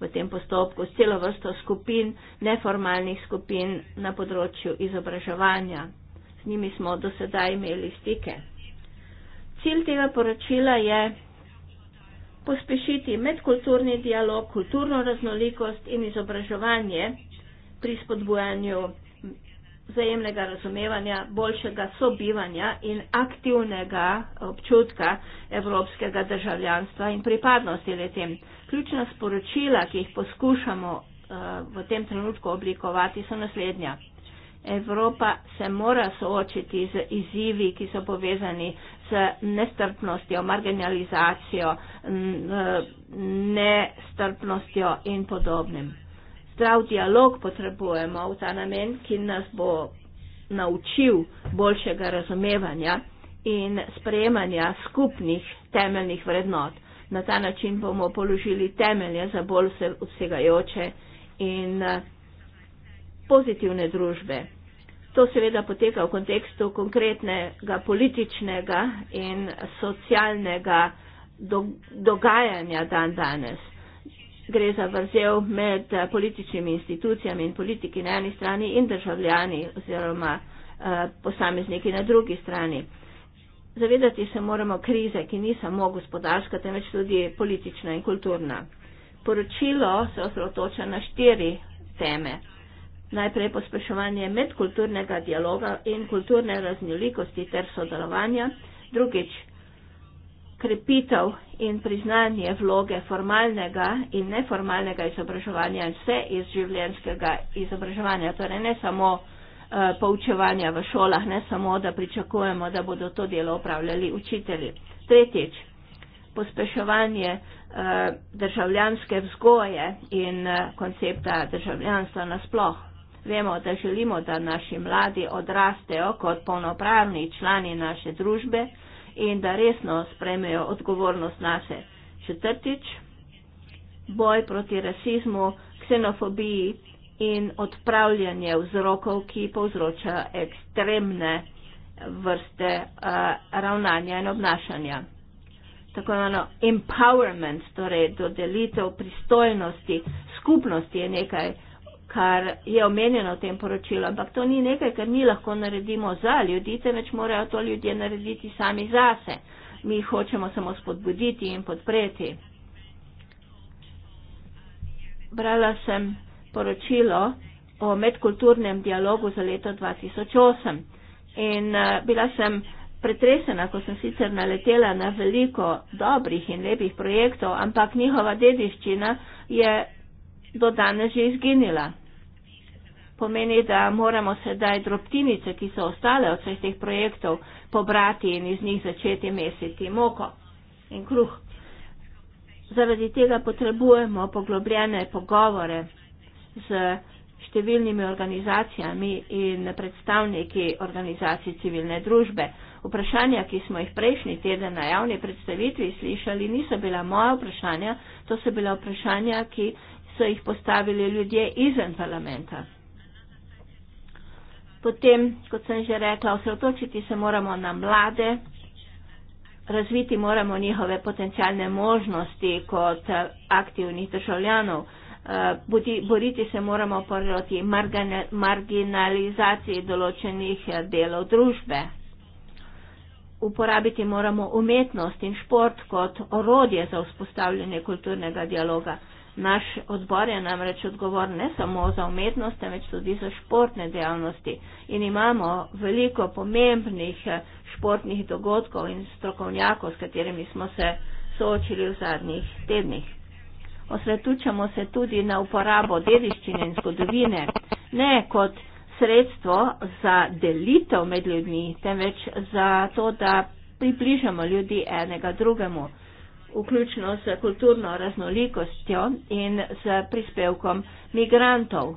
v tem postopku s celo vrsto skupin, neformalnih skupin na področju izobraževanja. Z njimi smo do sedaj imeli stike. Cilj tega poročila je pospešiti medkulturni dialog, kulturno raznolikost in izobraževanje pri spodbujanju vzajemnega razumevanja, boljšega sobivanja in aktivnega občutka evropskega državljanstva in pripadnosti letem. Ključna sporočila, ki jih poskušamo eh, v tem trenutku oblikovati, so naslednja. Evropa se mora soočiti z izzivi, ki so povezani z nestrpnostjo, marginalizacijo, eh, nestrpnostjo in podobnim zdrav dialog potrebujemo v ta namen, ki nas bo naučil boljšega razumevanja in sprejemanja skupnih temeljnih vrednot. Na ta način bomo položili temelje za bolj vse vsegajoče in pozitivne družbe. To seveda poteka v kontekstu konkretnega političnega in socialnega dogajanja dan danes gre za vrzel med eh, političnimi institucijami in politiki na eni strani in državljani oziroma eh, posamezniki na drugi strani. Zavedati se moramo krize, ki ni samo gospodarska, temveč tudi politična in kulturna. Poročilo se osredotoča na štiri teme. Najprej pospeševanje medkulturnega dialoga in kulturne raznolikosti ter sodelovanja, drugič krepitev in priznanje vloge formalnega in neformalnega izobraževanja in vse iz življenjskega izobraževanja, torej ne samo eh, poučevanja v šolah, ne samo, da pričakujemo, da bodo to delo upravljali učitelji. Tretjič, pospeševanje eh, državljanske vzgoje in eh, koncepta državljanstva nasploh. Vemo, da želimo, da naši mladi odrastejo kot polnopravni člani naše družbe, in da resno spremejo odgovornost naše. Četrtič, boj proti rasizmu, ksenofobiji in odpravljanje vzrokov, ki povzroča ekstremne vrste uh, ravnanja in obnašanja. Tako imeno empowerment, torej dodelitev pristojnosti skupnosti je nekaj, kar je omenjeno v tem poročilu, ampak to ni nekaj, kar mi lahko naredimo za ljudi, temveč morajo to ljudje narediti sami zase. Mi jih hočemo samo spodbuditi in podpreti. Brala sem poročilo o medkulturnem dialogu za leto 2008 in eh, bila sem pretresena, ko sem sicer naletela na veliko dobrih in lepih projektov, ampak njihova dediščina je do danes že izginila pomeni, da moramo sedaj drobtinice, ki so ostale od vseh teh projektov, pobrati in iz njih začeti mesiti moko in kruh. Zaradi tega potrebujemo poglobljene pogovore z številnimi organizacijami in predstavniki organizacij civilne družbe. Vprašanja, ki smo jih prejšnji teden na javni predstavitvi slišali, niso bila moja vprašanja, to so bila vprašanja, ki so jih postavili ljudje izven parlamenta. Potem, kot sem že rekla, osredotočiti se moramo na mlade, razviti moramo njihove potencijalne možnosti kot eh, aktivnih državljanov, eh, boriti se moramo proti marginalizaciji določenih eh, delov družbe. Uporabiti moramo umetnost in šport kot orodje za vzpostavljanje kulturnega dialoga. Naš odbor je namreč odgovor ne samo za umetnost, temveč tudi za športne dejavnosti in imamo veliko pomembnih eh, športnih dogodkov in strokovnjakov, s katerimi smo se soočili v zadnjih tednih. Osredučamo se tudi na uporabo dediščine in zgodovine, ne kot sredstvo za delitev med ljudmi, temveč za to, da približamo ljudi enega drugemu vključno s kulturno raznolikostjo in s prispevkom migrantov.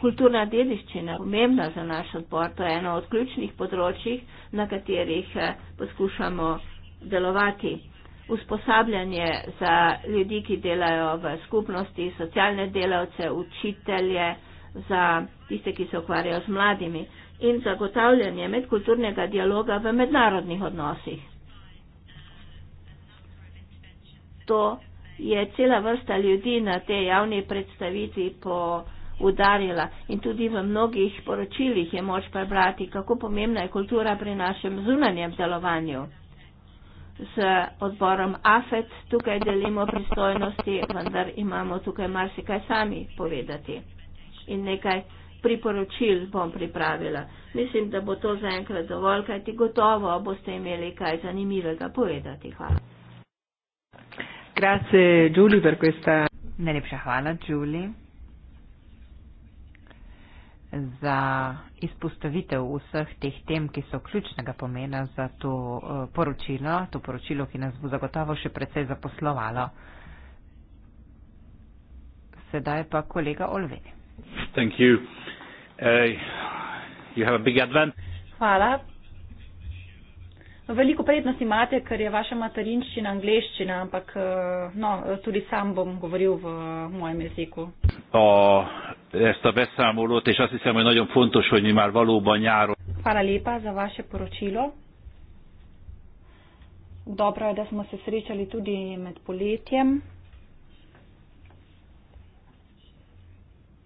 Kulturna dediščina je pomembna za naš odbor, to je eno od ključnih področjih, na katerih eh, poskušamo delovati. Usposabljanje za ljudi, ki delajo v skupnosti, socialne delavce, učitelje, za tiste, ki se ukvarjajo z mladimi in zagotavljanje medkulturnega dialoga v mednarodnih odnosih. to je cela vrsta ljudi na te javni predstavitvi udarila in tudi v mnogih poročilih je moč prebrati, kako pomembna je kultura pri našem zunanjem delovanju. Z odborom AFET tukaj delimo pristojnosti, vendar imamo tukaj marsikaj sami povedati in nekaj priporočil bom pripravila. Mislim, da bo to zaenkrat dovolj, kajti gotovo boste imeli kaj zanimivega povedati. Hvala. Grazie Giulia per questa. Najlepša hvala, Giulia, za izpostavitev vseh teh tem, ki so ključnega pomena za to eh, poročilo, to poročilo, ki nas bo zagotovo še precej zaposlovalo. Sedaj pa kolega Olveni. Eh, hvala. Veliko prednosti imate, ker je vaša materinščina angliščina, ampak eh, no, tudi sam bom govoril v mojem jeziku. A, ezt a beszámolót, és azt hiszem, hogy nagyon fontos, hogy mi már valóban nyáron. Hvala lepa za vaše poročilo. Dobro je, da smo se srečali tudi med poletjem.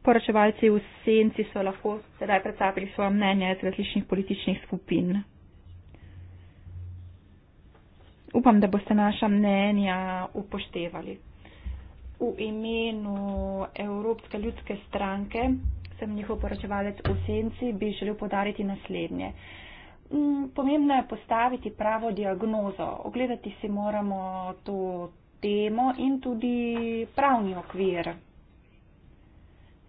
Poročevalci v senci so lahko sedaj predstavili svoje mnenje iz različnih političnih skupin upam, da boste naša mnenja upoštevali. V imenu Evropske ljudske stranke sem njihov poročevalec v senci, bi želel podariti naslednje. Mm, pomembno je postaviti pravo diagnozo. Ogledati si moramo to temo in tudi pravni okvir.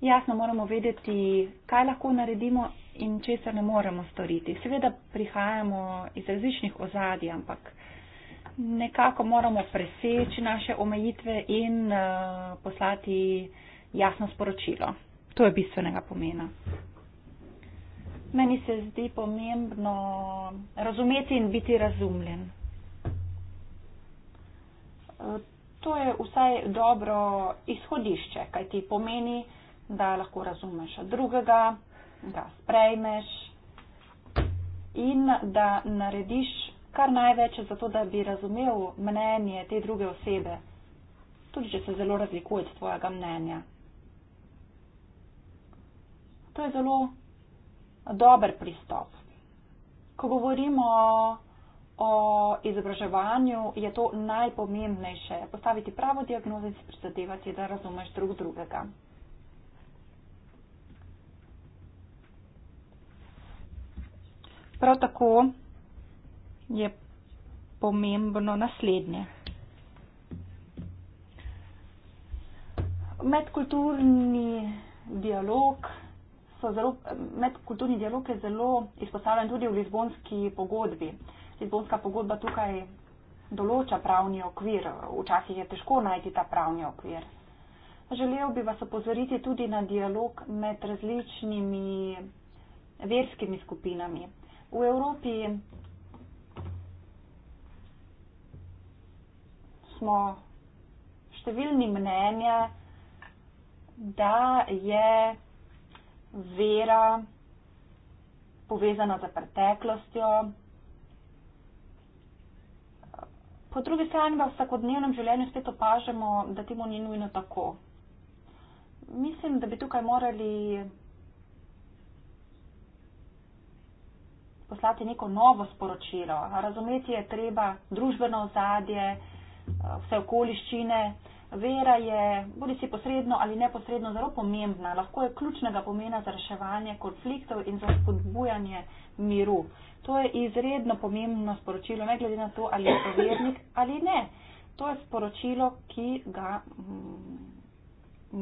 Jasno moramo vedeti, kaj lahko naredimo in česar ne moremo storiti. Seveda prihajamo iz različnih ozadij, ampak nekako moramo preseči naše omejitve in uh, poslati jasno sporočilo. To je bistvenega pomena. Meni se zdi pomembno razumeti in biti razumljen. Eh, to je vsaj dobro izhodišče, kaj ti pomeni, da lahko razumeš drugega, da sprejmeš in da narediš kar največ zato, da bi razumel mnenje te druge osebe, tudi če se zelo razlikuje od tvojega mnenja. To je zelo dober pristop. Ko govorimo o izobraževanju, je to najpomembnejše. Postaviti pravo diagnozo in si prizadevati, da razumeš drug drugega. Prav tako je pomembno naslednje. Medkulturni dialog, zelo, medkulturni dialog je zelo izpostavljen tudi v Lizbonski pogodbi. Lizbonska pogodba tukaj določa pravni okvir, včasih je težko najti ta pravni okvir. Želel bi vas opozoriti tudi na dialog med različnimi verskimi skupinami. V Evropi smo številni mnenja, da je vera povezana za preteklostjo. Po drugi strani pa v vsakodnevnem življenju spet opažamo, da temu ni nujno tako. Mislim, da bi tukaj morali poslati neko novo sporočilo. Razumeti je treba družbeno ozadje, vse okoliščine. Vera je, bodi si posredno ali neposredno, zelo pomembna. Lahko je ključnega pomena za reševanje konfliktov in za spodbujanje miru. To je izredno pomembno sporočilo, ne glede na to, ali je to vernik ali ne. To je sporočilo, ki ga mm,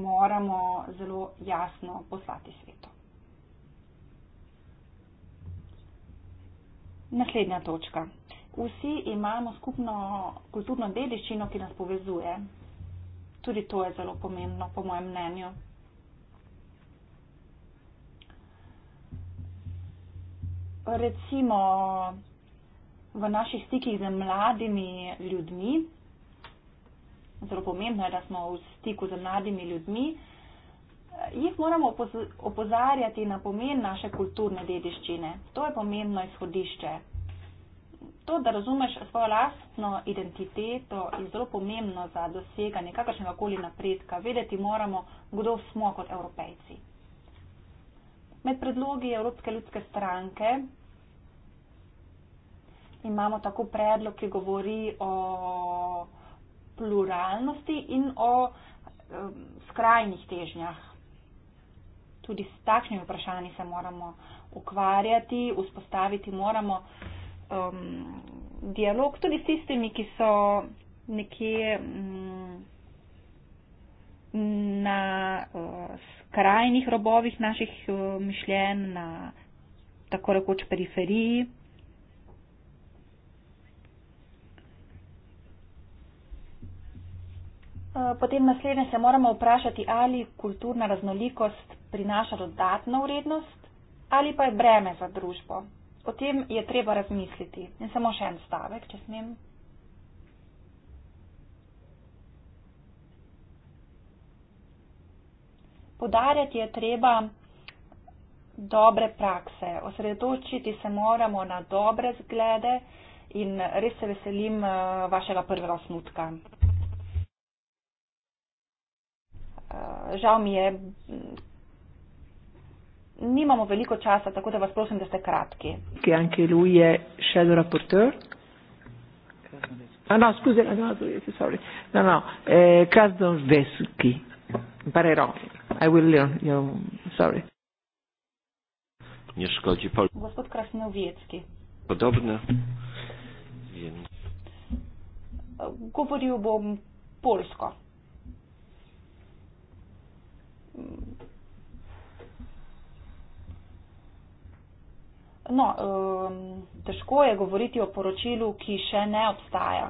moramo zelo jasno poslati svetu. Naslednja točka vsi imamo skupno kulturno dediščino, ki nas povezuje. Tudi to je zelo pomembno, po mojem mnenju. Recimo v naših stikih z mladimi ljudmi, zelo pomembno je, da smo v stiku z mladimi ljudmi, jih moramo opozarjati na pomen naše kulturne dediščine. To je pomembno izhodišče to, da razumeš svojo lastno identiteto, je zelo pomembno za doseganje kakršnega koli napredka. Vedeti moramo, kdo smo kot evropejci. Med predlogi Evropske ljudske stranke imamo tako predlog, ki govori o pluralnosti in o skrajnih težnjah. Tudi s takšnimi vprašanji se moramo ukvarjati, vzpostaviti moramo um, dialog tudi s tistimi, ki so nekje um, na uh, skrajnih robovih naših uh, mišljenj, na tako rekoč periferiji. Uh, potem naslednje se moramo vprašati, ali kulturna raznolikost prinaša dodatno vrednost ali pa je breme za družbo. O tem je treba razmisliti. In samo še en stavek, če smem. Podarjati je treba dobre prakse. Osredotočiti se moramo na dobre zglede in res se veselim eh, vašega prvega osnutka. Eh, žal mi je, nimamo veliko časa, tako da vas prosim, da ste kratki. Kjanke Lui je še do raporteur. Ah, no, scusi, no, no, sorry. No, no, eh, Kazdo Vesuki. Imparerò. I will learn, you know, sorry. Nie szkodzi Pol. Gospod Krasnowiecki. Podobne. Więc... Mówiłbym polsko. No, um, težko je govoriti o poročilu, ki še ne obstaja.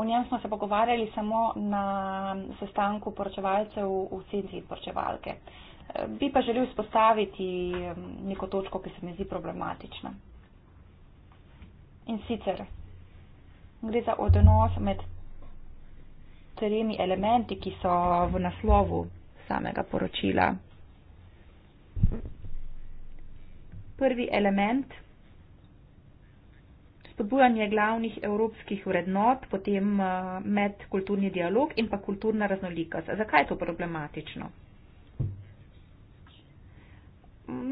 O njem smo se pogovarjali samo na sestanku poročevalcev v senci poročevalke. Bi pa želel spostaviti neko točko, ki se mi zdi problematična. In sicer gre za odnos med tremi elementi, ki so v naslovu samega poročila prvi element spodbujanje glavnih evropskih vrednot, potem eh, medkulturni dialog in pa kulturna raznolikost. Zakaj je to problematično?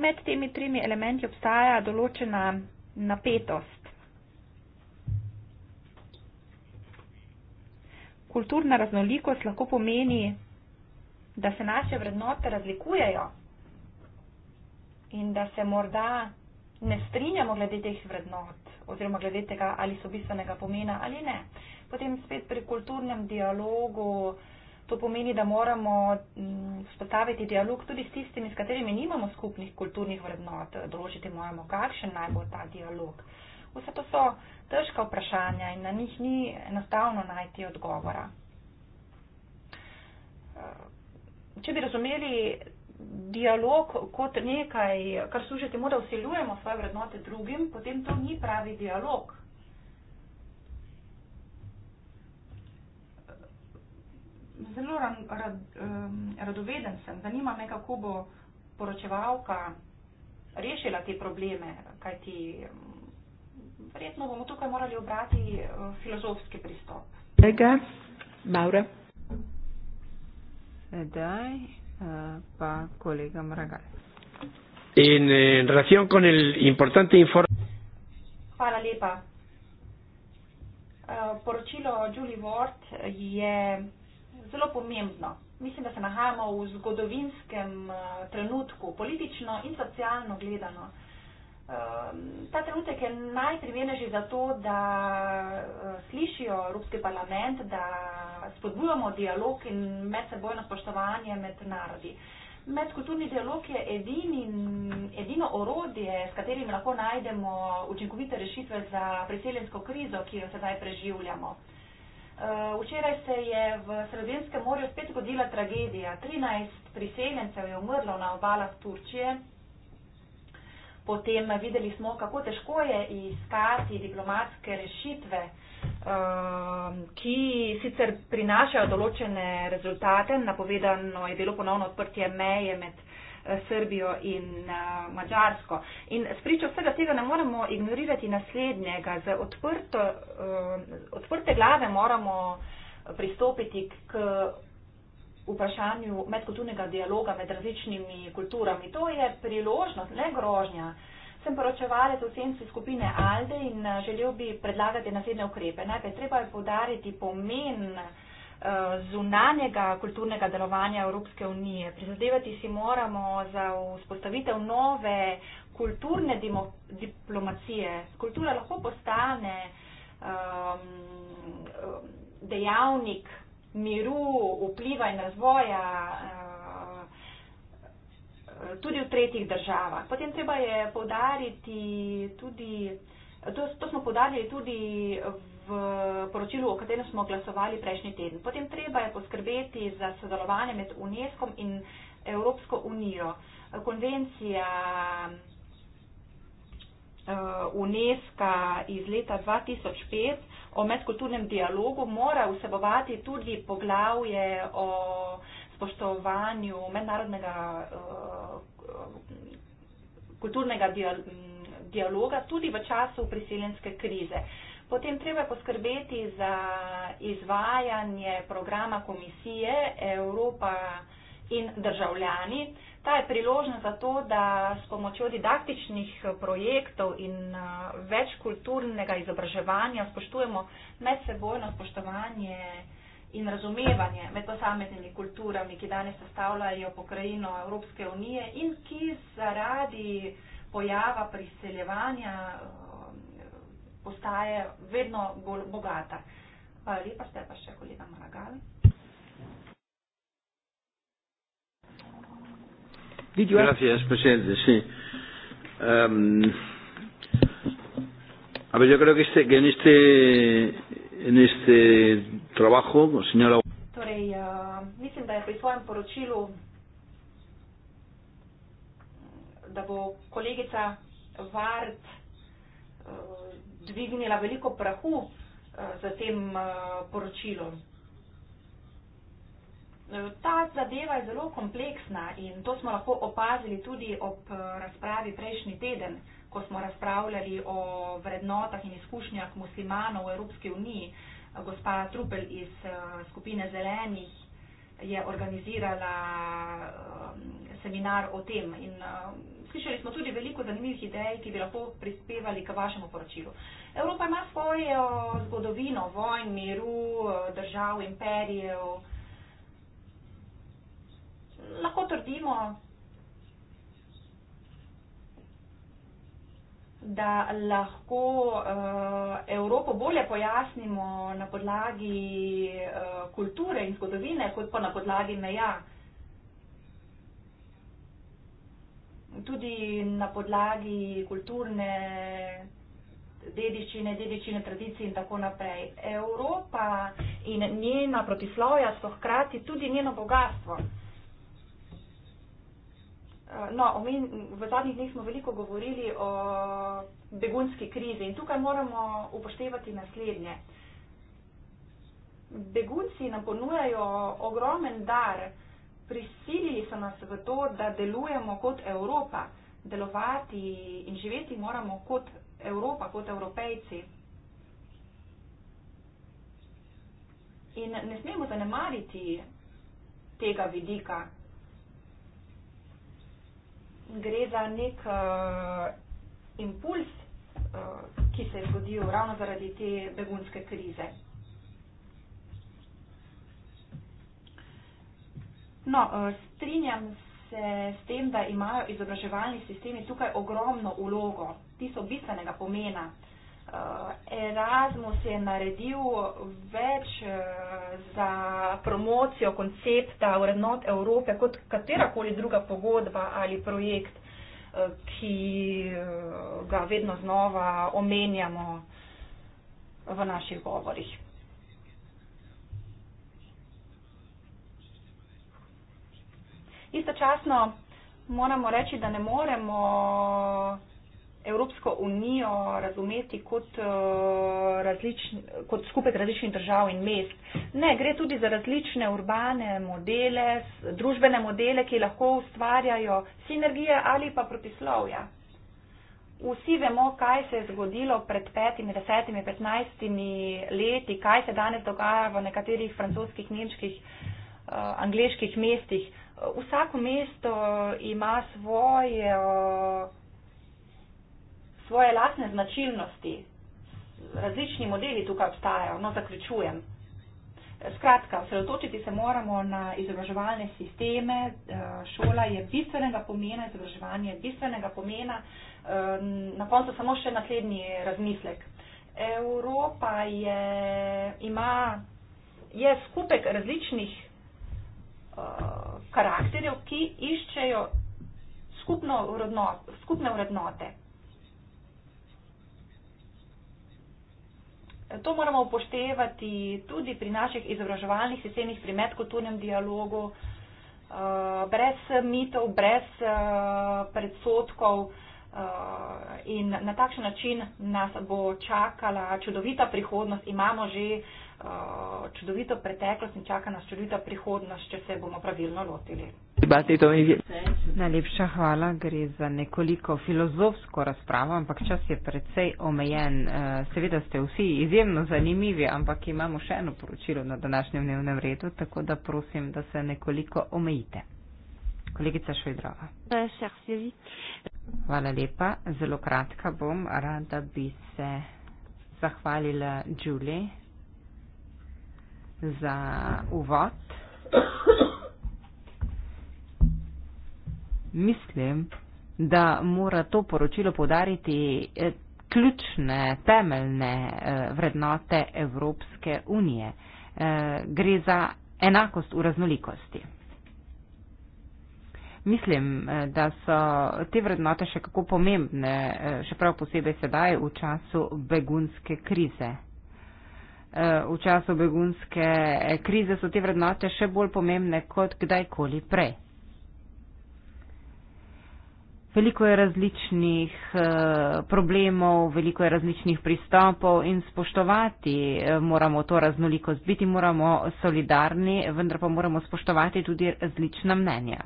Med temi tremi elementi obstaja določena napetost. Kulturna raznolikost lahko pomeni, da se naše vrednote razlikujejo in da se morda ne strinjamo glede teh vrednot oziroma glede tega, ali so bistvenega pomena ali ne. Potem spet pri kulturnem dialogu to pomeni, da moramo spostaviti mm, dialog tudi s tistimi, s katerimi nimamo skupnih kulturnih vrednot, določiti moramo, kakšen naj bo ta dialog. Vse to so težka vprašanja in na njih ni enostavno najti odgovora. Eh, če bi razumeli dialog kot nekaj, kar služite, mora vsiljujemo svoje vrednote drugim, potem to ni pravi dialog. Zelo ran, rad, um, radoveden sem, zanima me, kako bo poročevalka rešila te probleme, kajti um, verjetno bomo tukaj morali obrati uh, filozofski pristop. Tega, Maura. Sedaj pa kolega Mragal. In eh, en relación con el importante informe. Hvala lepa. Eh, poročilo Julie Ward eh, je zelo pomembno. Mislim, da se nahajamo v zgodovinskem trenutku, politično in socialno gledano. Ehm, ta trenutek je najprimernejši za to, da eh, slišijo Evropski parlament, da spodbujamo dialog in medsebojno spoštovanje med narodi. Medkulturni dialog je edini, edino orodje, s katerim lahko najdemo učinkovite rešitve za priseljensko krizo, ki jo sedaj preživljamo. Ehm, včeraj se je v Sredozemskem morju spet zgodila tragedija. 13 priseljencev je umrlo na obalah Turčije. Potem videli smo, kako težko je iskati diplomatske rešitve, um, ki sicer prinašajo določene rezultate. Napovedano je bilo ponovno odprtje meje med eh, Srbijo in eh, Mačarsko. In spričo vsega tega ne moremo ignorirati naslednjega. Z odprto, eh, odprte glave moramo pristopiti k vprašanju medkulturnega dialoga med različnimi kulturami. To je priložnost, ne grožnja. Sem poročevalec v senci skupine ALDE in eh, želel bi predlagati naslednje ukrepe. Najprej treba je podariti pomen eh, zunanjega kulturnega delovanja Evropske unije. Prizadevati si moramo za vzpostavitev nove kulturne diplomacije. Kultura lahko postane um, dejavnik miru, vpliva in razvoja eh, tudi v tretjih državah. Potem treba je povdariti tudi, to, to smo povdarjali tudi v poročilu, o katerem smo glasovali prejšnji teden. Potem treba je poskrbeti za sodelovanje med UNESCO in Evropsko unijo. Konvencija eh, UNESCO iz leta 2005 o medkulturnem dialogu mora vsebovati tudi poglavje o spoštovanju mednarodnega eh, kulturnega dialoga tudi v času priseljenske krize. Potem treba poskrbeti za izvajanje programa komisije Evropa in državljani, Ta je priložnost za to, da s pomočjo didaktičnih eh, projektov in eh, večkulturnega izobraževanja spoštujemo medsebojno spoštovanje in razumevanje med posameznimi kulturami, ki danes sestavljajo pokrajino Evropske unije in ki zaradi pojava priseljevanja eh, postaje vedno bolj bogata. Hvala lepa, ste pa še kolega Maragali. Did you Gracias, ask? presidente. Sí. Um, a ver, yo creo que, este, que en este en este trabajo, señora. Torej, uh, mislim, da je pri svojem poročilu, da bo kolegica Vart uh, dvignila veliko prahu uh, za tem uh, poročilom. Ta zadeva je zelo kompleksna in to smo lahko opazili tudi ob eh, razpravi prejšnji teden, ko smo razpravljali o vrednotah in izkušnjah muslimanov v Evropski uniji. Gospa Trupel iz eh, skupine zelenih je organizirala eh, seminar o tem in slišali smo tudi veliko zanimivih idej, ki bi lahko prispevali k vašemu poročilu. Evropa ima svojo zgodovino vojn, miru, držav, imperijev lahko trdimo, da lahko uh, Evropo bolje pojasnimo na podlagi uh, kulture in zgodovine, kot pa na podlagi meja. Tudi na podlagi kulturne dediščine, dediščine tradicij in tako naprej. Evropa in njena protislovja so hkrati tudi njeno bogatstvo. Eh, no, omen, v zadnjih dneh smo veliko govorili o begunski krizi in tukaj moramo upoštevati naslednje. Begunci nam ponujajo ogromen dar, prisilili so nas v to, da delujemo kot Evropa, delovati in živeti moramo kot Evropa, kot evropejci. In ne smemo zanemariti tega vidika, gre za nek uh, impuls, uh, ki se je zgodil ravno zaradi te begunske krize. No, uh, strinjam se s tem, da imajo izobraževalni sistemi tukaj ogromno ulogo, ti so bistvenega pomena. Eh, Erasmus je naredil več eh, za promocijo koncepta vrednot Evrope kot katerakoli druga pogodba ali projekt, eh, ki ga vedno znova omenjamo v naših govorih. Istočasno moramo reči, da ne moremo Evropsko unijo razumeti kot, eh, različn, kot skupek različnih držav in mest. Ne, gre tudi za različne urbane modele, družbene modele, ki lahko ustvarjajo sinergije ali pa protislovja. Vsi vemo, kaj se je zgodilo pred petimi, desetimi, petnajstimi leti, kaj se danes dogaja v nekaterih francoskih, nemških, eh, angliških mestih. Vsako mesto ima svoje svoje lastne značilnosti, različni modeli tukaj obstajajo, no zaključujem. Skratka, osredotočiti se moramo na izobraževalne sisteme, eh, šola je bistvenega pomena, izobraževanje je bistvenega pomena, eh, na koncu samo še naslednji razmislek. Evropa je, ima, je skupek različnih eh, karakterjev, ki iščejo skupno vrednot, skupne vrednote. To moramo upoštevati tudi pri naših izobraževalnih sistemih, pri medkulturnem dialogu, eh, brez mitov, brez eh, predsotkov eh, in na takšen način nas bo čakala čudovita prihodnost. Imamo že čudovito preteklost in čaka nas čudovita prihodnost, če se bomo pravilno lotili. Najlepša hvala, gre za nekoliko filozofsko razpravo, ampak čas je precej omejen. E, seveda ste vsi izjemno zanimivi, ampak imamo še eno poročilo na današnjem dnevnem redu, tako da prosim, da se nekoliko omejite. Kolegica Švedrova. Hvala lepa, zelo kratka bom. Rada bi se zahvalila Julie za uvod. Mislim, da mora to poročilo podariti eh, ključne temeljne eh, vrednote Evropske unije. Eh, gre za enakost v raznolikosti. Mislim, da so te vrednote še kako pomembne, še prav posebej sedaj v času begunske krize. Eh, v času begunske eh, krize so te vrednote še bolj pomembne kot kdajkoli prej. Veliko je različnih eh, problemov, veliko je različnih pristopov in spoštovati moramo to raznolikost, biti moramo solidarni, vendar pa moramo spoštovati tudi različna mnenja.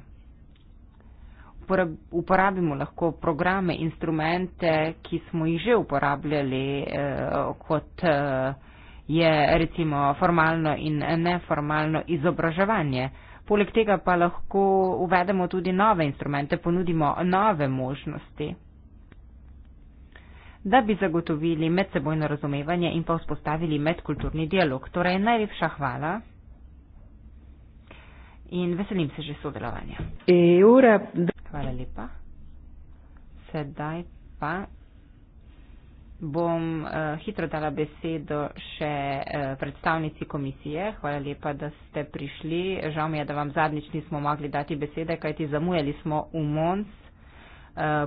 Uporabimo lahko programe, instrumente, ki smo jih že uporabljali kot je recimo formalno in neformalno izobraževanje. Poleg tega pa lahko uvedemo tudi nove instrumente, ponudimo nove možnosti. Da bi zagotovili medsebojno razumevanje in pa vzpostavili medkulturni dialog. Torej, najlepša hvala in veselim se že sodelovanja. E, hvala lepa. Sedaj pa bom uh, hitro dala besedo še uh, predstavnici komisije. Hvala lepa, da ste prišli. Žal mi je, da vam zadnjič nismo mogli dati besede, kajti zamujali smo v Mons uh,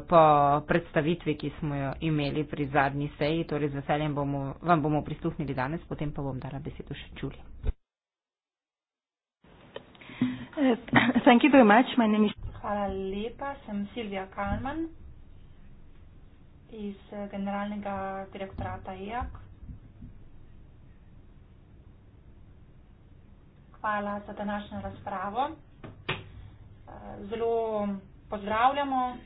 po predstavitvi, ki smo jo imeli pri zadnji seji. Torej, z veseljem bomo, vam bomo prisluhnili danes, potem pa bom dala besedo še čuli. Hvala lepa, sem Silvija Kalman iz eh, generalnega direktorata IAK. E Hvala za današnjo razpravo. Eh, zelo pozdravljamo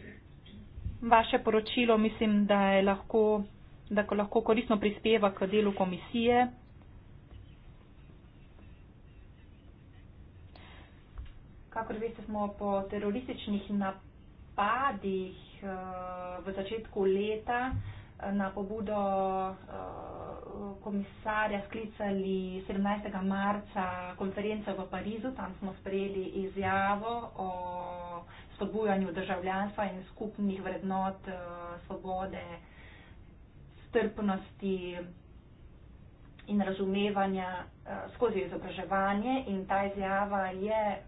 vaše poročilo. Mislim, da je lahko, da lahko koristno prispeva k delu komisije. Kakor veste, smo po terorističnih napadih Eh, v začetku leta eh, na pobudo eh, komisarja sklicali 17. marca konferenco v Parizu. Tam smo sprejeli izjavo o spodbujanju državljanstva in skupnih vrednot svobode, strpnosti in razumevanja skozi izobraževanje. In ta izjava je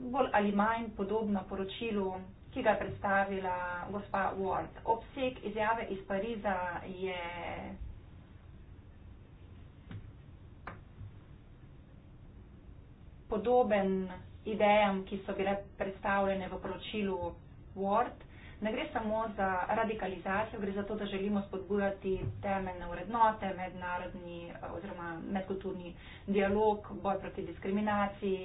bolj ali manj podobno poročilu, ki ga je predstavila gospa Ward. Obseg izjave iz Pariza je podoben idejam, ki so bile predstavljene v poročilu Ward. Ne gre samo za radikalizacijo, gre za to, da želimo spodbujati temeljne vrednote, mednarodni eh, oziroma medkulturni dialog, boj proti diskriminaciji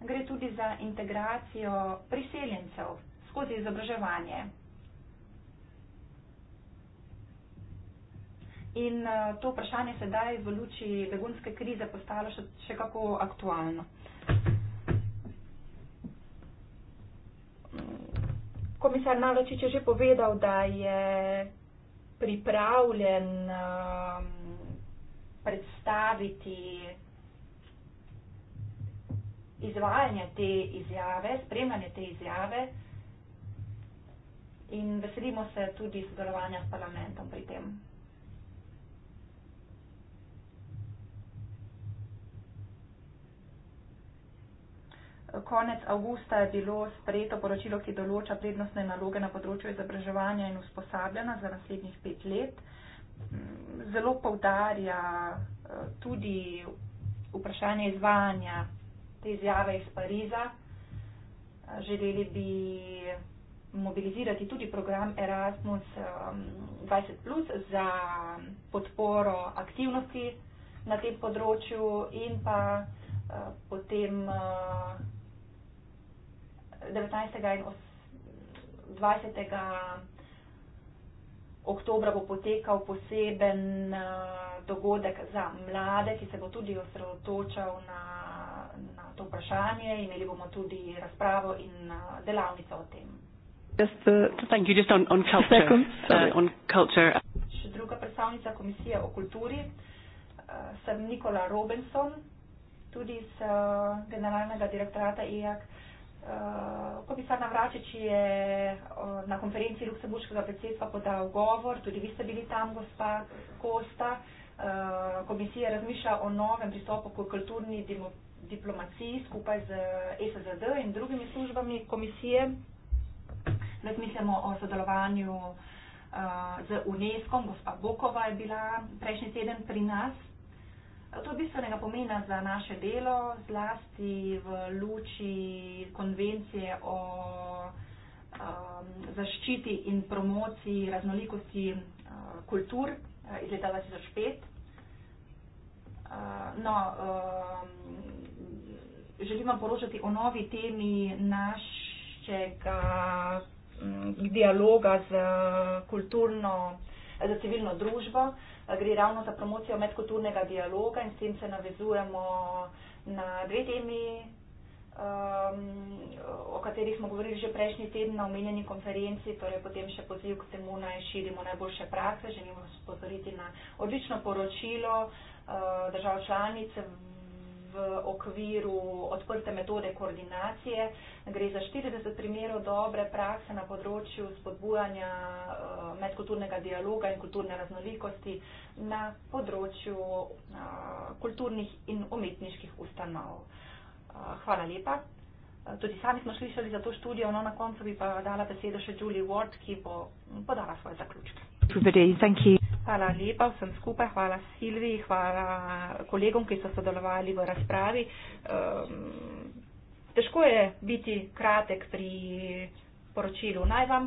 gre tudi za integracijo priseljencev skozi izobraževanje. In eh, to vprašanje sedaj v luči begunske krize postalo še, še kako aktualno. Komisar Navračič je že povedal, da je pripravljen um, predstaviti izvajanje te izjave, spremljanje te izjave in veselimo se tudi sodelovanja s parlamentom pri tem. Konec avgusta je bilo sprejeto poročilo, ki določa prednostne naloge na področju izobraževanja in usposabljanja za naslednjih pet let. Zelo povdarja eh, tudi vprašanje izvajanja te izjave iz Pariza. Želeli bi mobilizirati tudi program Erasmus 20 um, plus za podporo aktivnosti na tem področju in pa uh, potem 19. Uh, in 20 oktobra bo potekal poseben eh, dogodek za mlade, ki se bo tudi osredotočal na, na to vprašanje. Imeli bomo tudi razpravo in eh, delavnico o tem. Just, uh, thank you. Just on, on culture. Second, uh, on culture. Še druga predstavnica komisije o kulturi, uh, sem Nikola Robinson, tudi iz uh, generalnega direktorata IAC. E uh, Eh, ko bi sad navračeči je na konferenciji Luksemburškega predsedstva podal govor, tudi vi ste bili tam, gospa Kosta, eh, komisija razmišlja o novem pristopu k kulturni diplomaciji skupaj z SZD in drugimi službami komisije, razmišljamo o sodelovanju eh, z UNESCO, gospa Bokova je bila prejšnji teden pri nas, To je bistvenega pomena za naše delo, zlasti v luči konvencije o um, zaščiti in promociji raznolikosti uh, kultur uh, iz leta 2005. Uh, no, um, želim vam poročati o novi temi našega um, dialoga z, kulturno, z civilno družbo. Uh, Eh, gre ravno za promocijo medkulturnega dialoga in s tem se navezujemo na dve temi, um, o katerih smo govorili že prejšnji teden na omenjeni konferenci, torej potem še poziv k temu naj širimo najboljše prakse. Želimo vas pozoriti na odlično poročilo uh, držav članic okviru odprte metode koordinacije. Gre za 40 primerov dobre prakse na področju spodbujanja eh, medkulturnega dialoga in kulturne raznolikosti na področju eh, kulturnih in umetniških ustanov. Eh, hvala lepa. Tudi sami smo slišali za to študijo, no na koncu bi pa dala besedo še Julie Ward, ki bo podala svoje zaključke. Everybody, thank you. Hvala lepa vsem skupaj, hvala Silvi, hvala kolegom, ki so sodelovali v razpravi. Um, težko je biti kratek pri poročilu. Naj vam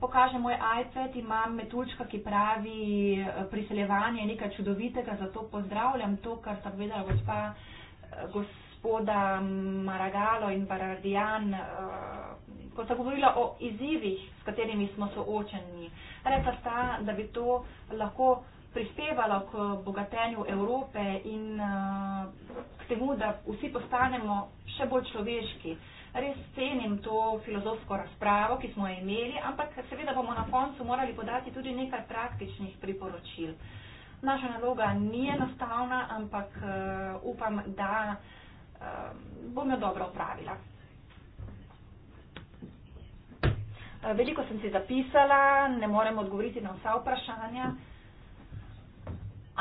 pokažem moj iPad, imam metulčka, ki pravi eh, priseljevanje nekaj čudovitega, zato pozdravljam to, kar sta povedala gospa. Eh, gospa gospoda Maragalo in Barardijan, eh, ko sta govorila o izzivih, s katerimi smo soočeni. Rekla sta, da bi to lahko prispevalo k bogatenju Evrope in eh, k temu, da vsi postanemo še bolj človeški. Res cenim to filozofsko razpravo, ki smo jo imeli, ampak seveda bomo na koncu morali podati tudi nekaj praktičnih priporočil. Naša naloga ni enostavna, ampak uh, upam, da uh, Ehm, bom jo dobro upravila. Eh, veliko sem si zapisala, ne morem odgovoriti na vsa vprašanja,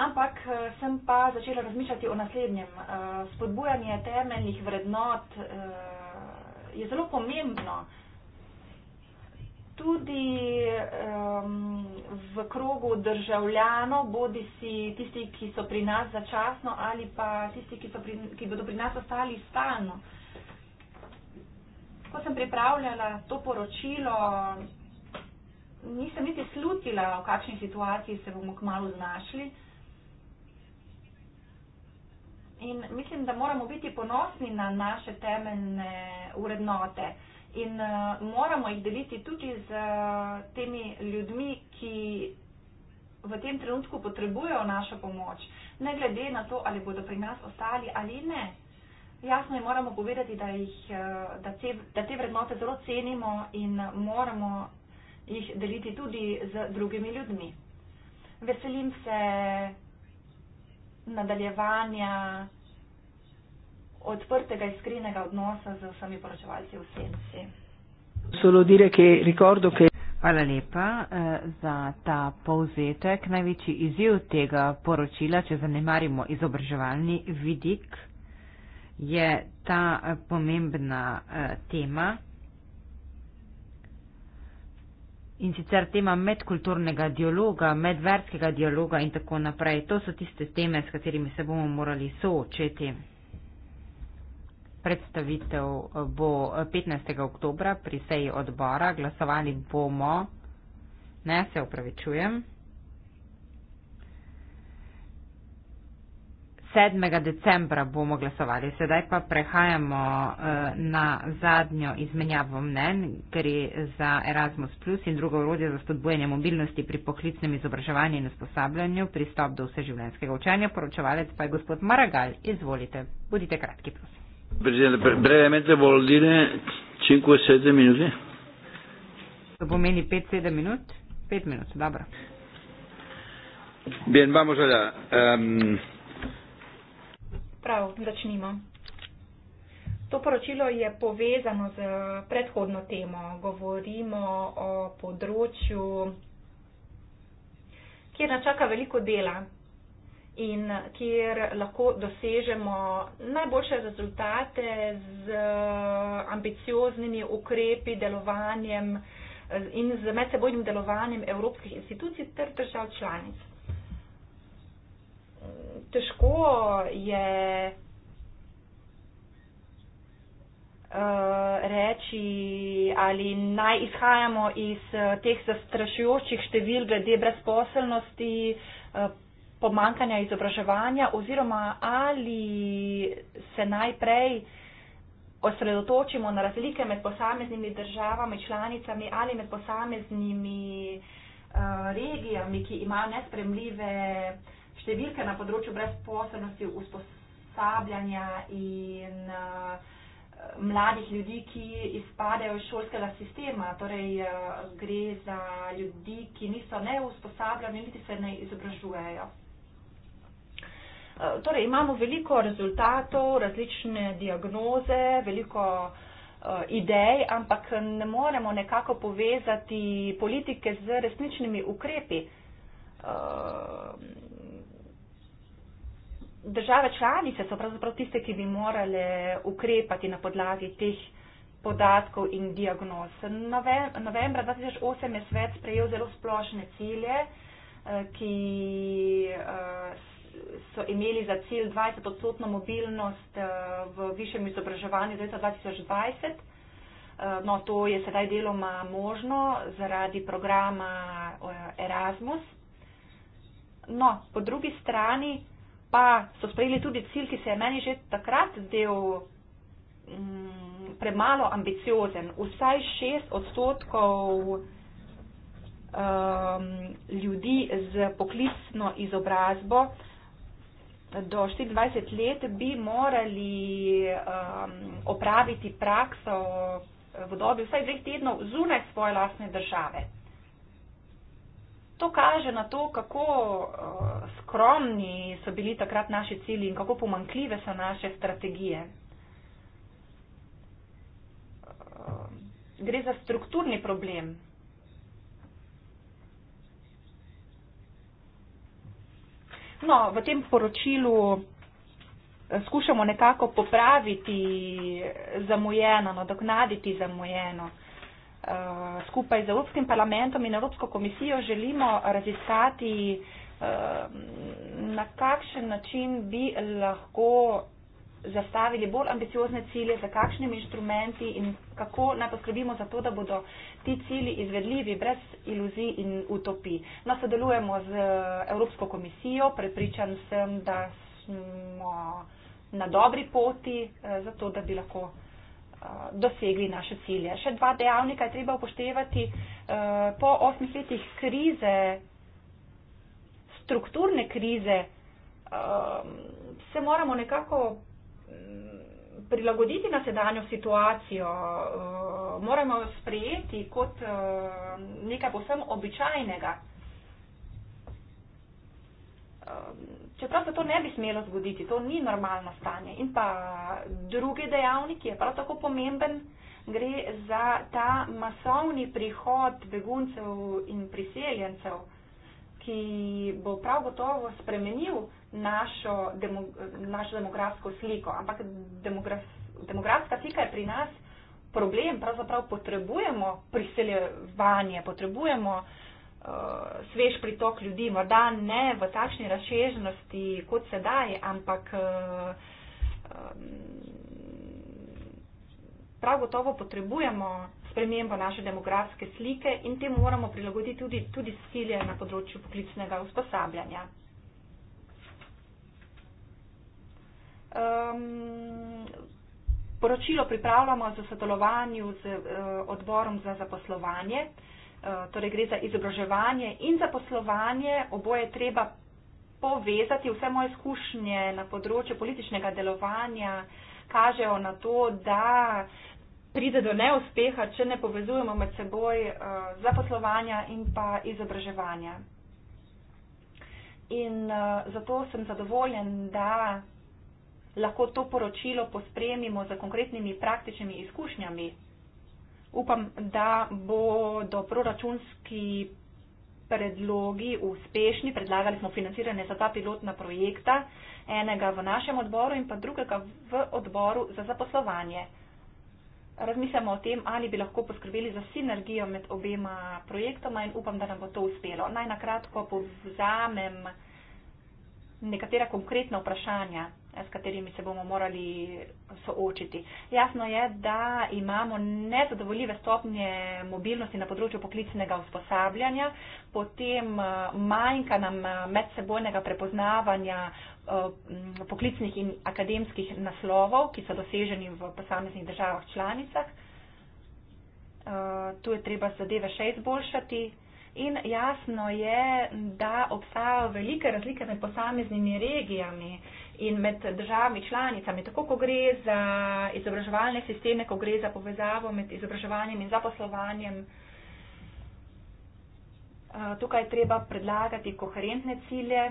ampak eh, sem pa začela razmišljati o naslednjem. Eh, spodbujanje temeljnih vrednot je zelo pomembno tudi um, v krogu državljanov, bodi si tisti, ki so pri nas začasno ali pa tisti, ki, pri, ki bodo pri nas ostali stalno. Ko sem pripravljala to poročilo, nisem niti slutila, v kakšni situaciji se bomo kmalo znašli. In mislim, da moramo biti ponosni na naše temeljne urednote in uh, moramo jih deliti tudi z uh, temi ljudmi, ki v tem trenutku potrebujejo našo pomoč, ne glede na to, ali bodo pri nas ostali ali ne. Jasno je, moramo povedati, da, jih, uh, da, te, da te vrednote zelo cenimo in moramo jih deliti tudi z drugimi ljudmi. Veselim se nadaljevanja odprtega iskrenega odnosa z vsemi poročevalci v senci. Solo dire che ricordo che Hvala lepa eh, za ta povzetek. Največji izziv tega poročila, če zanemarimo izobraževalni vidik, je ta eh, pomembna eh, tema in sicer tema medkulturnega dialoga, medverskega dialoga in tako naprej. To so tiste teme, s katerimi se bomo morali soočiti. Predstavitev eh, bo 15. Eh, oktobra pri seji odbora. Glasovali bomo. Ne, se upravičujem. 7. decembra bomo glasovali. Sedaj pa prehajamo eh, na zadnjo izmenjavo mnen, gre za Erasmus Plus in drugo urodje za spodbujanje mobilnosti pri poklicnem izobraževanju in usposabljanju, pristop do vseživljenjskega učenja. Poročevalec pa je gospod Maragal. Izvolite, budite kratki, prosim. Presidente, bre brevemente vuol dire 5-7 minuti? Questo può meni 5-7 minuti? 5 minuti, Barbara. Bien, vamos allá. Um... Prav, začnimo. To poročilo je povezano z predhodno temo. Govorimo o področju, kjer nas čaka veliko dela, in kjer lahko dosežemo najboljše rezultate z ambicioznimi ukrepi, delovanjem in z medsebojnim delovanjem evropskih institucij ter držav članic. Težko je eh, reči, ali naj izhajamo iz teh zastrašujočih števil glede brezposelnosti, eh, pomankanja izobraževanja oziroma ali se najprej osredotočimo na razlike med posameznimi državami, članicami ali med posameznimi eh, regijami, ki imajo nespremljive številke na področju brezposobnosti, usposabljanja in eh, mladih ljudi, ki izpadejo iz šolskega sistema. Torej eh, gre za ljudi, ki niso ne usposabljani, niti se ne izobražujejo. Eh, torej imamo veliko rezultatov, različne diagnoze, veliko uh, idej, ampak ne moremo nekako povezati politike z resničnimi ukrepi. Uh, države članice so pravzaprav tiste, ki bi morale ukrepati na podlagi teh podatkov in diagnoz. Nove, novembra 2008 je svet sprejel zelo splošne cilje, ki uh, so imeli za cilj 20 odstotno mobilnost eh, v višjem izobraževanju do leta 2020. Eh, no, to je sedaj deloma možno zaradi programa eh, Erasmus. No, po drugi strani pa so sprejeli tudi cilj, ki se je meni že takrat zdel mm, premalo ambiciozen. Vsaj 6 odstotkov um, ljudi z poklicno izobrazbo do 24 let bi morali um, opraviti prakso v dobi vsaj dveh tednov zunaj svoje lastne države. To kaže na to, kako uh, skromni so bili takrat naši cilji in kako pomankljive so naše strategije. Uh, gre za strukturni problem. No, v tem poročilu eh, skušamo nekako popraviti zamujeno, nadoknaditi zamujeno. Eh, skupaj z Evropskim parlamentom in Evropsko komisijo želimo raziskati, eh, na kakšen način bi lahko zastavili bolj ambiciozne cilje, za kakšnimi inštrumenti in kako naj poskrbimo za to, da bodo ti cilji izvedljivi, brez iluzij in utopij. No, sodelujemo z eh, Evropsko komisijo, prepričan sem, da smo na dobri poti, eh, zato da bi lahko eh, dosegli naše cilje. Še dva dejavnika je treba upoštevati. Po osmih letih krize, strukturne krize, se moramo nekako prilagoditi na sedanjo situacijo, eh, moramo jo sprejeti kot eh, nekaj posebno običajnega. Eh, čeprav se to ne bi smelo zgoditi, to ni normalno stanje. In pa drugi dejavnik je prav tako pomemben, gre za ta masovni prihod beguncev in priseljencev ki bo prav gotovo spremenil našo, demog našo demografsko sliko. Ampak demogra demografska slika je pri nas problem, pravzaprav potrebujemo priseljevanje, potrebujemo uh, svež pritok ljudi, morda ne v takšni razsežnosti kot sedaj, ampak. Uh, um, Prav gotovo potrebujemo spremembo naše demografske slike in te moramo prilagoditi tudi, tudi cilje na področju poklicnega usposabljanja. Um, poročilo pripravljamo za sodelovanju z uh, odborom za zaposlovanje, uh, torej gre za izobraževanje in zaposlovanje, oboje treba povezati, vse moje izkušnje na področju političnega delovanja kažejo na to, da pride do neuspeha, če ne povezujemo med seboj uh, zaposlovanja in pa izobraževanja. In uh, zato sem zadovoljen, da lahko to poročilo pospremimo z konkretnimi praktičnimi izkušnjami. Upam, da bodo proračunski predlogi uspešni. Predlagali smo financiranje za ta pilotna projekta, enega v našem odboru in pa drugega v odboru za zaposlovanje razmišljamo o tem, ali bi lahko poskrbeli za sinergijo med obema projektoma in upam, da nam bo to uspelo. Naj na kratko povzamem nekatera konkretna vprašanja, s katerimi se bomo morali soočiti. Jasno je, da imamo nezadovoljive stopnje mobilnosti na področju poklicnega usposabljanja, potem eh, manjka nam eh, medsebojnega prepoznavanja Eh, poklicnih in akademskih naslovov, ki so doseženi v posameznih državah članicah. Eh, tu je treba zadeve še izboljšati. In jasno je, da obstajajo velike razlike med posameznimi regijami in med državami članicami. Tako, ko gre za izobraževalne sisteme, ko gre za povezavo med izobraževanjem in zaposlovanjem, eh, tukaj je treba predlagati koherentne cilje,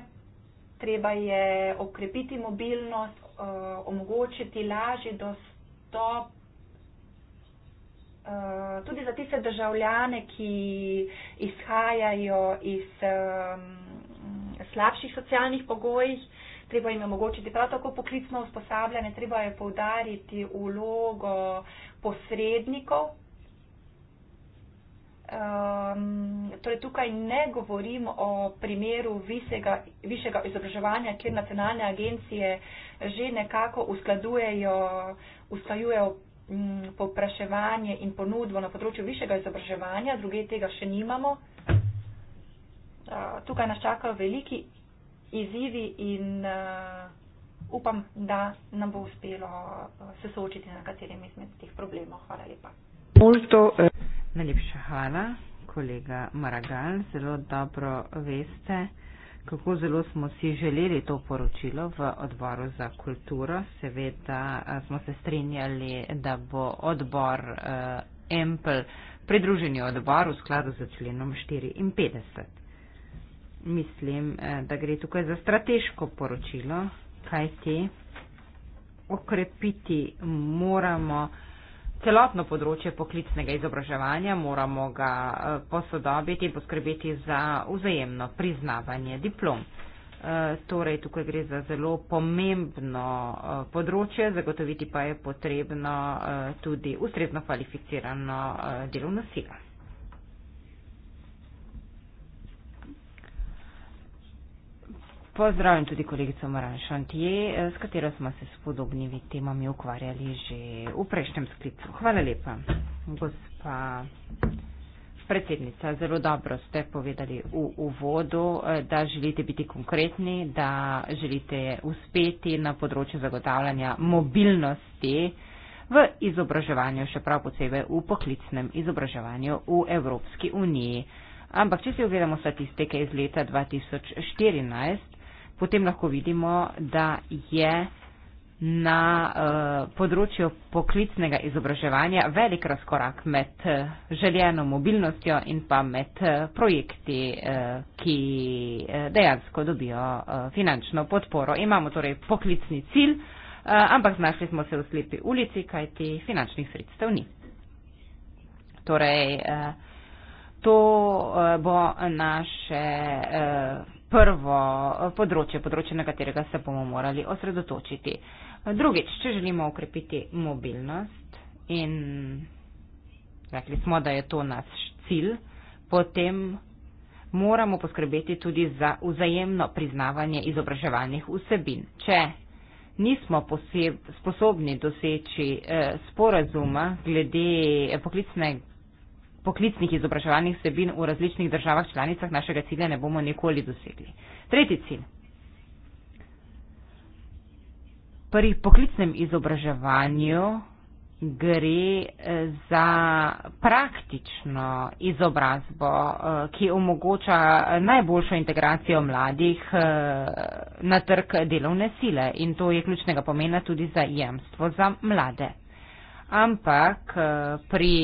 treba je okrepiti mobilnost, eh, omogočiti lažji dostop eh, tudi za tiste državljane, ki izhajajo iz slabših socialnih pogojih. Treba jim omogočiti prav tako poklicno usposabljanje, treba je poudariti vlogo posrednikov Um, torej tukaj ne govorim o primeru visega, višega izobraževanja, kjer nacionalne agencije že nekako uskladujejo, uskladujejo mm, popraševanje in ponudbo na področju višjega izobraževanja, druge tega še nimamo. Tukaj nas čakajo veliki izzivi in upam, da nam bo uspelo se soočiti na katerem izmed teh problemov. Hvala lepa. Molto, eh. Najlepša hvala, kolega Maragal. Zelo dobro veste, kako zelo smo si želeli to poročilo v odboru za kulturo. Seveda smo se strinjali, da bo odbor Empel pridruženi odbor v skladu z členom 54. Mislim, da gre tukaj za strateško poročilo, kaj ti okrepiti moramo celotno področje poklicnega izobraževanja, moramo ga eh, posodobiti in poskrbeti za vzajemno priznavanje diplom. Eh, torej, tukaj gre za zelo pomembno eh, področje, zagotoviti pa je potrebno tudi ustrezno kvalificirano delovno silo. Pozdravljam tudi kolegico Maran Šantier, eh, s katero smo se s podobnimi temami ukvarjali že v prejšnjem sklicu. Hvala lepa, gospa predsednica. Zelo dobro ste povedali v uvodu, eh, da želite biti konkretni, da želite uspeti na področju zagotavljanja mobilnosti v izobraževanju, še prav posebej v poklicnem izobraževanju v Evropski uniji. Ampak, če si ogledamo statistike iz leta 2014, potem lahko vidimo, da je na uh, področju poklicnega izobraževanja velik razkorak med eh, željeno mobilnostjo in pa med eh, projekti, uh, ki dejansko dobijo uh, finančno podporo. Imamo torej poklicni cilj, uh, ampak znašli smo se v slepi ulici, kajti finančnih sredstev ni. Torej, uh, to uh, bo naše. Uh, prvo eh, področje, področje, na katerega se bomo morali osredotočiti. Eh, Drugič, če želimo ukrepiti mobilnost in rekli smo, da je to naš cilj, potem moramo poskrbeti tudi za vzajemno priznavanje izobraževalnih vsebin. Če nismo poseb, sposobni doseči eh, sporazuma glede poklicnega poklicnih izobraževalnih sebin v različnih državah članicah našega cilja ne bomo nikoli dosegli. Tretji cilj. Pri poklicnem izobraževanju gre eh, za praktično izobrazbo, eh, ki omogoča eh, najboljšo integracijo mladih na trg delovne sile in to je ključnega pomena tudi za jemstvo za mlade. Ampak pri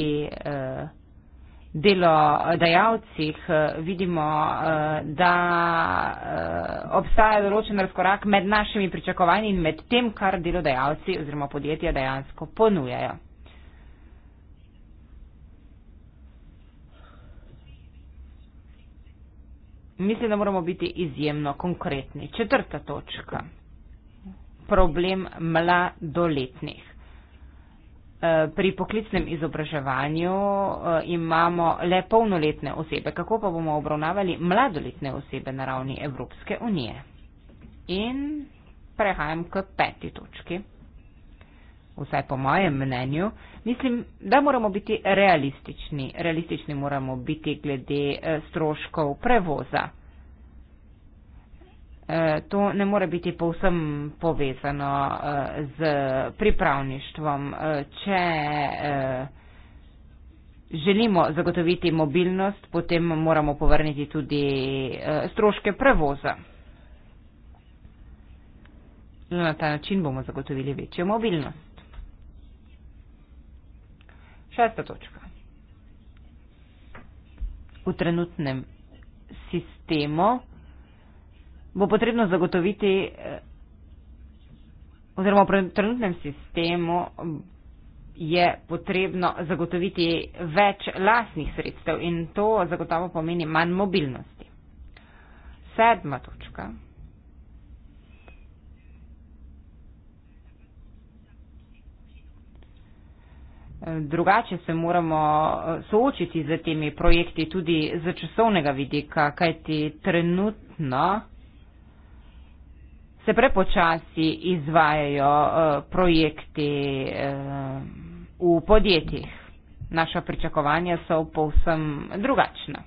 delodajalcih eh, vidimo, eh, da eh, obstaja določen razkorak med našimi pričakovanji in med tem, kar delodajalci oziroma podjetja dejansko ponujajo. Mislim, da moramo biti izjemno konkretni. Četrta točka. Problem mladoletnih. Eh, pri poklicnem izobraževanju eh, imamo le polnoletne osebe, kako pa bomo obravnavali mladoletne osebe na ravni Evropske unije. In prehajam k peti točki. Vsaj po mojem mnenju, mislim, da moramo biti realistični. Realistični moramo biti glede eh, stroškov prevoza. Eh, to ne more biti povsem povezano eh, z pripravništvom. Eh, če želimo zagotoviti mobilnost, potem moramo povrniti tudi stroške prevoza. Na ta način bomo zagotovili večjo mobilnost. Šesta točka. V trenutnem sistemu bo potrebno zagotoviti eh, oziroma v trenutnem sistemu mm, je potrebno zagotoviti več lasnih sredstev in to zagotovo pomeni manj mobilnosti. Sedma točka. Eh, drugače se moramo eh, soočiti z temi projekti tudi z časovnega vidika, kajti trenutno se prepočasi izvajajo uh, projekti uh, v podjetjih. Naša pričakovanja so povsem drugačna.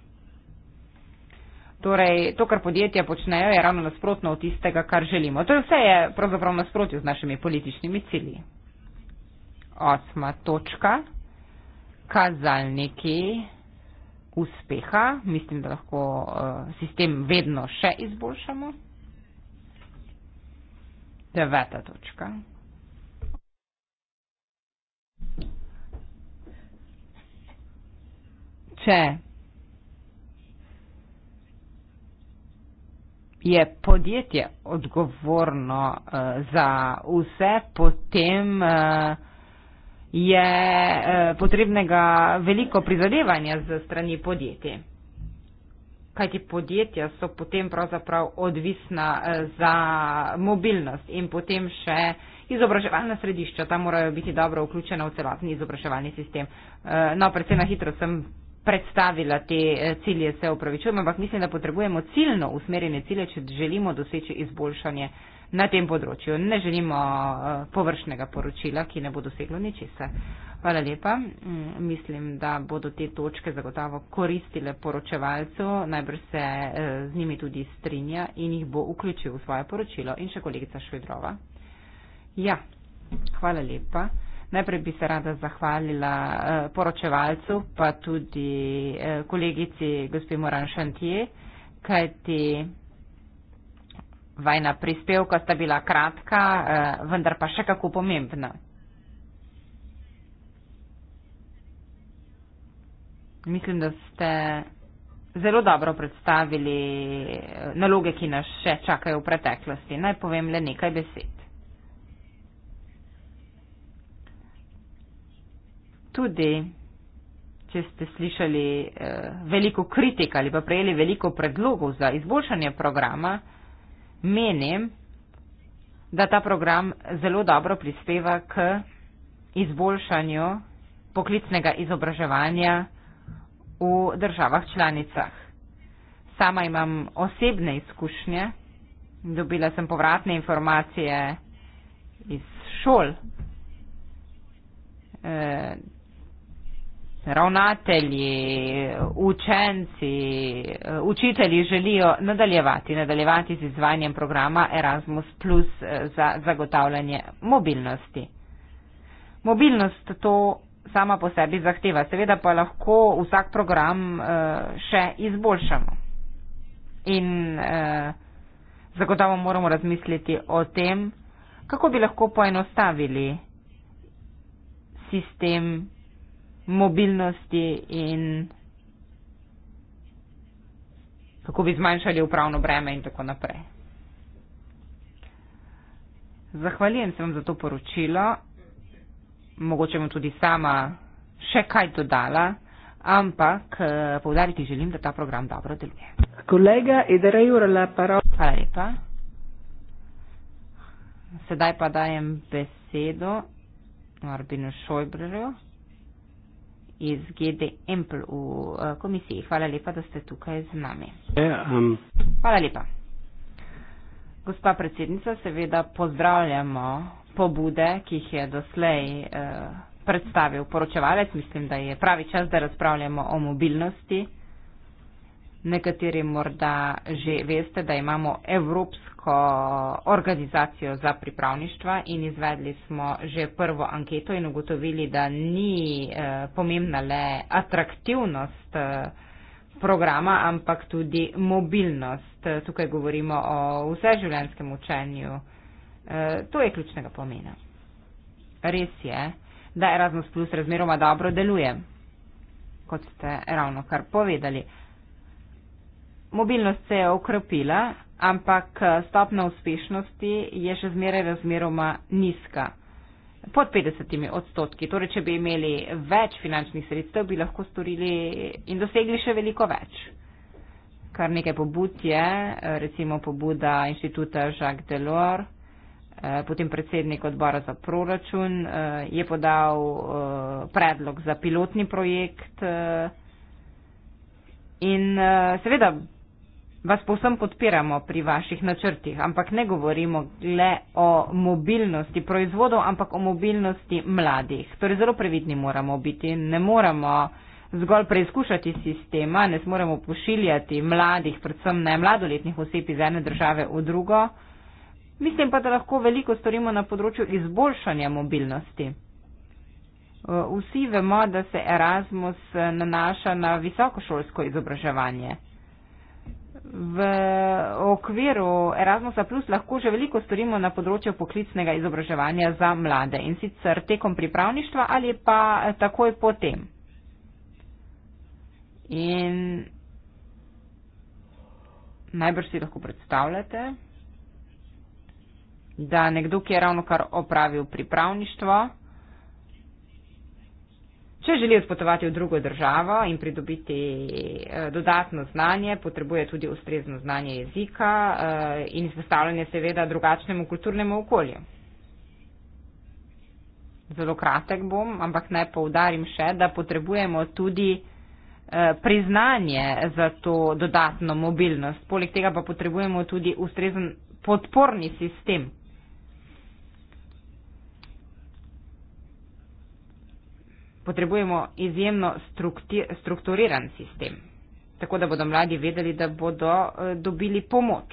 Torej, to, kar podjetja počnejo, je ravno nasprotno od tistega, kar želimo. To je vse je pravzaprav nasprotju z našimi političnimi cilji. Osma točka. Kazalniki uspeha. Mislim, da lahko uh, sistem vedno še izboljšamo. Deveta točka. Če je podjetje odgovorno uh, za vse, potem uh, je uh, potrebnega veliko prizadevanja z strani podjetja kajti podjetja so potem pravzaprav odvisna eh, za mobilnost in potem še izobraževalna središča, ta morajo biti dobro vključena v celotni izobraževalni sistem. Eh, no, predvsem na hitro sem predstavila te eh, cilje, se upravičujem, ampak mislim, da potrebujemo ciljno usmerjene cilje, če želimo doseči izboljšanje na tem področju. Ne želimo eh, površnega poročila, ki ne bo doseglo ničesar. Hvala lepa. Mm, mislim, da bodo te točke zagotovo koristile poročevalcu, najbrž se eh, z njimi tudi strinja in jih bo vključil v svoje poročilo. In še kolegica Švedrova. Ja, hvala lepa. Najprej bi se rada zahvalila eh, poročevalcu, pa tudi kolegici gospi Moran Šantije, kajti Vajna prispevka sta bila kratka, eh, vendar pa še kako pomembna. Mislim, da ste zelo dobro predstavili eh, naloge, ki nas še čakajo v preteklosti. Naj povem le nekaj besed. Tudi, če ste slišali eh, veliko kritik ali pa prejeli veliko predlogov za izboljšanje programa, menim, da ta program zelo dobro prispeva k izboljšanju poklicnega izobraževanja v državah članicah. Sama imam osebne izkušnje, dobila sem povratne informacije iz šol. Eh, ravnatelji, učenci, eh, učitelji želijo nadaljevati, nadaljevati z izvajanjem programa Erasmus Plus eh, za zagotavljanje mobilnosti. Mobilnost to sama po sebi zahteva, seveda pa lahko vsak program eh, še izboljšamo. In zagotovo moramo razmisliti o tem, kako bi lahko poenostavili sistem mobilnosti in kako bi zmanjšali upravno breme in tako naprej. Zahvaljujem se vam za to poročilo. Mogoče bom tudi sama še kaj dodala, ampak eh, povdariti želim, da ta program dobro deluje. Kolega Edera Jurela, paro. Hvala lepa. Sedaj pa dajem besedo Arbinu Šojbrerju iz GD Empl v eh, komisiji. Hvala lepa, da ste tukaj z nami. E, Hvala lepa. Gospa predsednica, seveda pozdravljamo pobude, ki jih je doslej eh, predstavil poročevalec. Mislim, da je pravi čas, da razpravljamo o mobilnosti nekateri morda že veste, da imamo Evropsko organizacijo za pripravništva in izvedli smo že prvo anketo in ugotovili, da ni eh, pomembna le atraktivnost eh, programa, ampak tudi mobilnost. Tukaj govorimo o vseživljenskem učenju. Eh, to je ključnega pomena. Res je, da Erasmus Plus razmeroma dobro deluje, kot ste ravno kar povedali. Mobilnost se je okrepila, ampak eh, stopna uspešnosti je še zmeraj razmeroma nizka. Pod 50 odstotki. Torej, če bi imeli več finančnih sredstev, bi lahko storili in dosegli še veliko več. Kar nekaj pobud je, eh, recimo pobuda inštituta Jacques Delors, eh, potem predsednik odbora za proračun je podal predlog za pilotni projekt. In seveda vas povsem podpiramo pri vaših načrtih, ampak ne govorimo le o mobilnosti proizvodov, ampak o mobilnosti mladih. Torej zelo previdni moramo biti, ne moramo zgolj preizkušati sistema, ne smemo pošiljati mladih, predvsem ne mladoletnih oseb iz ene države v drugo. Mislim pa, da lahko veliko storimo na področju izboljšanja mobilnosti. Vsi vemo, da se Erasmus nanaša na visokošolsko izobraževanje v okviru Erasmusa Plus lahko že veliko storimo na področju poklicnega izobraževanja za mlade in sicer tekom pripravništva ali pa eh, takoj potem. In najbrž si lahko predstavljate, da nekdo, ki je ravno kar opravil pripravništvo, Če želi odpotovati v drugo državo in pridobiti eh, dodatno znanje, potrebuje tudi ustrezno znanje jezika eh, in izpostavljanje seveda drugačnemu kulturnemu okolju. Zelo kratek bom, ampak naj poudarim še, da potrebujemo tudi eh, priznanje za to dodatno mobilnost. Poleg tega pa potrebujemo tudi ustrezen podporni sistem. potrebujemo izjemno strukturiran sistem, tako da bodo mladi vedeli, da bodo eh, dobili pomoč.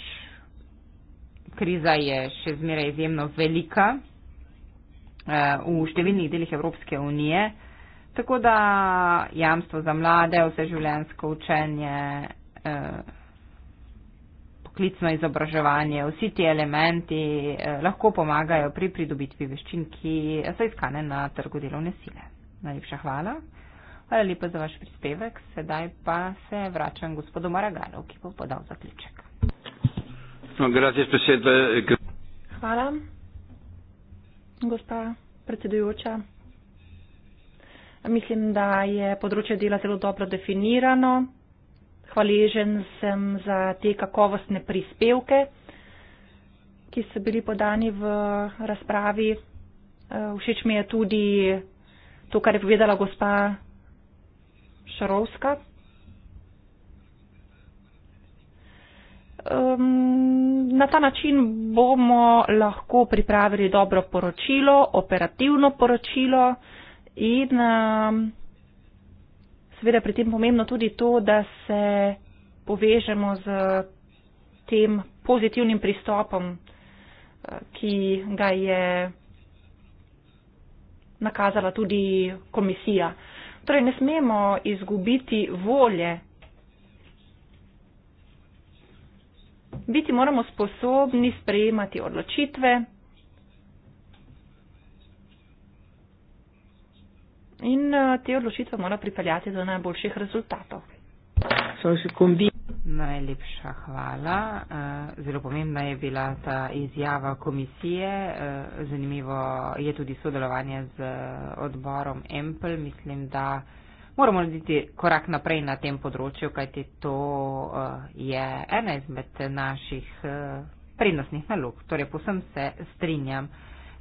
Kriza je še zmeraj izjemno velika eh, v številnih delih Evropske unije, tako da jamstvo za mlade, vseživljenjsko učenje, eh, poklicno izobraževanje, vsi ti elementi lahko pomagajo pri pridobitvi veščin, ki so iskane na trgu delovne sile. Najlepša hvala. Hvala lepa za vaš prispevek. Sedaj pa se vračam gospodu Maragalu, ki bo podal zaključek. No, hvala. Gospa predsedujoča, mislim, da je področje dela zelo dobro definirano. Hvaležen sem za te kakovostne prispevke, ki so bili podani v razpravi. Všeč mi je tudi to, kar je povedala gospa Šarovska. Um, na ta način bomo lahko pripravili dobro poročilo, operativno poročilo in um, seveda pri tem pomembno tudi to, da se povežemo z tem pozitivnim pristopom, uh, ki ga je nakazala tudi komisija. Torej, ne smemo izgubiti volje. Biti moramo sposobni sprejemati odločitve. In eh, te odločitve mora pripeljati do najboljših rezultatov. So, so Najlepša hvala. Eh, zelo pomembna je bila ta izjava komisije. Eh, zanimivo je tudi sodelovanje z odborom Empel. Mislim, da moramo narediti korak naprej na tem področju, kajti to eh, je ena izmed naših prednostnih nalog. Torej, posem se strinjam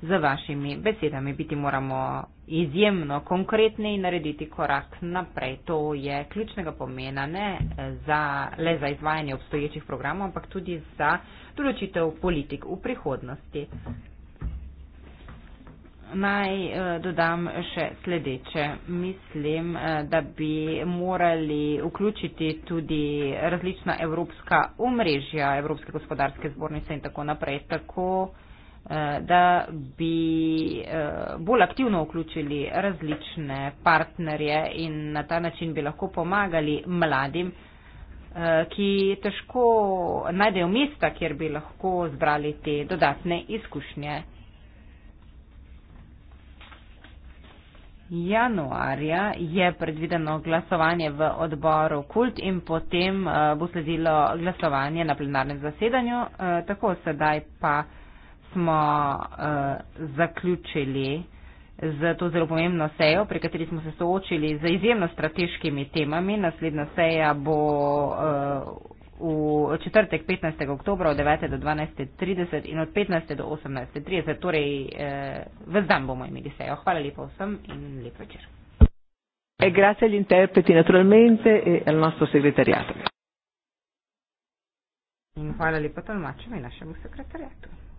z vašimi besedami. Biti moramo izjemno konkretni in narediti korak naprej. To je ključnega pomena ne za, le za izvajanje obstoječih programov, ampak tudi za določitev politik v prihodnosti. Naj eh, dodam še sledeče. Mislim, eh, da bi morali vključiti tudi različna evropska omrežja, Evropske gospodarske zbornice in tako naprej. Tako Eh, da bi eh, bolj aktivno vključili različne partnerje in na ta način bi lahko pomagali mladim, eh, ki težko najdejo mesta, kjer bi lahko zbrali te dodatne izkušnje. Januarja je predvideno glasovanje v odboru Kult in potem bo sledilo glasovanje na plenarnem zasedanju, tako sedaj pa smo uh, zaključili z to zelo pomembno sejo, pri kateri smo se soočili z izjemno strateškimi temami. Naslednja seja bo uh, v četrtek 15. oktobra od 9. do 12.30 in od 15. do 18.30. Torej, uh, eh, v dan bomo imeli sejo. Hvala lepa vsem in lep večer. E grazie agli interpreti naturalmente e al nostro segretariato. In hvala lepa tolmačem in našemu segretariatu.